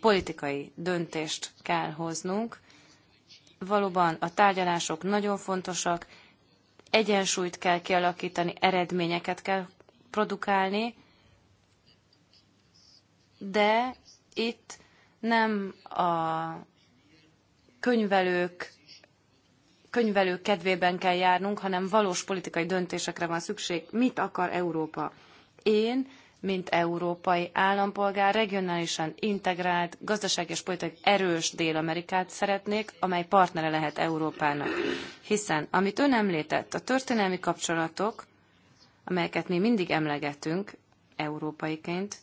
politikai döntést kell hoznunk. Valóban a tárgyalások nagyon fontosak, egyensúlyt kell kialakítani, eredményeket kell produkálni, de itt nem a könyvelők könyvelők kedvében kell járnunk, hanem valós politikai döntésekre van szükség. Mit akar Európa? Én mint európai állampolgár regionálisan integrált, gazdaság és politikai erős Dél-Amerikát szeretnék, amely partnere lehet Európának. Hiszen, amit ön említett, a történelmi kapcsolatok, amelyeket mi mindig emlegetünk európaiként,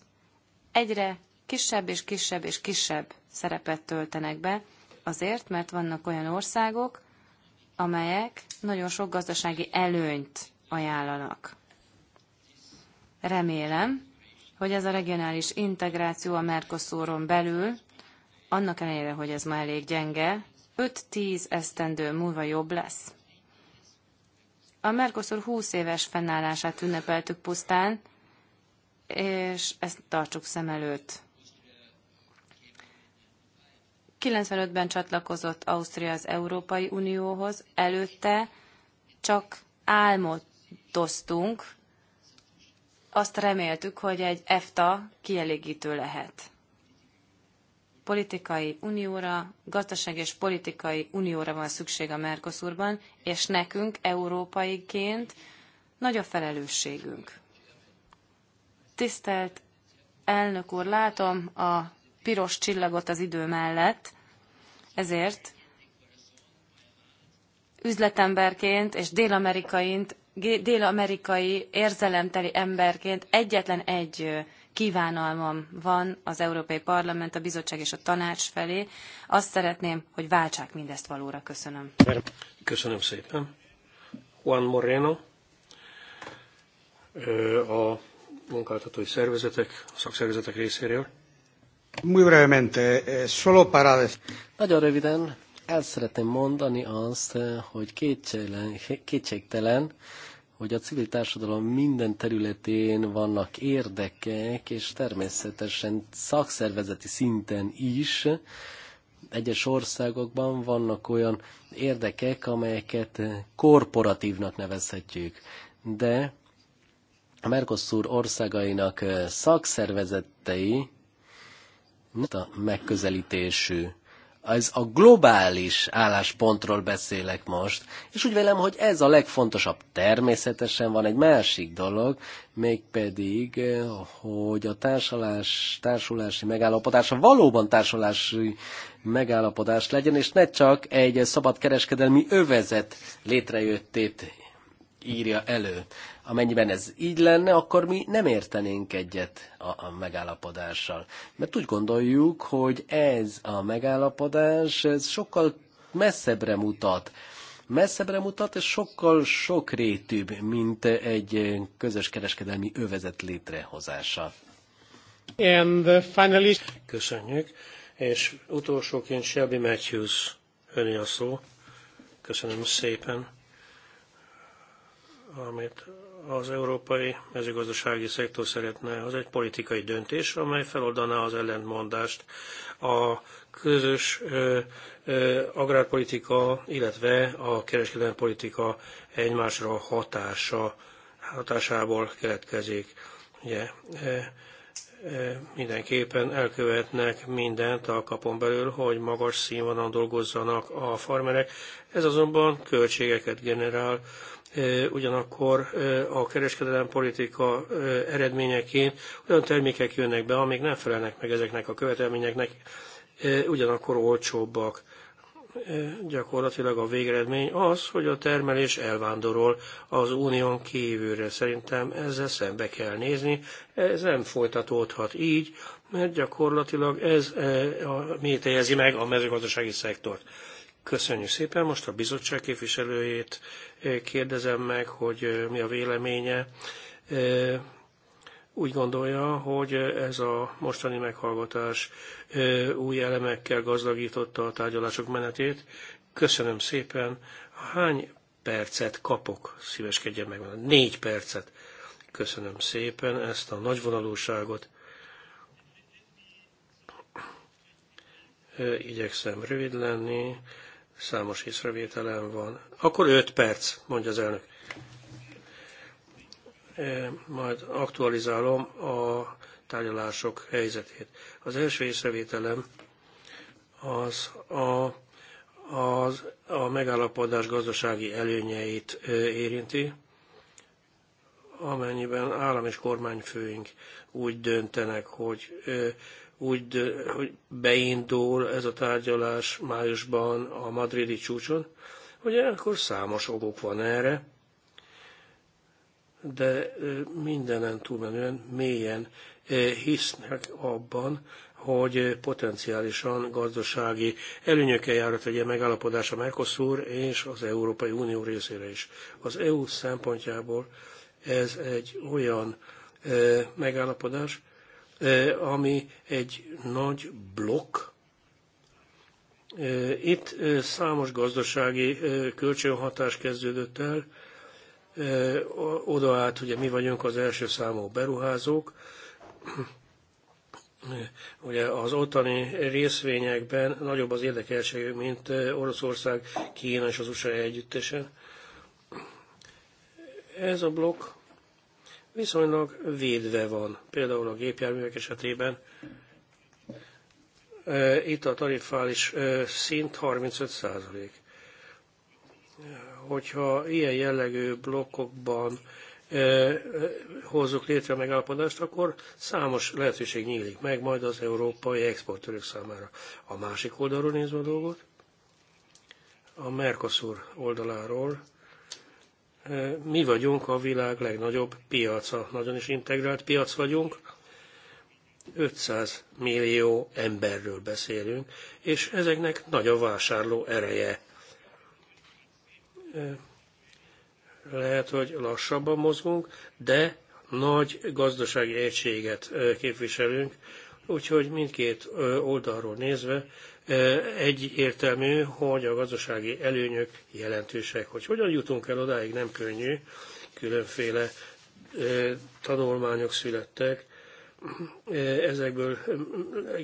egyre kisebb és kisebb és kisebb szerepet töltenek be, azért, mert vannak olyan országok, amelyek nagyon sok gazdasági előnyt ajánlanak. Remélem, hogy ez a regionális integráció a Mercosuron belül, annak ellenére, hogy ez ma elég gyenge, 5-10 esztendő múlva jobb lesz. A Mercosur 20 éves fennállását ünnepeltük pusztán, és ezt tartsuk szem előtt. 95-ben csatlakozott Ausztria az Európai Unióhoz, előtte csak álmodoztunk, azt reméltük, hogy egy EFTA kielégítő lehet. Politikai unióra, gazdaság és politikai unióra van szükség a Mercosurban, és nekünk, európaiként, nagy a felelősségünk. Tisztelt elnök úr, látom a piros csillagot az idő mellett, ezért üzletemberként és dél-amerikaint dél-amerikai érzelemteli emberként egyetlen egy kívánalmam van az Európai Parlament, a Bizottság és a Tanács felé. Azt szeretném, hogy váltsák mindezt valóra. Köszönöm. Köszönöm szépen. Juan Moreno, a munkáltatói szervezetek, a szakszervezetek részéről. Muy brevemente, eh, solo para... Nagyon röviden, el szeretném mondani azt, hogy kétségtelen, kétségtelen hogy a civil társadalom minden területén vannak érdekek, és természetesen szakszervezeti szinten is egyes országokban vannak olyan érdekek, amelyeket korporatívnak nevezhetjük. De a Mercosur országainak szakszervezetei nem a megközelítésű ez a globális álláspontról beszélek most, és úgy vélem, hogy ez a legfontosabb. Természetesen van egy másik dolog, mégpedig, eh, hogy a társulás, társulási a valóban társulási megállapodás legyen, és ne csak egy szabadkereskedelmi övezet létrejöttét írja elő. Amennyiben ez így lenne, akkor mi nem értenénk egyet a, a megállapodással. Mert úgy gondoljuk, hogy ez a megállapodás ez sokkal messzebbre mutat. Messzebbre mutat, és sokkal sokrétűbb, mint egy közös kereskedelmi övezet létrehozása. And finally... Köszönjük. És utolsóként Shelby Matthews, öné a szó. Köszönöm szépen, amit az európai mezőgazdasági szektor szeretne, az egy politikai döntés, amely feloldaná az ellentmondást a közös ö, ö, agrárpolitika, illetve a kereskedelmi politika egymásra hatása, hatásából keletkezik. Ugye, ö, mindenképpen elkövetnek mindent a kapon belül, hogy magas színvonalon dolgozzanak a farmerek. Ez azonban költségeket generál, ugyanakkor a kereskedelem politika eredményeként olyan termékek jönnek be, amik nem felelnek meg ezeknek a követelményeknek, ugyanakkor olcsóbbak. Gyakorlatilag a végeredmény az, hogy a termelés elvándorol az unión kívülre. Szerintem ezzel szembe kell nézni. Ez nem folytatódhat így, mert gyakorlatilag ez métejezi meg a mezőgazdasági szektort. Köszönjük szépen most a bizottság képviselőjét, kérdezem meg, hogy mi a véleménye. Úgy gondolja, hogy ez a mostani meghallgatás új elemekkel gazdagította a tárgyalások menetét. Köszönöm szépen. Hány percet kapok? Szíveskedjen meg. Négy percet. Köszönöm szépen ezt a nagyvonalúságot. Igyekszem rövid lenni Számos észrevételem van. Akkor 5 perc, mondja az elnök. E, majd aktualizálom a tárgyalások helyzetét. Az első észrevételem az a, az a megállapodás gazdasági előnyeit e, érinti, amennyiben állam és kormányfőink úgy döntenek, hogy e, úgy, hogy beindul ez a tárgyalás májusban a madridi csúcson, hogy akkor számos okok van erre, de mindenen túlmenően mélyen hisznek abban, hogy potenciálisan gazdasági előnyökkel járat egy megállapodás a Mercosur és az Európai Unió részére is. Az EU szempontjából ez egy olyan megállapodás, ami egy nagy blokk. Itt számos gazdasági kölcsönhatás kezdődött el, oda állt, ugye mi vagyunk az első számú beruházók, ugye az ottani részvényekben nagyobb az érdekeltségük, mint Oroszország, Kína és az USA együttesen. Ez a blokk viszonylag védve van, például a gépjárművek esetében. E, itt a tarifális e, szint 35 százalék. Hogyha ilyen jellegű blokkokban e, hozzuk létre a megállapodást, akkor számos lehetőség nyílik meg majd az európai exportőrök számára. A másik oldalról nézve a dolgot, a Mercosur oldaláról mi vagyunk a világ legnagyobb piaca, nagyon is integrált piac vagyunk, 500 millió emberről beszélünk, és ezeknek nagy a vásárló ereje. Lehet, hogy lassabban mozgunk, de nagy gazdasági egységet képviselünk, Úgyhogy mindkét oldalról nézve egyértelmű, hogy a gazdasági előnyök jelentősek. Hogy hogyan jutunk el odáig, nem könnyű. Különféle tanulmányok születtek. Ezekből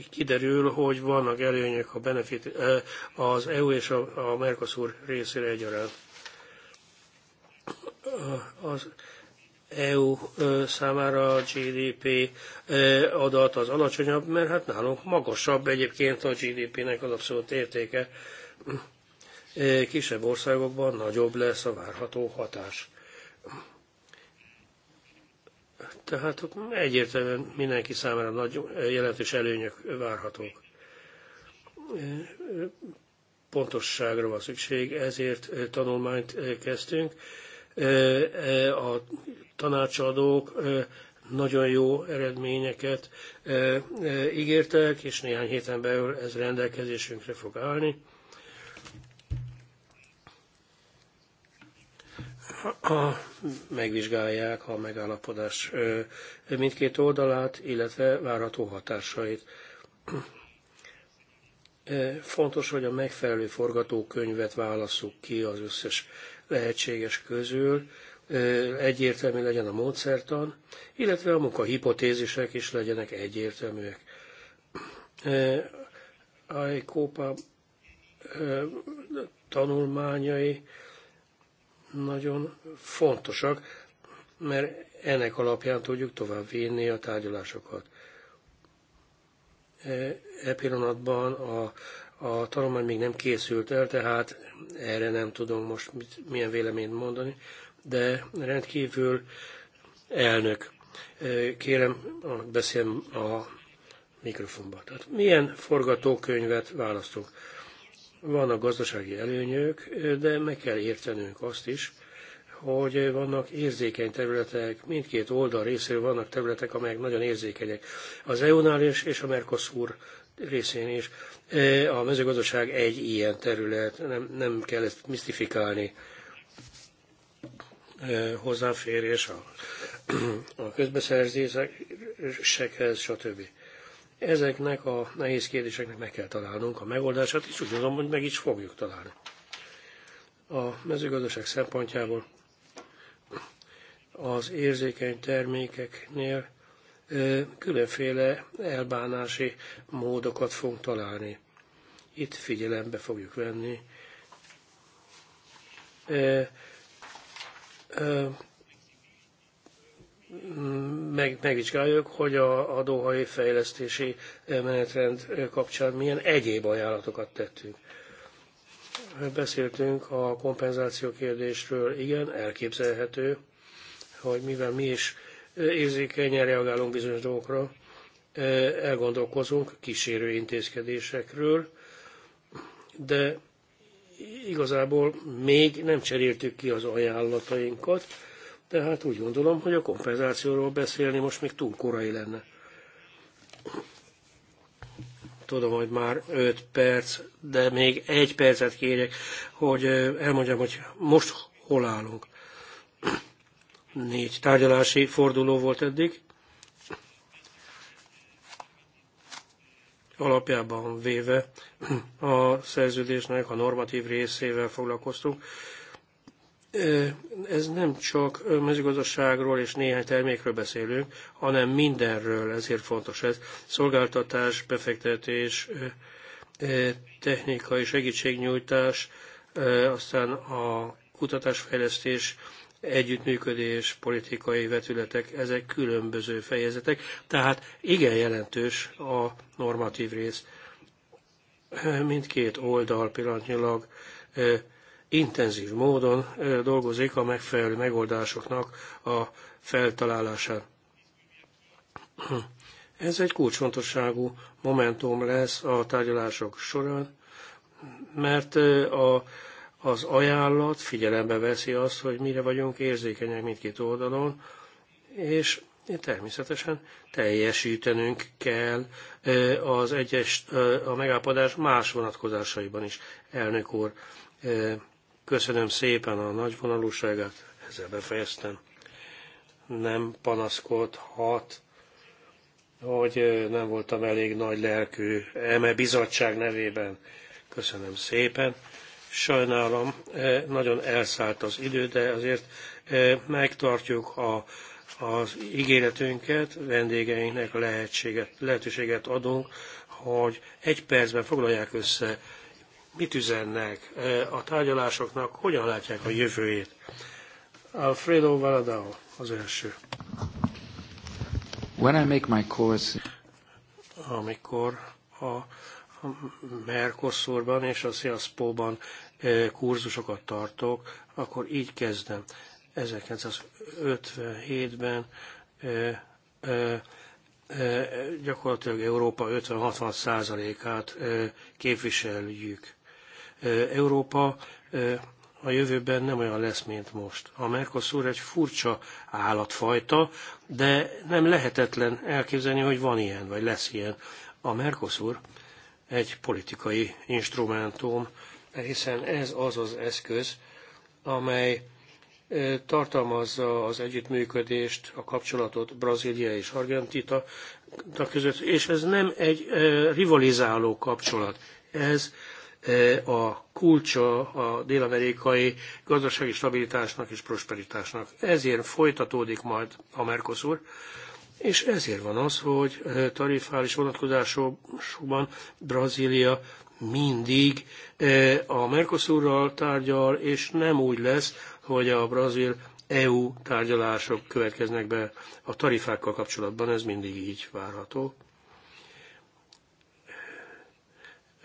kiderül, hogy vannak előnyök a benefit, az EU és a Mercosur részére egyaránt. Az EU számára a GDP adat az alacsonyabb, mert hát nálunk magasabb egyébként a GDP-nek az abszolút értéke. Kisebb országokban nagyobb lesz a várható hatás. Tehát egyértelműen mindenki számára nagy, jelentős előnyök várhatók. Pontosságra van szükség, ezért tanulmányt kezdtünk a tanácsadók nagyon jó eredményeket ígértek, és néhány héten belül ez rendelkezésünkre fog állni. ha megvizsgálják a megállapodás mindkét oldalát, illetve várható hatásait. Fontos, hogy a megfelelő forgatókönyvet válasszuk ki az összes lehetséges közül egyértelmű legyen a módszertan, illetve a munkahipotézisek is legyenek egyértelműek. A Kópa tanulmányai nagyon fontosak, mert ennek alapján tudjuk tovább vinni a tárgyalásokat. E pillanatban a a tanulmány még nem készült el, tehát erre nem tudom most mit, milyen véleményt mondani, de rendkívül elnök. Kérem, beszéljem a mikrofonba. Tehát milyen forgatókönyvet választunk? Vannak gazdasági előnyök, de meg kell értenünk azt is, hogy vannak érzékeny területek, mindkét oldal részéről vannak területek, amelyek nagyon érzékenyek. Az EU-nál és a Mercosur részén is. E, a mezőgazdaság egy ilyen terület, nem, nem kell ezt misztifikálni. E, hozzáférés a, a közbeszerzésekhez, stb. Ezeknek a nehéz kérdéseknek meg kell találnunk a megoldását, és úgy gondolom, hogy meg is fogjuk találni. A mezőgazdaság szempontjából az érzékeny termékeknél különféle elbánási módokat fogunk találni. Itt figyelembe fogjuk venni meg, megvizsgáljuk, hogy a, a Dohai fejlesztési menetrend kapcsán milyen egyéb ajánlatokat tettünk. Beszéltünk a kompenzáció kérdésről, igen, elképzelhető, hogy mivel mi is érzékenyen reagálunk bizonyos dolgokra, elgondolkozunk kísérő intézkedésekről, de igazából még nem cseréltük ki az ajánlatainkat, tehát úgy gondolom, hogy a kompenzációról beszélni most még túl korai lenne. Tudom, hogy már 5 perc, de még egy percet kérek, hogy elmondjam, hogy most hol állunk. Négy tárgyalási forduló volt eddig. Alapjában véve a szerződésnek a normatív részével foglalkoztunk. Ez nem csak mezőgazdaságról és néhány termékről beszélünk, hanem mindenről, ezért fontos ez. Szolgáltatás, befektetés, technikai segítségnyújtás, aztán a kutatásfejlesztés, együttműködés, politikai vetületek, ezek különböző fejezetek, tehát igen jelentős a normatív rész. Mindkét oldal pillanatnyilag intenzív módon dolgozik a megfelelő megoldásoknak a feltalálásán. Ez egy kulcsfontosságú momentum lesz a tárgyalások során, mert a az ajánlat figyelembe veszi azt, hogy mire vagyunk érzékenyek mindkét oldalon, és természetesen teljesítenünk kell az egyes, a megállapodás más vonatkozásaiban is. Elnök úr, köszönöm szépen a nagy vonalúságát, ezzel befejeztem. Nem panaszkodhat, hogy nem voltam elég nagy lelkű eme bizottság nevében. Köszönöm szépen. Sajnálom, e, nagyon elszállt az idő, de azért e, megtartjuk a, az ígéretünket, vendégeinknek lehetséget, lehetőséget adunk, hogy egy percben foglalják össze, mit üzennek e, a tárgyalásoknak, hogyan látják a jövőjét. Alfredo Valadao az első. When I make my course... Amikor a Mercosurban és a Sziaszpóban eh, kurzusokat tartok, akkor így kezdem. 1957-ben eh, eh, gyakorlatilag Európa 50-60 százalékát képviseljük. Európa a jövőben nem olyan lesz, mint most. A Mercosur egy furcsa állatfajta, de nem lehetetlen elképzelni, hogy van ilyen, vagy lesz ilyen. A Mercosur egy politikai instrumentum, hiszen ez az az eszköz, amely tartalmazza az együttműködést, a kapcsolatot Brazília és Argentina között, és ez nem egy rivalizáló kapcsolat. Ez a kulcsa a dél-amerikai gazdasági stabilitásnak és prosperitásnak. Ezért folytatódik majd a Mercosur. És ezért van az, hogy eh, tarifális vonatkozásokban Brazília mindig eh, a Mercosurral tárgyal, és nem úgy lesz, hogy a brazil EU tárgyalások következnek be a tarifákkal kapcsolatban, ez mindig így várható.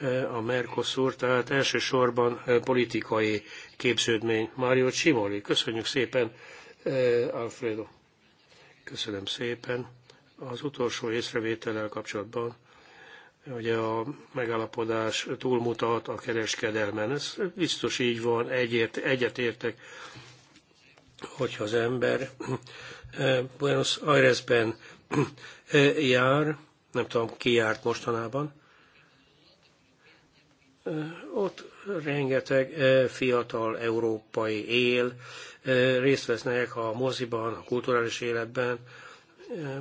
Eh, a Mercosur, tehát elsősorban politikai képződmény. Mário Csimoli, köszönjük szépen, Alfredo. Köszönöm szépen. Az utolsó észrevétellel kapcsolatban ugye a megállapodás túlmutat a kereskedelmen. Ez biztos így van, egyért, értek, hogyha az ember eh, Buenos Airesben eh, jár, nem tudom, ki járt mostanában, eh, ott rengeteg fiatal európai él, részt vesznek a moziban, a kulturális életben.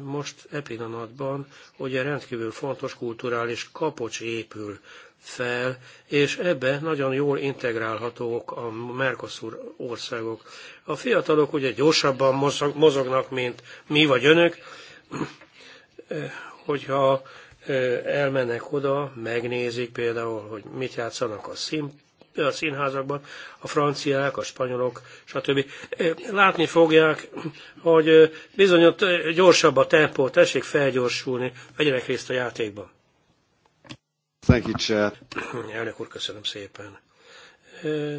Most e pillanatban ugye rendkívül fontos kulturális kapocs épül fel, és ebbe nagyon jól integrálhatók a Mercosur országok. A fiatalok ugye gyorsabban mozognak, mint mi vagy önök, hogyha elmennek oda, megnézik például, hogy mit játszanak a, szín, a színházakban, a franciák, a spanyolok, stb. Látni fogják, hogy bizony gyorsabb a tempó, tessék felgyorsulni, vegyenek részt a játékban. Thank you, Chair. Elnök úr, köszönöm szépen.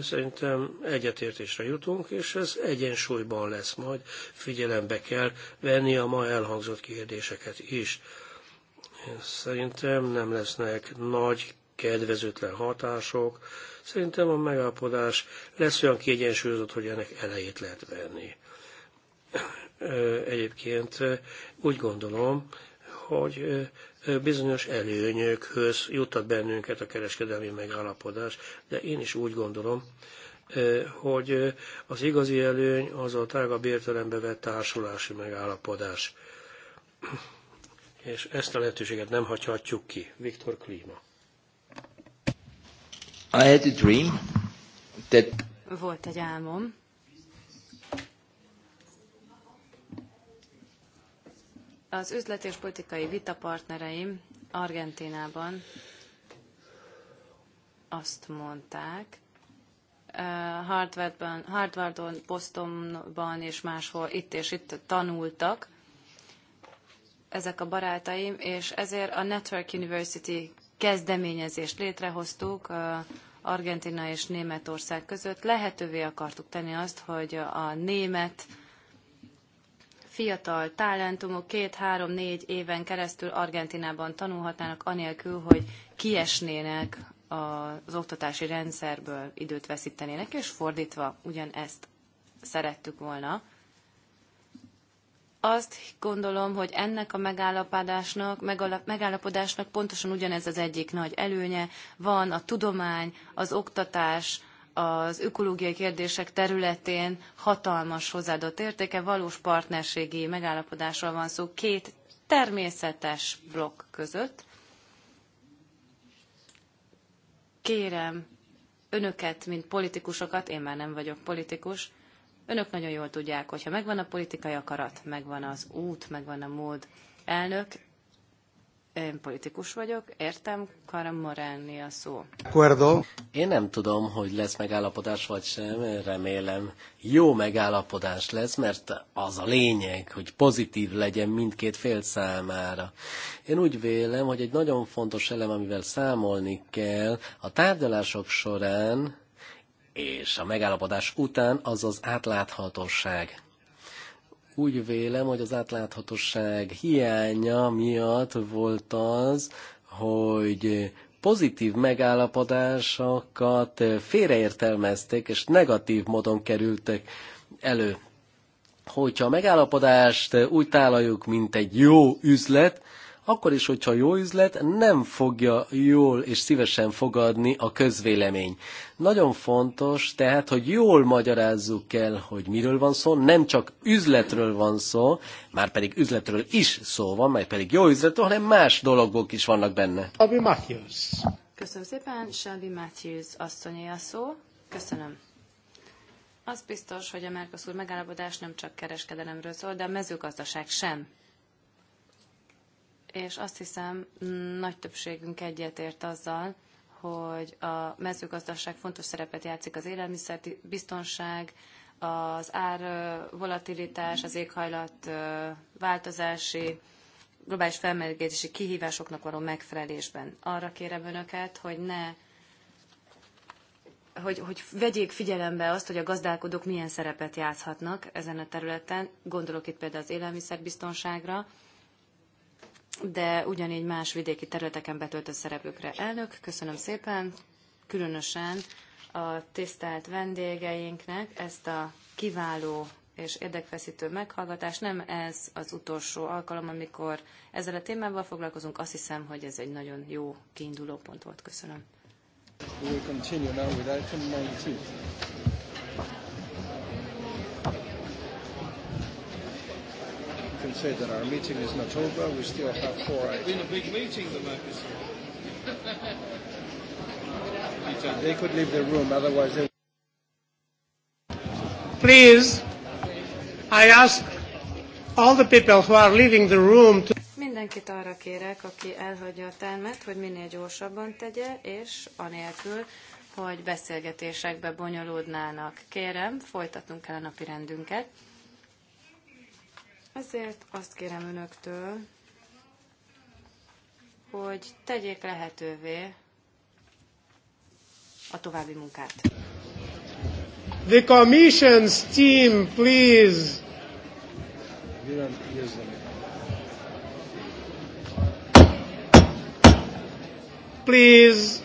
Szerintem egyetértésre jutunk, és ez egyensúlyban lesz majd. Figyelembe kell venni a ma elhangzott kérdéseket is. Szerintem nem lesznek nagy kedvezőtlen hatások. Szerintem a megállapodás lesz olyan kiegyensúlyozott, hogy ennek elejét lehet venni. Egyébként úgy gondolom, hogy bizonyos előnyökhöz juttat bennünket a kereskedelmi megállapodás, de én is úgy gondolom, hogy az igazi előny az a tágabb értelembe vett társulási megállapodás és ezt a lehetőséget nem hagyhatjuk ki. Viktor Klíma. I had a dream that... Volt egy álmom, Az üzleti és politikai vita partnereim Argentinában azt mondták, Harvardban, Harvardon, Bostonban és máshol itt és itt tanultak, ezek a barátaim, és ezért a Network University kezdeményezést létrehoztuk Argentina és Németország között. Lehetővé akartuk tenni azt, hogy a német fiatal talentumok két-három-négy éven keresztül Argentinában tanulhatnának, anélkül, hogy kiesnének az oktatási rendszerből, időt veszítenének, és fordítva ugyanezt szerettük volna. Azt gondolom, hogy ennek a megállapodásnak, megállapodásnak pontosan ugyanez az egyik nagy előnye. Van a tudomány, az oktatás, az ökológiai kérdések területén hatalmas hozzáadott értéke, valós partnerségi megállapodásról van szó két természetes blokk között. Kérem önöket, mint politikusokat, én már nem vagyok politikus, Önök nagyon jól tudják, hogyha megvan a politikai akarat, megvan az út, megvan a mód. Elnök, én politikus vagyok, értem, Karam Morelni a szó. Én nem tudom, hogy lesz megállapodás vagy sem, remélem jó megállapodás lesz, mert az a lényeg, hogy pozitív legyen mindkét fél számára. Én úgy vélem, hogy egy nagyon fontos elem, amivel számolni kell, a tárgyalások során és a megállapodás után az az átláthatóság. Úgy vélem, hogy az átláthatóság hiánya miatt volt az, hogy pozitív megállapodásokat félreértelmezték, és negatív módon kerültek elő. Hogyha a megállapodást úgy tálaljuk, mint egy jó üzlet, akkor is, hogyha jó üzlet, nem fogja jól és szívesen fogadni a közvélemény. Nagyon fontos tehát, hogy jól magyarázzuk el, hogy miről van szó, nem csak üzletről van szó, már pedig üzletről is szó van, mert pedig jó üzletről, hanem más dologok is vannak benne. Abi Matthews. Köszönöm szépen, Shelby Matthews asszonyé a szó. Köszönöm. Az biztos, hogy a úr megállapodás nem csak kereskedelemről szól, de a mezőgazdaság sem és azt hiszem, nagy többségünk egyetért azzal, hogy a mezőgazdaság fontos szerepet játszik az élelmiszer biztonság, az ár volatilitás, az éghajlat változási, globális felmelegedési kihívásoknak való megfelelésben. Arra kérem önöket, hogy ne hogy, hogy vegyék figyelembe azt, hogy a gazdálkodók milyen szerepet játszhatnak ezen a területen. Gondolok itt például az élelmiszerbiztonságra, de ugyanígy más vidéki területeken betöltött szerepükre. Elnök, köszönöm szépen, különösen a tisztelt vendégeinknek ezt a kiváló és érdekfeszítő meghallgatás. Nem ez az utolsó alkalom, amikor ezzel a témával foglalkozunk. Azt hiszem, hogy ez egy nagyon jó kiinduló pont volt. Köszönöm. We continue now with item 19. and say that our meeting is not over. We still have four items. It's been a big meeting, the Mercosur. they could leave the room, otherwise they. Please, I ask all the people who are leaving the room to. Mindenkit arra kérek, aki elhagyja a termet, hogy minél gyorsabban tegye, és anélkül, hogy beszélgetésekbe bonyolódnának. Kérem, folytatunk el a napi rendünket. Ezért azt kérem önöktől, hogy tegyék lehetővé a további munkát. The commission's team, please. Please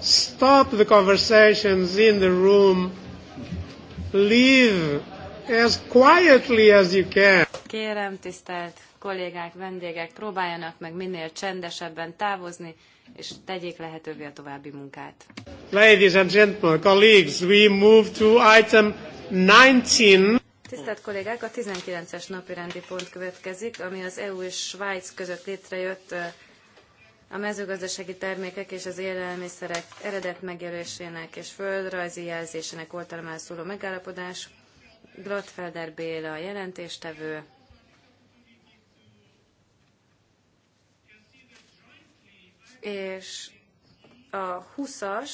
stop the conversations in the room. Leave as quietly as you can. Kérem, tisztelt kollégák, vendégek, próbáljanak meg minél csendesebben távozni, és tegyék lehetővé a további munkát. Ladies and gentlemen, colleagues, we move to item 19. Tisztelt kollégák, a 19-es napi rendi pont következik, ami az EU és Svájc között létrejött a mezőgazdasági termékek és az élelmiszerek eredet megjelölésének és földrajzi jelzésének oltalmán szóló megállapodás. Glottfelder Béla a jelentéstevő. És a 20-as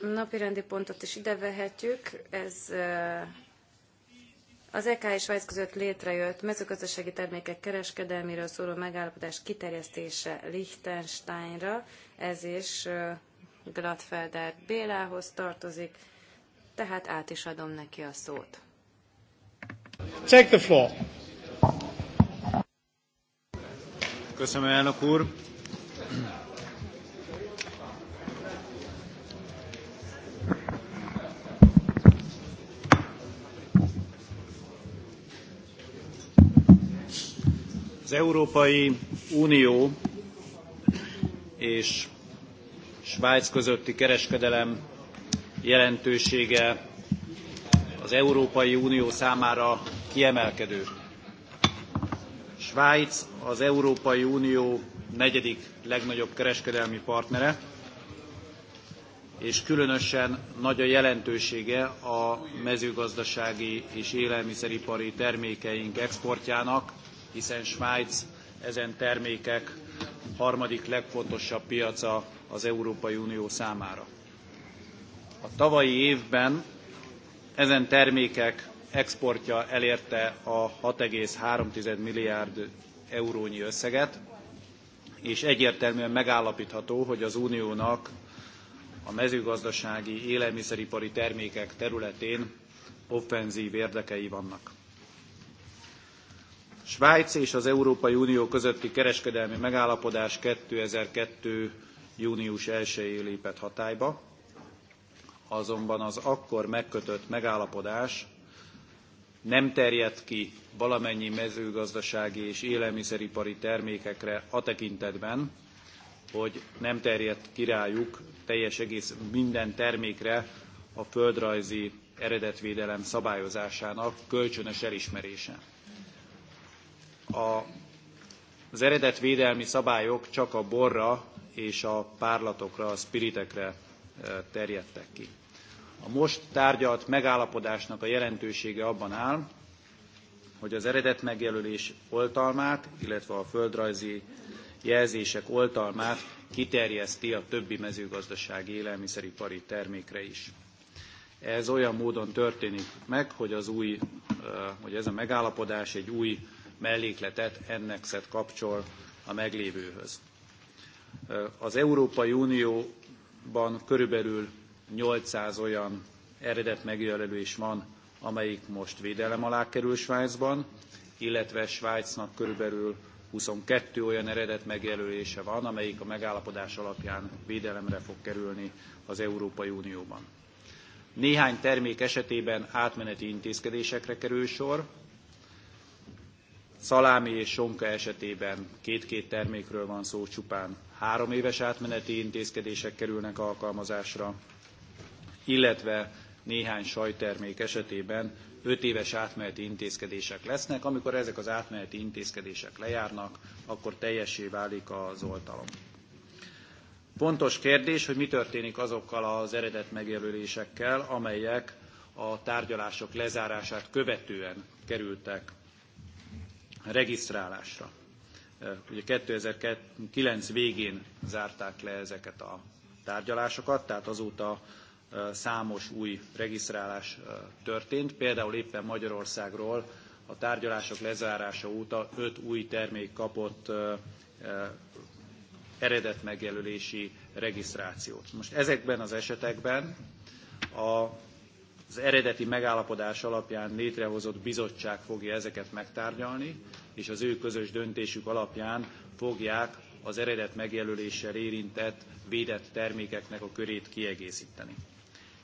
napirendi pontot is ide vehetjük, ez az EK és Svájc között létrejött mezőgazdasági termékek kereskedelméről szóló megállapodás kiterjesztése Liechtensteinra, ez is Gladfelder Bélához tartozik, tehát át is adom neki a szót. Check the floor. Köszönöm, elnök úr. Az Európai Unió és Svájc közötti kereskedelem jelentősége az Európai Unió számára kiemelkedő. Svájc az Európai Unió negyedik legnagyobb kereskedelmi partnere, és különösen nagy a jelentősége a mezőgazdasági és élelmiszeripari termékeink exportjának, hiszen Svájc ezen termékek harmadik legfontosabb piaca az Európai Unió számára. A tavalyi évben ezen termékek exportja elérte a 6,3 milliárd eurónyi összeget, és egyértelműen megállapítható, hogy az uniónak a mezőgazdasági élelmiszeripari termékek területén offenzív érdekei vannak. Svájc és az Európai Unió közötti kereskedelmi megállapodás 2002. június 1-én lépett hatályba, azonban az akkor megkötött megállapodás nem terjed ki valamennyi mezőgazdasági és élelmiszeripari termékekre a tekintetben, hogy nem terjed királyuk teljes egész minden termékre a földrajzi eredetvédelem szabályozásának kölcsönös elismerése. A, az eredetvédelmi szabályok csak a borra és a párlatokra, a spiritekre e, terjedtek ki. A most tárgyalt megállapodásnak a jelentősége abban áll, hogy az eredet megjelölés oltalmát, illetve a földrajzi jelzések oltalmát kiterjeszti a többi mezőgazdasági élelmiszeripari termékre is. Ez olyan módon történik meg, hogy, az új, e, hogy ez a megállapodás egy új mellékletet ennexet kapcsol a meglévőhöz. Az Európai Unióban körülbelül 800 olyan eredet megjelölés van, amelyik most védelem alá kerül Svájcban, illetve Svájcnak körülbelül 22 olyan eredet megjelölése van, amelyik a megállapodás alapján védelemre fog kerülni az Európai Unióban. Néhány termék esetében átmeneti intézkedésekre kerül sor, Szalámi és sonka esetében két-két termékről van szó csupán. Három éves átmeneti intézkedések kerülnek alkalmazásra, illetve néhány sajtermék esetében öt éves átmeneti intézkedések lesznek. Amikor ezek az átmeneti intézkedések lejárnak, akkor teljessé válik az oltalom. Pontos kérdés, hogy mi történik azokkal az eredet megjelölésekkel, amelyek a tárgyalások lezárását követően kerültek regisztrálásra. Ugye 2009 végén zárták le ezeket a tárgyalásokat, tehát azóta számos új regisztrálás történt. Például éppen Magyarországról a tárgyalások lezárása óta öt új termék kapott eredet regisztrációt. Most ezekben az esetekben a az eredeti megállapodás alapján létrehozott bizottság fogja ezeket megtárgyalni, és az ő közös döntésük alapján fogják az eredet megjelöléssel érintett védett termékeknek a körét kiegészíteni.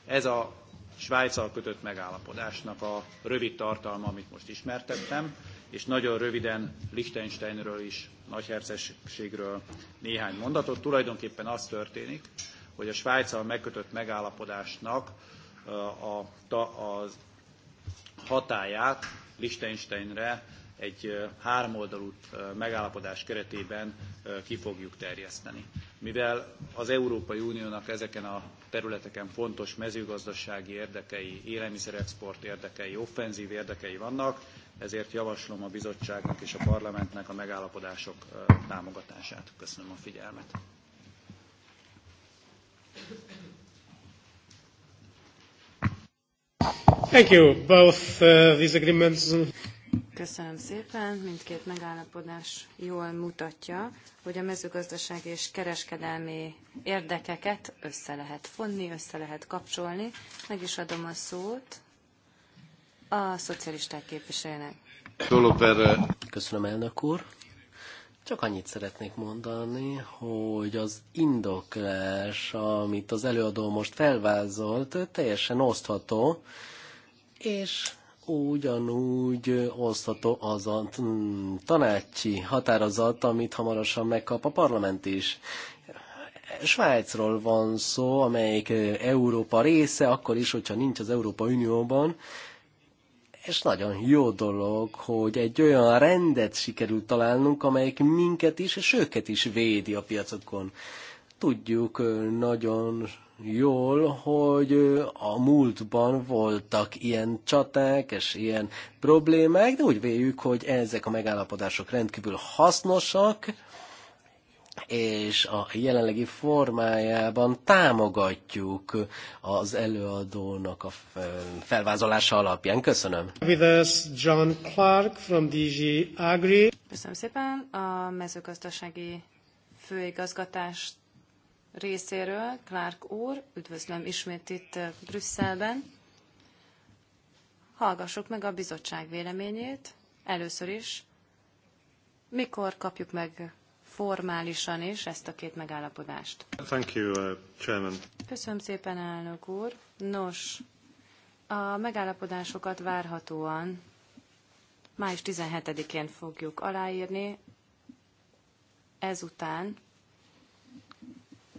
Ez a Svájccal kötött megállapodásnak a rövid tartalma, amit most ismertettem, és nagyon röviden Liechtensteinről is, nagyhercegségről néhány mondatot. Tulajdonképpen az történik, hogy a Svájccal megkötött megállapodásnak a, a, a hatáját Liechtensteinre egy háromoldalú megállapodás keretében ki fogjuk terjeszteni. Mivel az Európai Uniónak ezeken a területeken fontos mezőgazdasági érdekei, élelmiszerexport érdekei, offenzív érdekei vannak, ezért javaslom a bizottságnak és a parlamentnek a megállapodások támogatását. Köszönöm a figyelmet. Thank you, both uh, these agreements. Köszönöm szépen. Mindkét megállapodás jól mutatja, hogy a mezőgazdaság és kereskedelmi érdekeket össze lehet fonni, össze lehet kapcsolni. Meg is adom a szót a szocialisták képviselőnek. Köszönöm, elnök úr. Csak annyit szeretnék mondani, hogy az indoklás, amit az előadó most felvázolt, teljesen osztható, és ugyanúgy osztható az a mm, tanácsi határozat, amit hamarosan megkap a parlament is. Svájcról van szó, amelyik Európa része, akkor is, hogyha nincs az Európa Unióban, és nagyon jó dolog, hogy egy olyan rendet sikerült találnunk, amelyik minket is, és őket is védi a piacokon. Tudjuk nagyon jól, hogy a múltban voltak ilyen csaták és ilyen problémák, de úgy véljük, hogy ezek a megállapodások rendkívül hasznosak, és a jelenlegi formájában támogatjuk az előadónak a felvázolása alapján. Köszönöm. With us John Clark from DG Agri. Köszönöm szépen. A mezőgazdasági főigazgatás részéről Clark úr, üdvözlöm ismét itt eh, Brüsszelben. Hallgassuk meg a bizottság véleményét. Először is, mikor kapjuk meg formálisan is ezt a két megállapodást. Thank you, uh, Chairman. Köszönöm szépen, elnök úr. Nos, a megállapodásokat várhatóan május 17-én fogjuk aláírni, ezután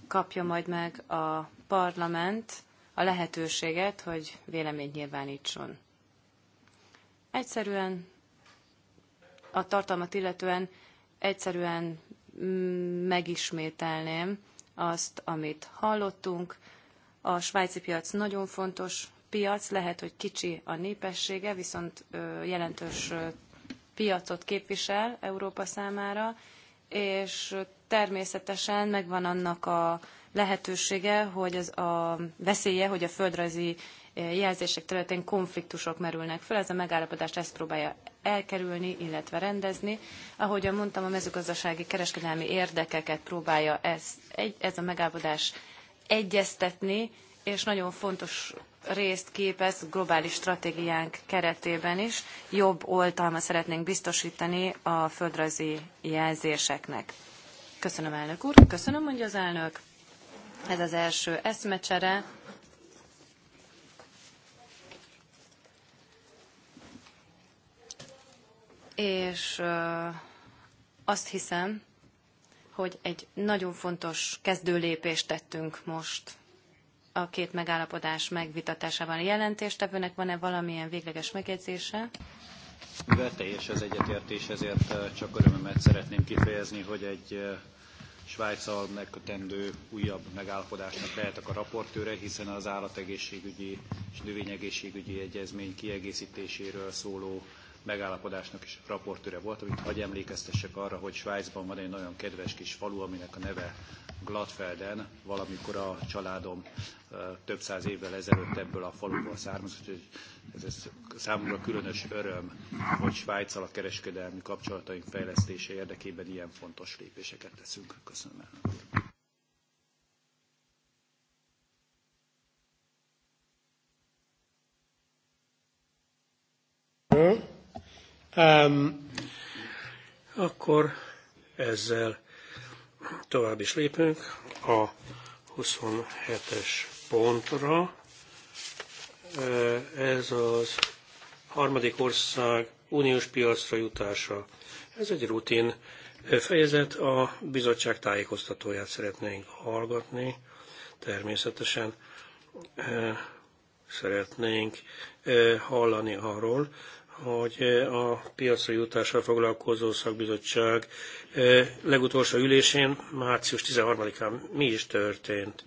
kapja majd meg a parlament a lehetőséget, hogy véleményt nyilvánítson. Egyszerűen a tartalmat illetően egyszerűen megismételném azt, amit hallottunk. A svájci piac nagyon fontos piac, lehet, hogy kicsi a népessége, viszont jelentős piacot képvisel Európa számára, és természetesen megvan annak a lehetősége, hogy az a veszélye, hogy a földrajzi jelzések területén konfliktusok merülnek föl. Ez a megállapodást ezt próbálja elkerülni, illetve rendezni. Ahogyan mondtam, a mezőgazdasági kereskedelmi érdekeket próbálja ez, ez a megállapodás egyeztetni, és nagyon fontos részt képez globális stratégiánk keretében is. Jobb oltalma szeretnénk biztosítani a földrajzi jelzéseknek. Köszönöm, elnök úr. Köszönöm, mondja az elnök. Ez az első eszmecsere. és azt hiszem, hogy egy nagyon fontos kezdőlépést tettünk most a két megállapodás megvitatásában. A jelentéstevőnek van-e valamilyen végleges megjegyzése? Mivel teljes az egyetértés, ezért csak örömömet szeretném kifejezni, hogy egy Svájccal megkötendő újabb megállapodásnak lehetek a raportőre, hiszen az állategészségügyi és növényegészségügyi egyezmény kiegészítéséről szóló megállapodásnak is raportőre volt, amit hagy emlékeztessek arra, hogy Svájcban van egy nagyon kedves kis falu, aminek a neve Gladfelden, valamikor a családom több száz évvel ezelőtt ebből a faluból származott, hogy ez, ez számomra különös öröm, hogy Svájccal a kereskedelmi kapcsolataink fejlesztése érdekében ilyen fontos lépéseket teszünk. Köszönöm. mm Köszönöm. Um, akkor ezzel tovább is lépünk a 27-es pontra. Ez az harmadik ország uniós piacra jutása. Ez egy rutin fejezet, a bizottság tájékoztatóját szeretnénk hallgatni. Természetesen szeretnénk hallani arról, hogy a piacra jutással foglalkozó szakbizottság legutolsó ülésén, március 13-án mi is történt.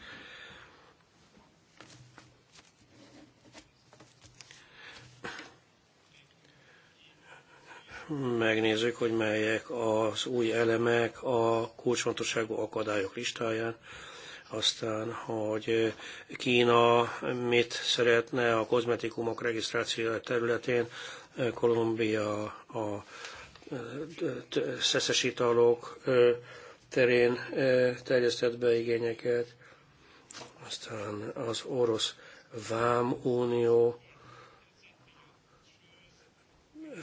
Megnézzük, hogy melyek az új elemek a kulcsfontosságú akadályok listáján aztán, hogy Kína mit szeretne a kozmetikumok regisztrációja területén, Kolumbia a szeszes italok terén terjesztett be igényeket, aztán az orosz vámunió,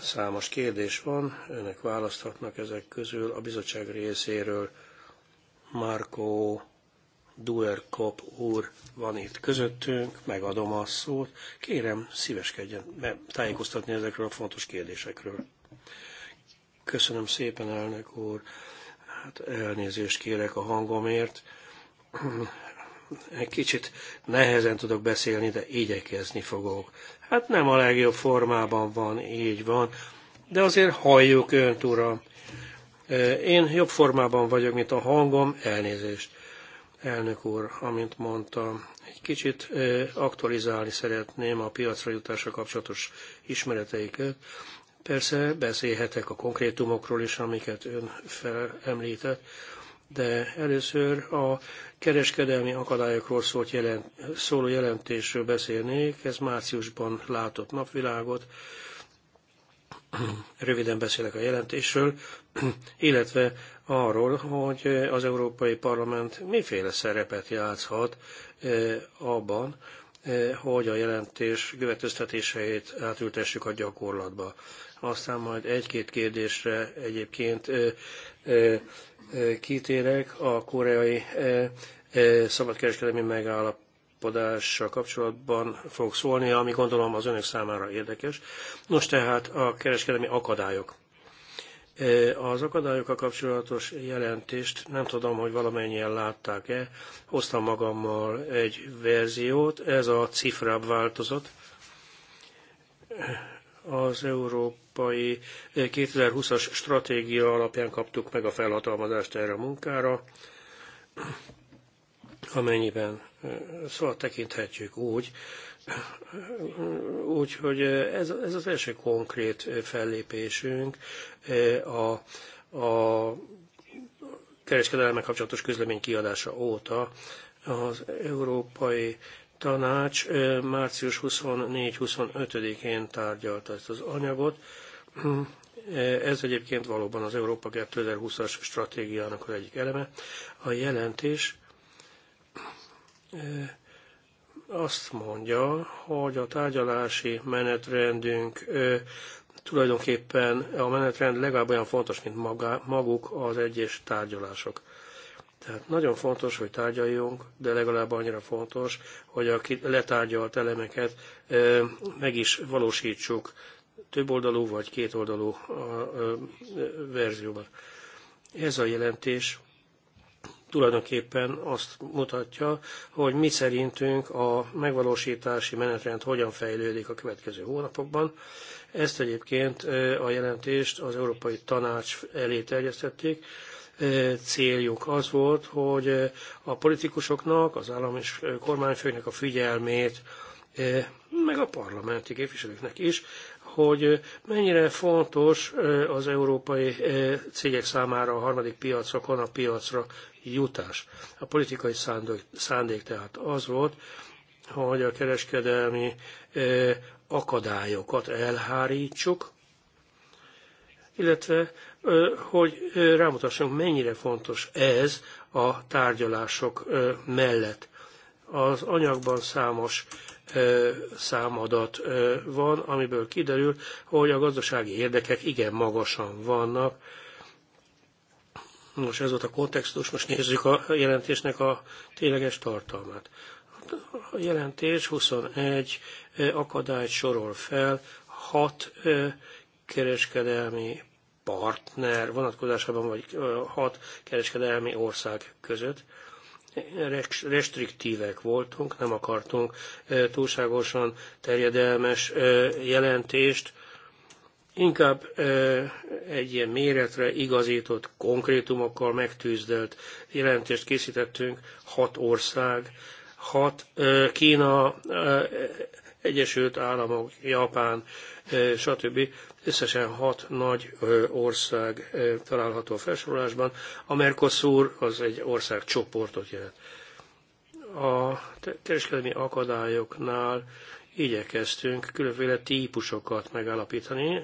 számos kérdés van, önök választhatnak ezek közül a bizottság részéről Marco Kopp úr van itt közöttünk, megadom a szót. Kérem, szíveskedjen be tájékoztatni ezekről a fontos kérdésekről. Köszönöm szépen, elnök úr. Hát elnézést kérek a hangomért. Egy Kicsit nehezen tudok beszélni, de igyekezni fogok. Hát nem a legjobb formában van, így van, de azért halljuk önt, uram. Én jobb formában vagyok, mint a hangom, elnézést. Elnök úr, amint mondta, egy kicsit aktualizálni szeretném a piacra jutásra kapcsolatos ismereteiket. Persze beszélhetek a konkrétumokról is, amiket ön felemlített, de először a kereskedelmi akadályokról szólt jelent, szóló jelentésről beszélnék, ez márciusban látott napvilágot. Röviden beszélek a jelentésről, illetve arról, hogy eh, az Európai Parlament miféle szerepet játszhat eh, abban, eh, hogy a jelentés következtetéseit átültessük a gyakorlatba. Aztán majd egy-két kérdésre egyébként kitérek a koreai szabadkereskedelmi megállap megállapodással kapcsolatban fog szólni, ami gondolom az önök számára érdekes. Nos tehát a kereskedelmi akadályok. Eh, az akadályokkal kapcsolatos jelentést nem tudom, hogy valamennyien látták-e, hoztam magammal egy verziót, ez a cifrább változat. Az európai 2020-as eh, stratégia alapján kaptuk meg a felhatalmazást erre a munkára, amennyiben eh, szóval tekinthetjük úgy, Úgyhogy ez, ez az első konkrét fellépésünk a, a kereskedelemmel kapcsolatos közlemény kiadása óta az Európai Tanács március 24-25-én tárgyalta ezt az anyagot. Hm, ez egyébként valóban az Európa 2020-as stratégiának az egyik eleme. A jelentés azt mondja, hogy a tárgyalási menetrendünk tulajdonképpen a menetrend legalább olyan fontos, mint maga, maguk az egyes tárgyalások. Tehát nagyon fontos, hogy tárgyaljunk, de legalább annyira fontos, hogy a letárgyalt elemeket meg is valósítsuk többoldalú vagy kétoldalú verzióban. Ez a jelentés tulajdonképpen azt mutatja, hogy mi szerintünk a megvalósítási menetrend hogyan fejlődik a következő hónapokban. Ezt egyébként a jelentést az Európai Tanács elé terjesztették. Céljuk az volt, hogy a politikusoknak, az állam és kormányfőknek a figyelmét, meg a parlamenti képviselőknek is, hogy mennyire fontos az európai cégek számára a harmadik piacokon a piacra jutás. A politikai szándék, szándék tehát az volt, hogy a kereskedelmi akadályokat elhárítsuk, illetve hogy rámutassunk, mennyire fontos ez a tárgyalások mellett. Az anyagban számos számadat van, amiből kiderül, hogy a gazdasági érdekek igen magasan vannak, Nos, ez volt a kontextus, most nézzük a jelentésnek a tényleges tartalmát. A jelentés 21 akadályt sorol fel, 6 kereskedelmi partner vonatkozásában, vagy 6 kereskedelmi ország között restriktívek voltunk, nem akartunk túlságosan terjedelmes jelentést, inkább egy ilyen méretre igazított, konkrétumokkal megtűzdelt jelentést készítettünk, hat ország, hat Kína, Egyesült Államok, Japán, stb. Összesen hat nagy ország található a felsorolásban. A Mercosur az egy ország csoportot jelent. A kereskedelmi akadályoknál igyekeztünk különféle típusokat megalapítani.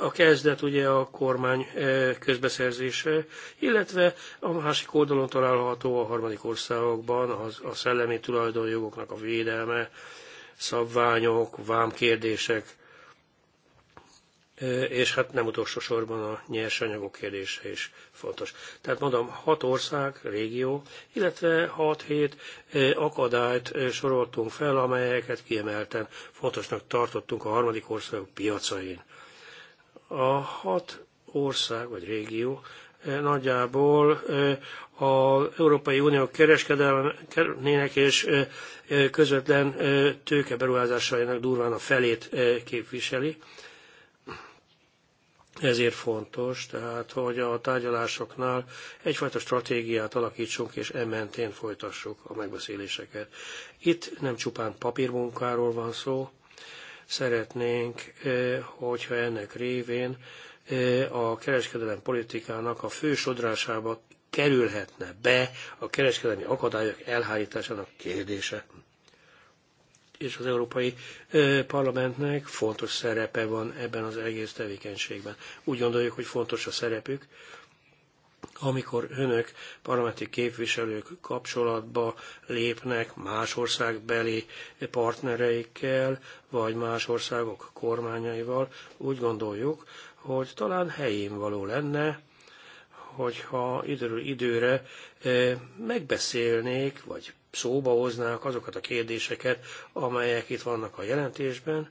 A kezdet ugye a kormány közbeszerzése, illetve a másik oldalon található a harmadik országokban az, a szellemi tulajdonjogoknak a védelme, szabványok, vámkérdések, és hát nem utolsó sorban a nyersanyagok kérdése is fontos. Tehát mondom, hat ország, régió, illetve hat-hét akadályt soroltunk fel, amelyeket kiemelten fontosnak tartottunk a harmadik országok piacain. A hat ország vagy régió nagyjából az Európai Unió kereskedelmének és közvetlen tőkeberuházásainak durván a felét képviseli. Ezért fontos, tehát, hogy a tárgyalásoknál egyfajta stratégiát alakítsunk, és e mentén folytassuk a megbeszéléseket. Itt nem csupán papírmunkáról van szó, szeretnénk, eh, hogyha ennek révén eh, a kereskedelem politikának a fő sodrásába kerülhetne be a kereskedelmi akadályok elhárításának kérdése és az Európai Parlamentnek fontos szerepe van ebben az egész tevékenységben. Úgy gondoljuk, hogy fontos a szerepük, amikor önök parlamenti képviselők kapcsolatba lépnek más országbeli partnereikkel, vagy más országok kormányaival, úgy gondoljuk, hogy talán helyén való lenne, hogyha időről időre megbeszélnék, vagy szóba hoznák azokat a kérdéseket, amelyek itt vannak a jelentésben.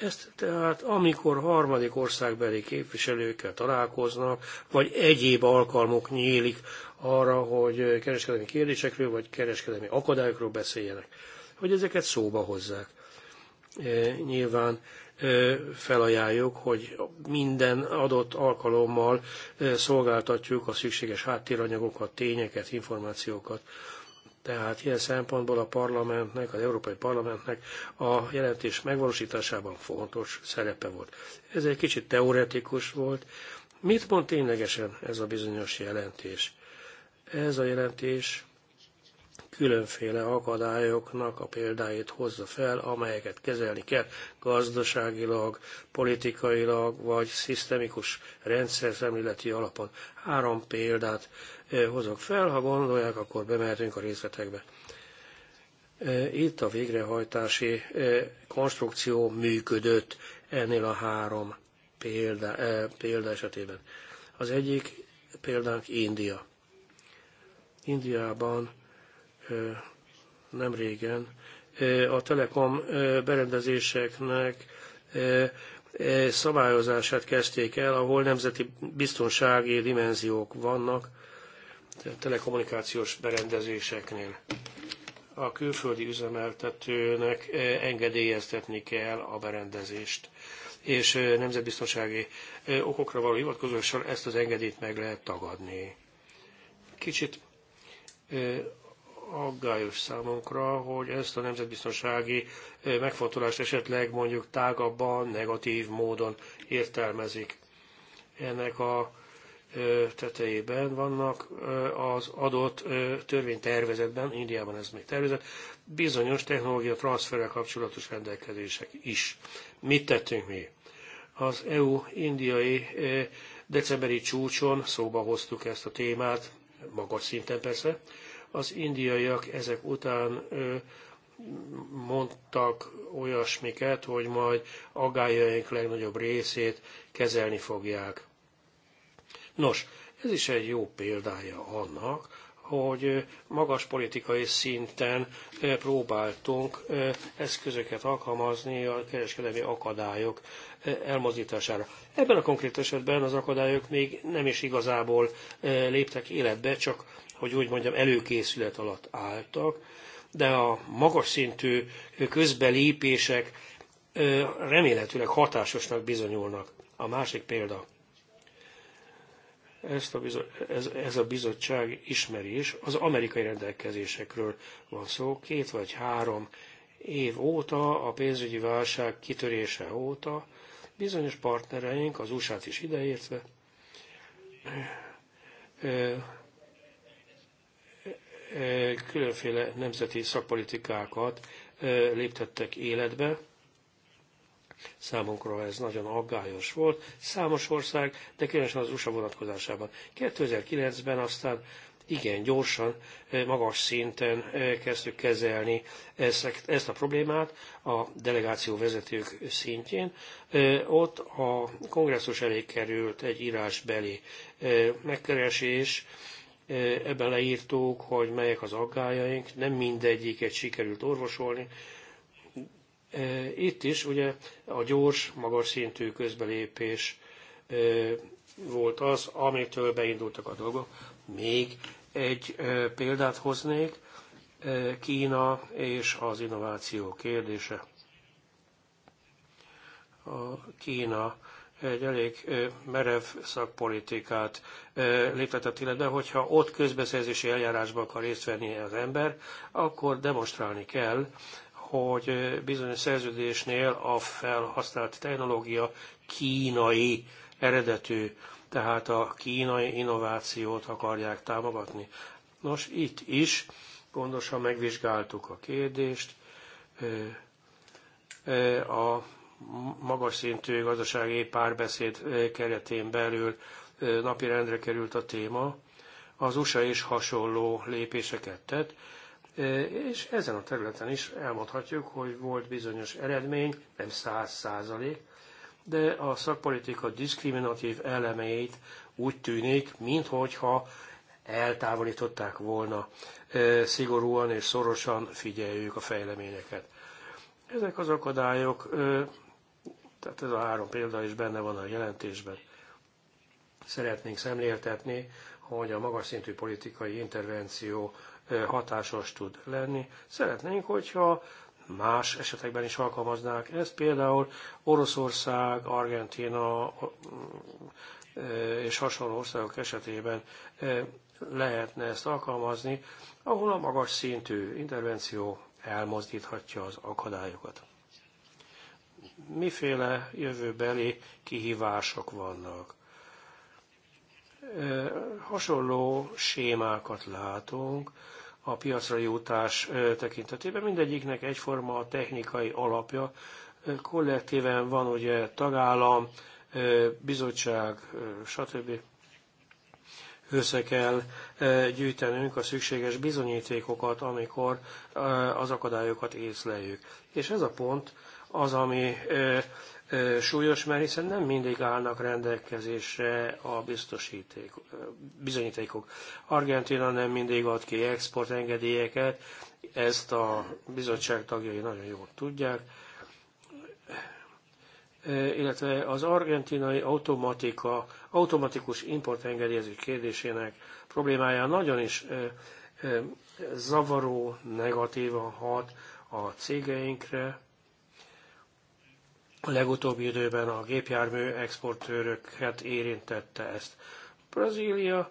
Ezt tehát amikor harmadik országbeli képviselőkkel találkoznak, vagy egyéb alkalmuk nyílik arra, hogy kereskedelmi kérdésekről, vagy kereskedelmi akadályokról beszéljenek, hogy ezeket szóba hozzák. E, nyilván e, felajánljuk, hogy minden adott alkalommal e, szolgáltatjuk a szükséges háttéranyagokat, tényeket, információkat. Tehát ilyen szempontból a parlamentnek, az Európai Parlamentnek a jelentés megvalósításában fontos szerepe volt. Ez egy kicsit teoretikus volt. Mit mond ténylegesen ez a bizonyos jelentés? Ez a jelentés különféle akadályoknak a példáit hozza fel, amelyeket kezelni kell gazdaságilag, politikailag, vagy szisztemikus szemléleti alapon. Három példát hozok fel, ha gondolják, akkor bemehetünk a részletekbe. Itt a végrehajtási konstrukció működött ennél a három példa, példa esetében. Az egyik példánk India. Indiában nem régen a telekom berendezéseknek szabályozását kezdték el, ahol nemzeti biztonsági dimenziók vannak telekommunikációs berendezéseknél. A külföldi üzemeltetőnek eh, engedélyeztetni kell a berendezést, és eh, nemzetbiztonsági eh, okokra való hivatkozással ezt az engedélyt meg lehet tagadni. Kicsit aggályos számunkra, hogy ezt a nemzetbiztonsági megfontolást esetleg mondjuk tágabban, negatív módon értelmezik. Ennek a tetejében vannak az adott törvénytervezetben, Indiában ez még tervezet, bizonyos technológia transferrel kapcsolatos rendelkezések is. Mit tettünk mi? Az EU-indiai decemberi csúcson szóba hoztuk ezt a témát, magas szinten persze. Az indiaiak ezek után mondtak olyasmiket, hogy majd aggájaink legnagyobb részét kezelni fogják Nos, ez is egy jó példája annak, hogy magas politikai szinten próbáltunk eszközöket alkalmazni a kereskedelmi akadályok elmozdítására. Ebben a konkrét esetben az akadályok még nem is igazából léptek életbe, csak hogy úgy mondjam, előkészület alatt álltak, de a magas szintű közbelépések remélhetőleg hatásosnak bizonyulnak. A másik példa ezt a ez, ez a bizottság ismeri is, az amerikai rendelkezésekről van szó, két vagy három év óta, a pénzügyi válság kitörése óta, bizonyos partnereink, az USA-t is ideértve, különféle nemzeti szakpolitikákat léptettek életbe, Számunkra ez nagyon aggályos volt, számos ország, de különösen az USA vonatkozásában. 2009-ben aztán igen gyorsan, magas szinten kezdtük kezelni ezt a problémát a delegáció vezetők szintjén. Ott a kongresszus elé került egy írásbeli megkeresés, ebben leírtuk, hogy melyek az aggájaink, nem mindegyiket sikerült orvosolni, itt is ugye a gyors, magas szintű közbelépés volt az, amitől beindultak a dolgok. Még egy példát hoznék, Kína és az innováció kérdése. A Kína egy elég merev szakpolitikát léptetett illetve, hogyha ott közbeszerzési eljárásban akar részt venni az ember, akkor demonstrálni kell, hogy bizonyos szerződésnél a felhasznált technológia kínai eredetű, tehát a kínai innovációt akarják támogatni. Nos, itt is gondosan megvizsgáltuk a kérdést, a magas szintű gazdasági párbeszéd keretén belül napirendre került a téma. Az USA is hasonló lépéseket tett, és ezen a területen is elmondhatjuk, hogy volt bizonyos eredmény, nem száz százalék, de a szakpolitika diszkriminatív elemeit úgy tűnik, minthogyha eltávolították volna. Szigorúan és szorosan figyeljük a fejleményeket. Ezek az akadályok, tehát ez a három példa is benne van a jelentésben. Szeretnénk szemléltetni, hogy a magas szintű politikai intervenció hatásos tud lenni. Szeretnénk, hogyha más esetekben is alkalmaznák ezt, például Oroszország, Argentina és hasonló országok esetében lehetne ezt alkalmazni, ahol a magas szintű intervenció elmozdíthatja az akadályokat. Miféle jövőbeli kihívások vannak? Hasonló sémákat látunk, a piacra jutás tekintetében. Mindegyiknek egyforma a technikai alapja. Kollektíven van ugye tagállam, bizottság, stb. Össze kell gyűjtenünk a szükséges bizonyítékokat, amikor az akadályokat észleljük. És ez a pont az, ami súlyos, mert hiszen nem mindig állnak rendelkezésre a biztosíték, bizonyítékok. Argentina nem mindig ad ki exportengedélyeket, ezt a bizottság tagjai nagyon jól tudják, illetve az argentinai automatika, automatikus importengedélyezés kérdésének problémája nagyon is zavaró, negatívan hat a cégeinkre, a legutóbbi időben a gépjármű exportőröket érintette ezt. Brazília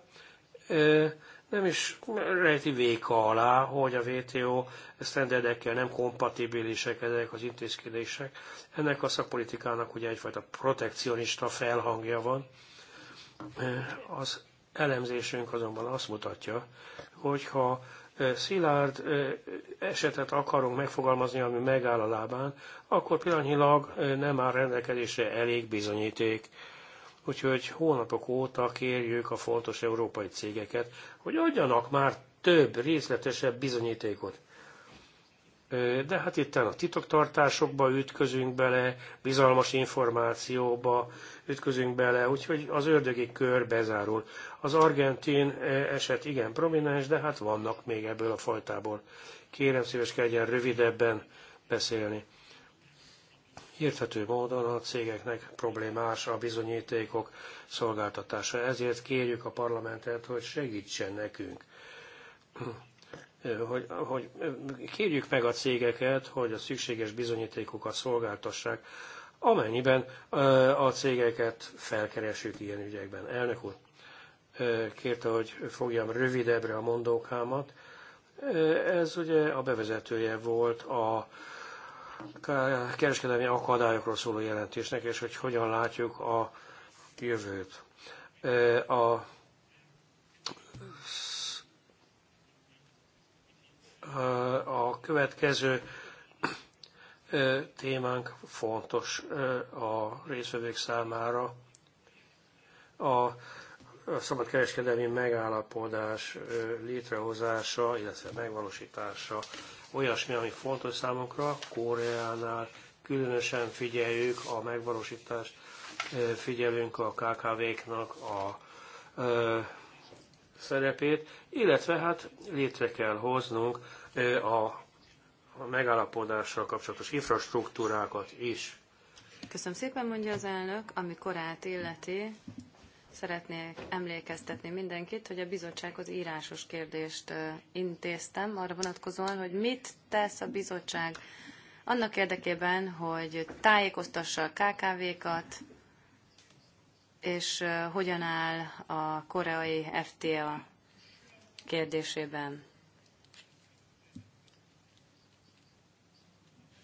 nem is rejti véka alá, hogy a WTO sztenderdekkel nem kompatibilisek ezek az intézkedések. Ennek a szakpolitikának ugye egyfajta protekcionista felhangja van. Az elemzésünk azonban azt mutatja, hogyha szilárd esetet akarunk megfogalmazni, ami megáll a lábán, akkor pillanatnyilag nem áll rendelkezésre elég bizonyíték. Úgyhogy hónapok óta kérjük a fontos európai cégeket, hogy adjanak már több, részletesebb bizonyítékot de hát itt a titoktartásokba ütközünk bele, bizalmas információba ütközünk bele, úgyhogy az ördögi kör bezárul. Az argentin eset igen prominens, de hát vannak még ebből a fajtából. Kérem szíveskedjen rövidebben beszélni. Érthető módon a cégeknek problémás a bizonyítékok szolgáltatása, ezért kérjük a parlamentet, hogy segítsen nekünk hogy, hogy kérjük meg a cégeket, hogy a szükséges bizonyítékokat szolgáltassák, amennyiben a cégeket felkeresünk ilyen ügyekben. Elnök úr, kérte, hogy fogjam rövidebbre a mondókámat. Ez ugye a bevezetője volt a kereskedelmi akadályokról szóló jelentésnek, és hogy hogyan látjuk a jövőt. A a következő témánk fontos a részvevők számára. A szabadkereskedelmi megállapodás létrehozása, illetve megvalósítása olyasmi, ami fontos számunkra. Koreánál különösen figyeljük a megvalósítást, figyelünk a KKV-knak a szerepét, illetve hát létre kell hoznunk a megállapodással kapcsolatos infrastruktúrákat is. Köszönöm szépen, mondja az elnök, ami korát illeti. Szeretnék emlékeztetni mindenkit, hogy a bizottsághoz írásos kérdést intéztem arra vonatkozóan, hogy mit tesz a bizottság annak érdekében, hogy tájékoztassa a KKV-kat, és hogyan áll a koreai FTA kérdésében.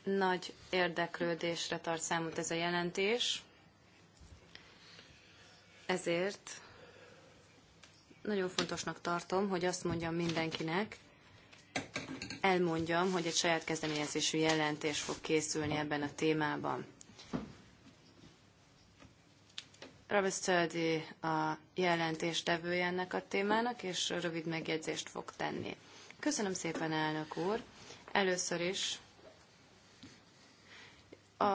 Nagy érdeklődésre tart számot ez a jelentés, ezért nagyon fontosnak tartom, hogy azt mondjam mindenkinek, elmondjam, hogy egy saját kezdeményezésű jelentés fog készülni ebben a témában. Robert a jelentéstevője ennek a témának, és rövid megjegyzést fog tenni. Köszönöm szépen, elnök úr! Először is a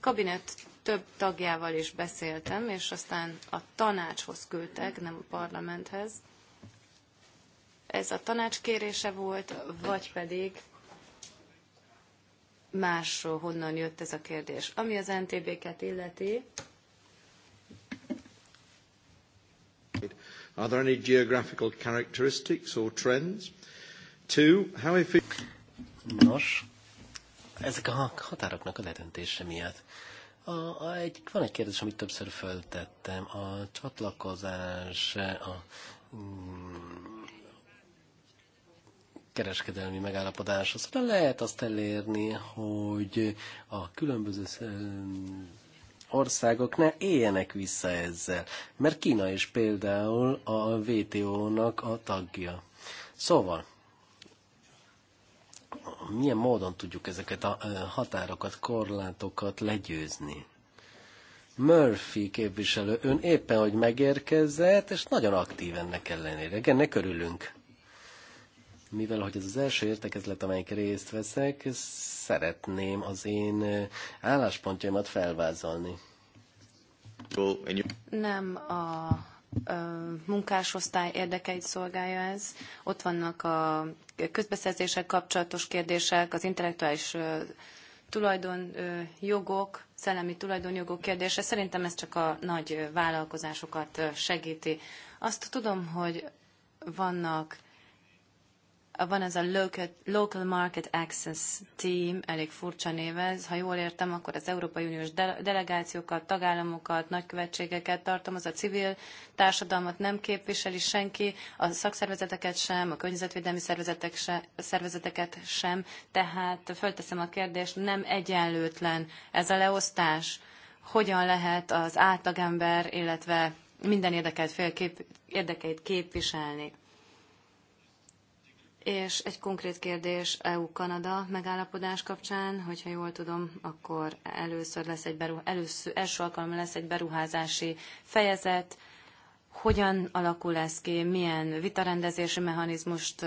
kabinet több tagjával is beszéltem, és aztán a tanácshoz küldtek, nem a parlamenthez. Ez a tanács kérése volt, vagy pedig másról honnan jött ez a kérdés. Ami az NTB-ket illeti, Are there any geographical characteristics or trends? Two, how if it... Nos, ezek a határoknak a letöntése miatt. A, a, egy, van egy kérdés, amit többször föltettem. A csatlakozás a mm, kereskedelmi megállapodáshoz. De lehet azt elérni, hogy a különböző országok ne éljenek vissza ezzel, mert Kína is például a WTO-nak a tagja. Szóval, milyen módon tudjuk ezeket a határokat, korlátokat legyőzni? Murphy képviselő, ön éppen, hogy megérkezett, és nagyon aktív ennek ellenére. Ennek örülünk mivel hogy ez az első értekezlet, amelyik részt veszek, szeretném az én álláspontjaimat felvázolni. Nem a munkásosztály érdekeit szolgálja ez. Ott vannak a közbeszerzések kapcsolatos kérdések, az intellektuális tulajdonjogok, szellemi tulajdonjogok kérdése. Szerintem ez csak a nagy vállalkozásokat segíti. Azt tudom, hogy vannak van ez a local, local Market Access Team, elég furcsa névez. Ha jól értem, akkor az Európai Uniós delegációkat, tagállamokat, nagykövetségeket tartalmaz, a civil társadalmat nem képviseli senki, a szakszervezeteket sem, a környezetvédelmi szervezetek se, szervezeteket sem. Tehát fölteszem a kérdést, nem egyenlőtlen ez a leosztás. Hogyan lehet az átlagember, illetve minden érdekelt fél kép, érdekeit képviselni? És egy konkrét kérdés EU-Kanada megállapodás kapcsán, hogyha jól tudom, akkor először lesz egy beruh- először, első alkalommal lesz egy beruházási fejezet. Hogyan alakul ez ki, milyen vitarendezési mechanizmust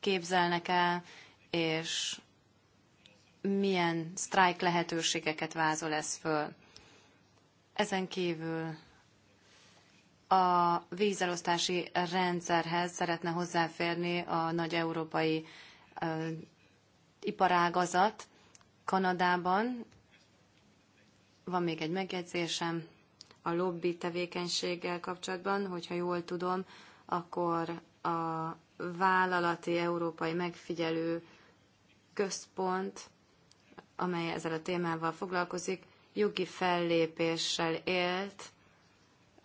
képzelnek el, és milyen sztrájk lehetőségeket vázol ez föl. Ezen kívül a vízelosztási rendszerhez szeretne hozzáférni a nagy európai ö, iparágazat Kanadában. Van még egy megjegyzésem a lobby tevékenységgel kapcsolatban, hogyha jól tudom, akkor a vállalati európai megfigyelő központ, amely ezzel a témával foglalkozik, jogi fellépéssel élt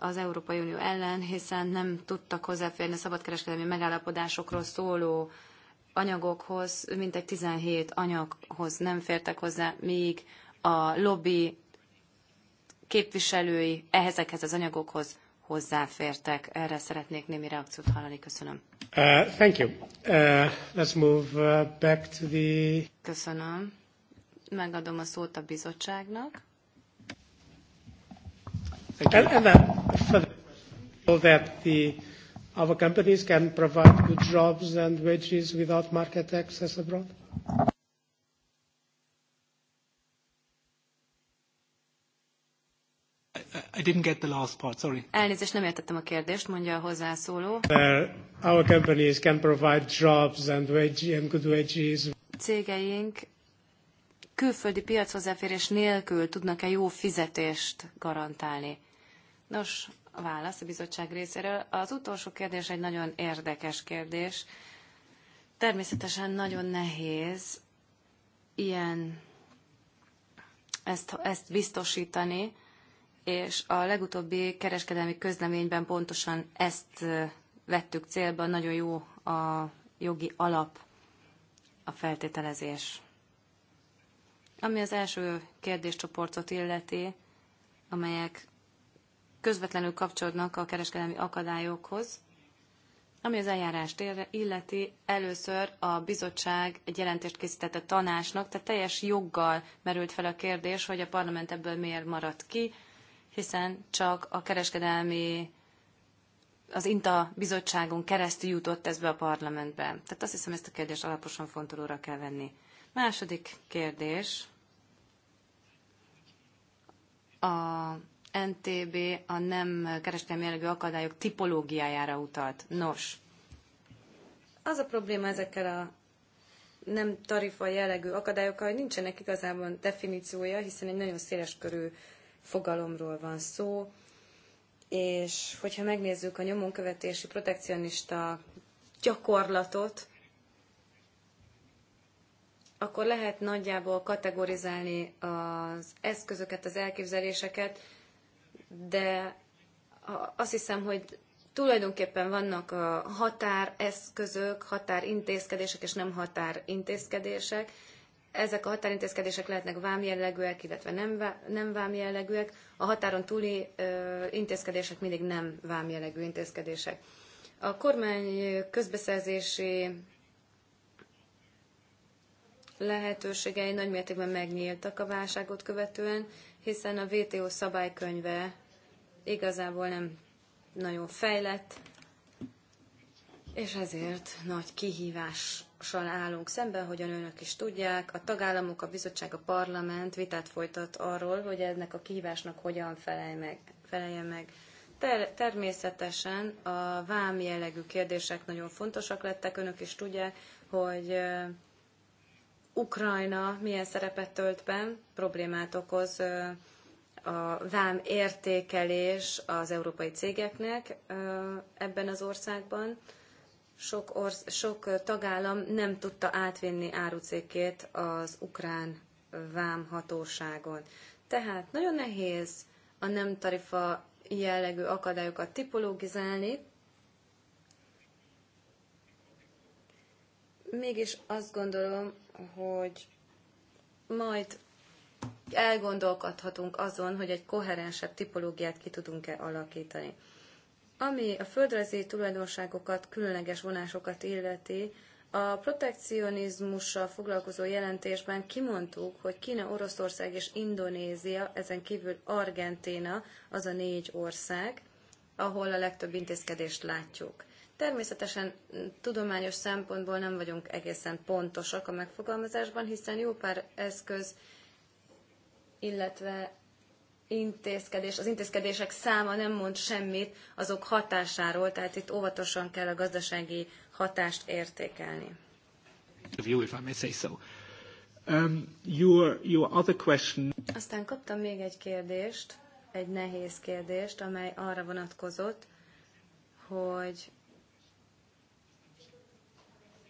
az Európai Unió ellen, hiszen nem tudtak hozzáférni a szabadkereskedelmi megállapodásokról szóló anyagokhoz, mintegy 17 anyaghoz nem fértek hozzá, míg a lobby képviselői ehhezekhez az anyagokhoz hozzáfértek. Erre szeretnék némi reakciót hallani. Köszönöm. Uh, thank you. Uh, let's move uh, back to the... Köszönöm. Megadom a szót a bizottságnak. Thank you. And that further so that the, our companies can provide good jobs and wages without market access abroad? I didn't get the last part, sorry. Elnézést, nem értettem a kérdést, mondja a hozzászóló. our companies can provide jobs and, wages and good wages. Cégeink külföldi piachoz elférés nélkül tudnak-e jó fizetést garantálni? Nos, a válasz a bizottság részéről. Az utolsó kérdés egy nagyon érdekes kérdés. Természetesen nagyon nehéz ilyen ezt, ezt biztosítani, és a legutóbbi kereskedelmi közleményben pontosan ezt vettük célba, nagyon jó a jogi alap, a feltételezés. Ami az első kérdéscsoportot illeti, amelyek közvetlenül kapcsolódnak a kereskedelmi akadályokhoz. Ami az eljárást illeti, először a bizottság egy jelentést készített a tanácsnak, tehát teljes joggal merült fel a kérdés, hogy a parlament ebből miért maradt ki, hiszen csak a kereskedelmi az INTA bizottságon keresztül jutott ez be a parlamentbe. Tehát azt hiszem, ezt a kérdést alaposan fontolóra kell venni. Második kérdés. A NTB a nem kereskedelmi jellegű akadályok tipológiájára utalt. Nos, az a probléma ezekkel a nem tarifa jellegű akadályokkal, hogy nincsenek igazából definíciója, hiszen egy nagyon széles körű fogalomról van szó, és hogyha megnézzük a nyomonkövetési protekcionista gyakorlatot, akkor lehet nagyjából kategorizálni az eszközöket, az elképzeléseket, de azt hiszem, hogy tulajdonképpen vannak a határeszközök, határintézkedések és nem határintézkedések. Ezek a határintézkedések lehetnek vámjellegűek, illetve nem, nem vámjellegűek. A határon túli ö, intézkedések mindig nem vámjellegű intézkedések. A kormány közbeszerzési lehetőségei nagymértékben megnyíltak a válságot követően, hiszen a WTO szabálykönyve igazából nem nagyon fejlett, és ezért nagy kihívással állunk szemben, hogyan önök is tudják. A tagállamok, a bizottság, a parlament vitát folytat arról, hogy ennek a kihívásnak hogyan felelj meg, felelje meg. Ter- természetesen a vám jellegű kérdések nagyon fontosak lettek. Önök is tudják, hogy Ukrajna milyen szerepet tölt be, problémát okoz a vám értékelés az európai cégeknek ebben az országban. Sok, orsz, sok tagállam nem tudta átvinni árucékét az ukrán vámhatóságon. Tehát nagyon nehéz a nem tarifa jellegű akadályokat tipologizálni, mégis azt gondolom, hogy majd elgondolkodhatunk azon, hogy egy koherensebb tipológiát ki tudunk-e alakítani. Ami a földrajzi tulajdonságokat, különleges vonásokat illeti, a protekcionizmussal foglalkozó jelentésben kimondtuk, hogy Kína, Oroszország és Indonézia, ezen kívül Argentína az a négy ország, ahol a legtöbb intézkedést látjuk. Természetesen tudományos szempontból nem vagyunk egészen pontosak a megfogalmazásban, hiszen jó pár eszköz illetve intézkedés, az intézkedések száma nem mond semmit azok hatásáról, tehát itt óvatosan kell a gazdasági hatást értékelni. Aztán kaptam még egy kérdést, egy nehéz kérdést, amely arra vonatkozott, hogy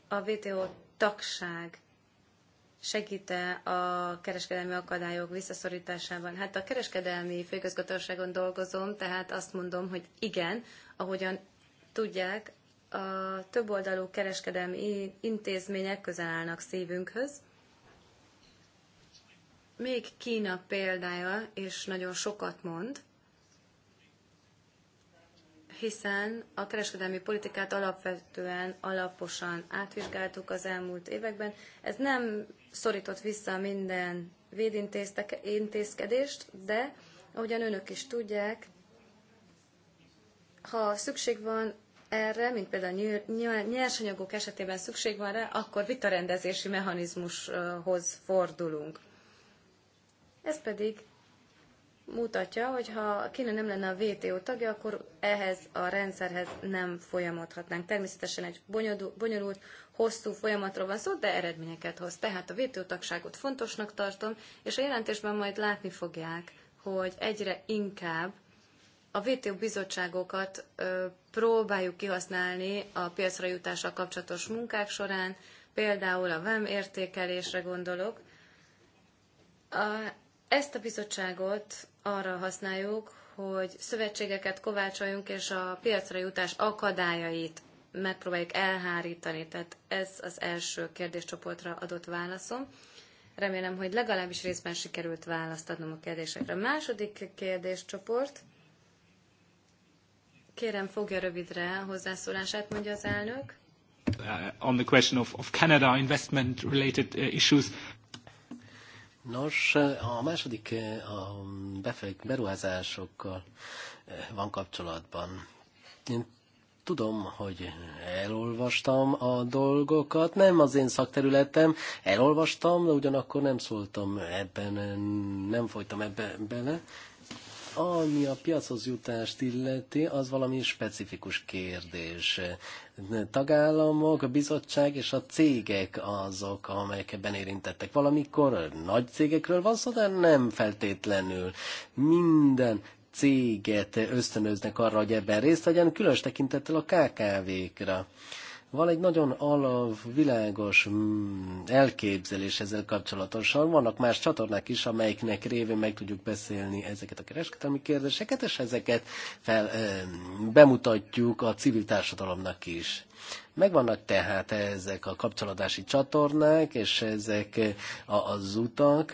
a WTO tagság segít-e a kereskedelmi akadályok visszaszorításában? Hát a kereskedelmi főközgatóságon dolgozom, tehát azt mondom, hogy igen, ahogyan tudják, a többoldalú kereskedelmi intézmények közel állnak szívünkhöz. Még Kína példája, és nagyon sokat mond, hiszen a kereskedelmi politikát alapvetően alaposan átvizsgáltuk az elmúlt években. Ez nem szorított vissza minden védintézkedést, de ahogyan önök is tudják, ha szükség van erre, mint például nyersanyagok esetében szükség van rá, akkor vitarendezési mechanizmushoz fordulunk. Ez pedig mutatja, hogy ha Kína nem lenne a WTO tagja, akkor ehhez a rendszerhez nem folyamodhatnánk. Természetesen egy bonyolult, hosszú folyamatról van szó, de eredményeket hoz. Tehát a WTO tagságot fontosnak tartom, és a jelentésben majd látni fogják, hogy egyre inkább a WTO bizottságokat ö, próbáljuk kihasználni a piacra jutással kapcsolatos munkák során, például a VEM értékelésre gondolok. A, ezt a bizottságot arra használjuk, hogy szövetségeket kovácsoljunk, és a piacra jutás akadályait megpróbáljuk elhárítani. Tehát ez az első kérdéscsoportra adott válaszom. Remélem, hogy legalábbis részben sikerült választ adnom a kérdésekre. A második kérdéscsoport. Kérem, fogja rövidre a hozzászólását, mondja az elnök. Uh, on the question of, of Canada investment related uh, issues. Nos, a második a beruházásokkal eh, van kapcsolatban. Én tudom, hogy elolvastam a dolgokat, nem az én szakterületem, elolvastam, de ugyanakkor nem szóltam ebben, nem folytam ebben bele. Ami a piachoz jutást illeti, az valami specifikus kérdés. Tagállamok, a bizottság és a cégek azok, ebben érintettek. Valamikor nagy cégekről van szó, de nem feltétlenül. Minden céget ösztönöznek arra, hogy ebben részt vegyen, különös tekintettel a KKV-kra. Van egy nagyon alap, világos mm, elképzelés ezzel kapcsolatosan. Vannak más csatornák is, amelyiknek révén meg tudjuk beszélni ezeket a kereskedelmi kérdéseket, és ezeket fel, bemutatjuk a civil társadalomnak is. Megvannak tehát ezek a kapcsolódási csatornák, és ezek az utak,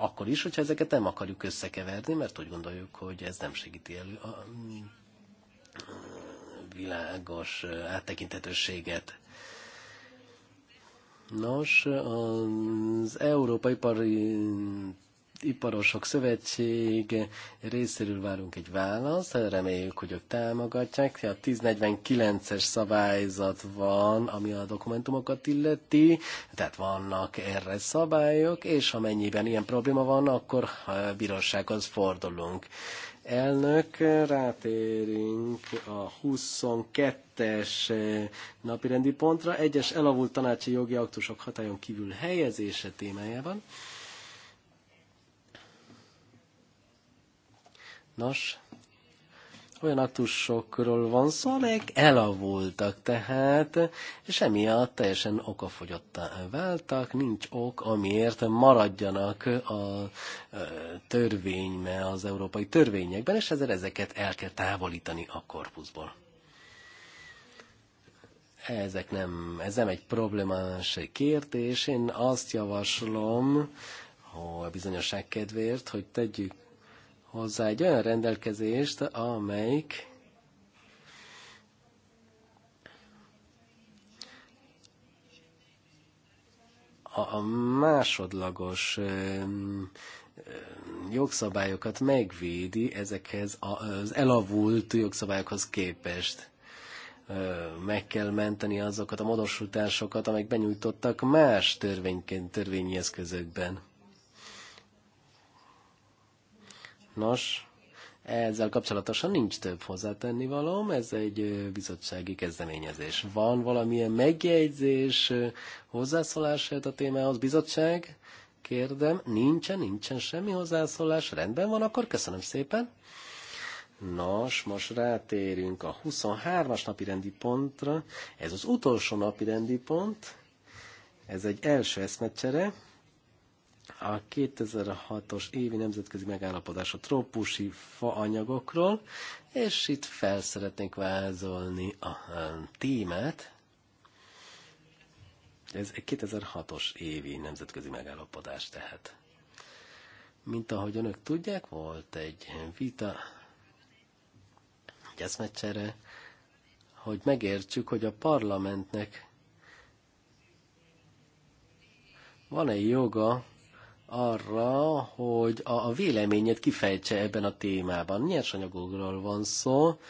akkor is, hogyha ezeket nem akarjuk összekeverni, mert úgy gondoljuk, hogy ez nem segíti elő a mm, világos áttekintetőséget. Nos, az Európai Pari Iparosok Szövetség részéről várunk egy választ, reméljük, hogy ők támogatják. A 1049-es szabályzat van, ami a dokumentumokat illeti, tehát vannak erre szabályok, és amennyiben ilyen probléma van, akkor a bírósághoz fordulunk elnök, rátérünk a 22-es eh, napirendi pontra, egyes elavult tanácsi jogi aktusok hatályon kívül helyezése témájában. Nos, olyan aktusokról van szó, amelyek elavultak tehát, és emiatt teljesen okafogyottá váltak, nincs ok, amiért maradjanak a törvénybe, az európai törvényekben, és ezért ezeket el kell távolítani a korpuszból. Ezek nem, ez nem egy problémás kérdés, én azt javaslom, hogy a bizonyosság kedvéért, hogy tegyük hozzá egy olyan rendelkezést, amelyik a másodlagos jogszabályokat megvédi ezekhez az elavult jogszabályokhoz képest. Meg kell menteni azokat a módosításokat, amelyek benyújtottak más törvényként törvényi eszközökben. Nos, ezzel kapcsolatosan nincs több hozzátenni ez egy bizottsági kezdeményezés. Van valamilyen megjegyzés, hozzászólás a témához, bizottság? Kérdem, nincsen, nincsen semmi hozzászólás, rendben van, akkor köszönöm szépen. Nos, most rátérünk a 23-as napi rendi pontra. Ez az utolsó napi rendi pont. Ez egy első eszmecsere a 2006-os évi nemzetközi megállapodás a trópusi faanyagokról, és itt felszeretnék vázolni a témát. Ez egy 2006-os évi nemzetközi megállapodás tehát. Mint ahogy önök tudják, volt egy vita, egy eszmecsere, hogy megértsük, hogy a parlamentnek van-e joga arra, hogy a véleményed kifejtse ebben a témában. Nyersanyagokról van szó,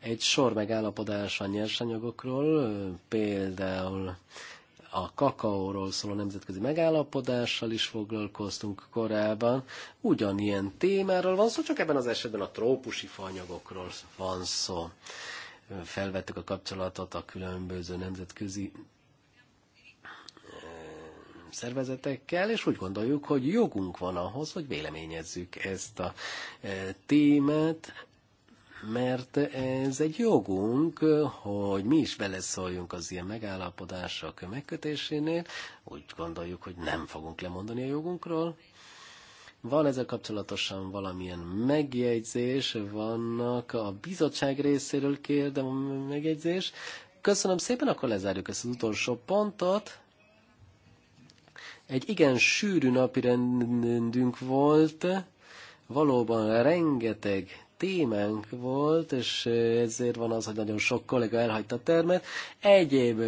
egy sor megállapodás a nyersanyagokról, például a kakaóról szóló nemzetközi megállapodással is foglalkoztunk korábban. Ugyanilyen témáról van szó, csak ebben az esetben a trópusi fanyagokról van szó. Felvettük a kapcsolatot a különböző nemzetközi szervezetekkel, és úgy gondoljuk, hogy jogunk van ahhoz, hogy véleményezzük ezt a e, témát, mert ez egy jogunk, hogy mi is beleszóljunk az ilyen megállapodások megkötésénél. Úgy gondoljuk, hogy nem fogunk lemondani a jogunkról. Van ezzel kapcsolatosan valamilyen megjegyzés, vannak a bizottság részéről kérdem a megjegyzés. Köszönöm szépen, akkor lezárjuk ezt az utolsó pontot. Egy igen sűrű napirendünk volt, valóban rengeteg témánk volt, és ezért van az, hogy nagyon sok kollega elhagyta a termet. Egyéb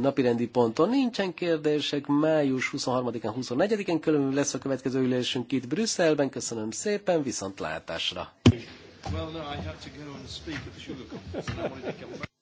napirendi ponton nincsen kérdések. Május 23-án, 24-én külön lesz a következő ülésünk itt Brüsszelben. Köszönöm szépen, viszontlátásra! Well, no, I have to go and speak at the sugar conference, and I to come back.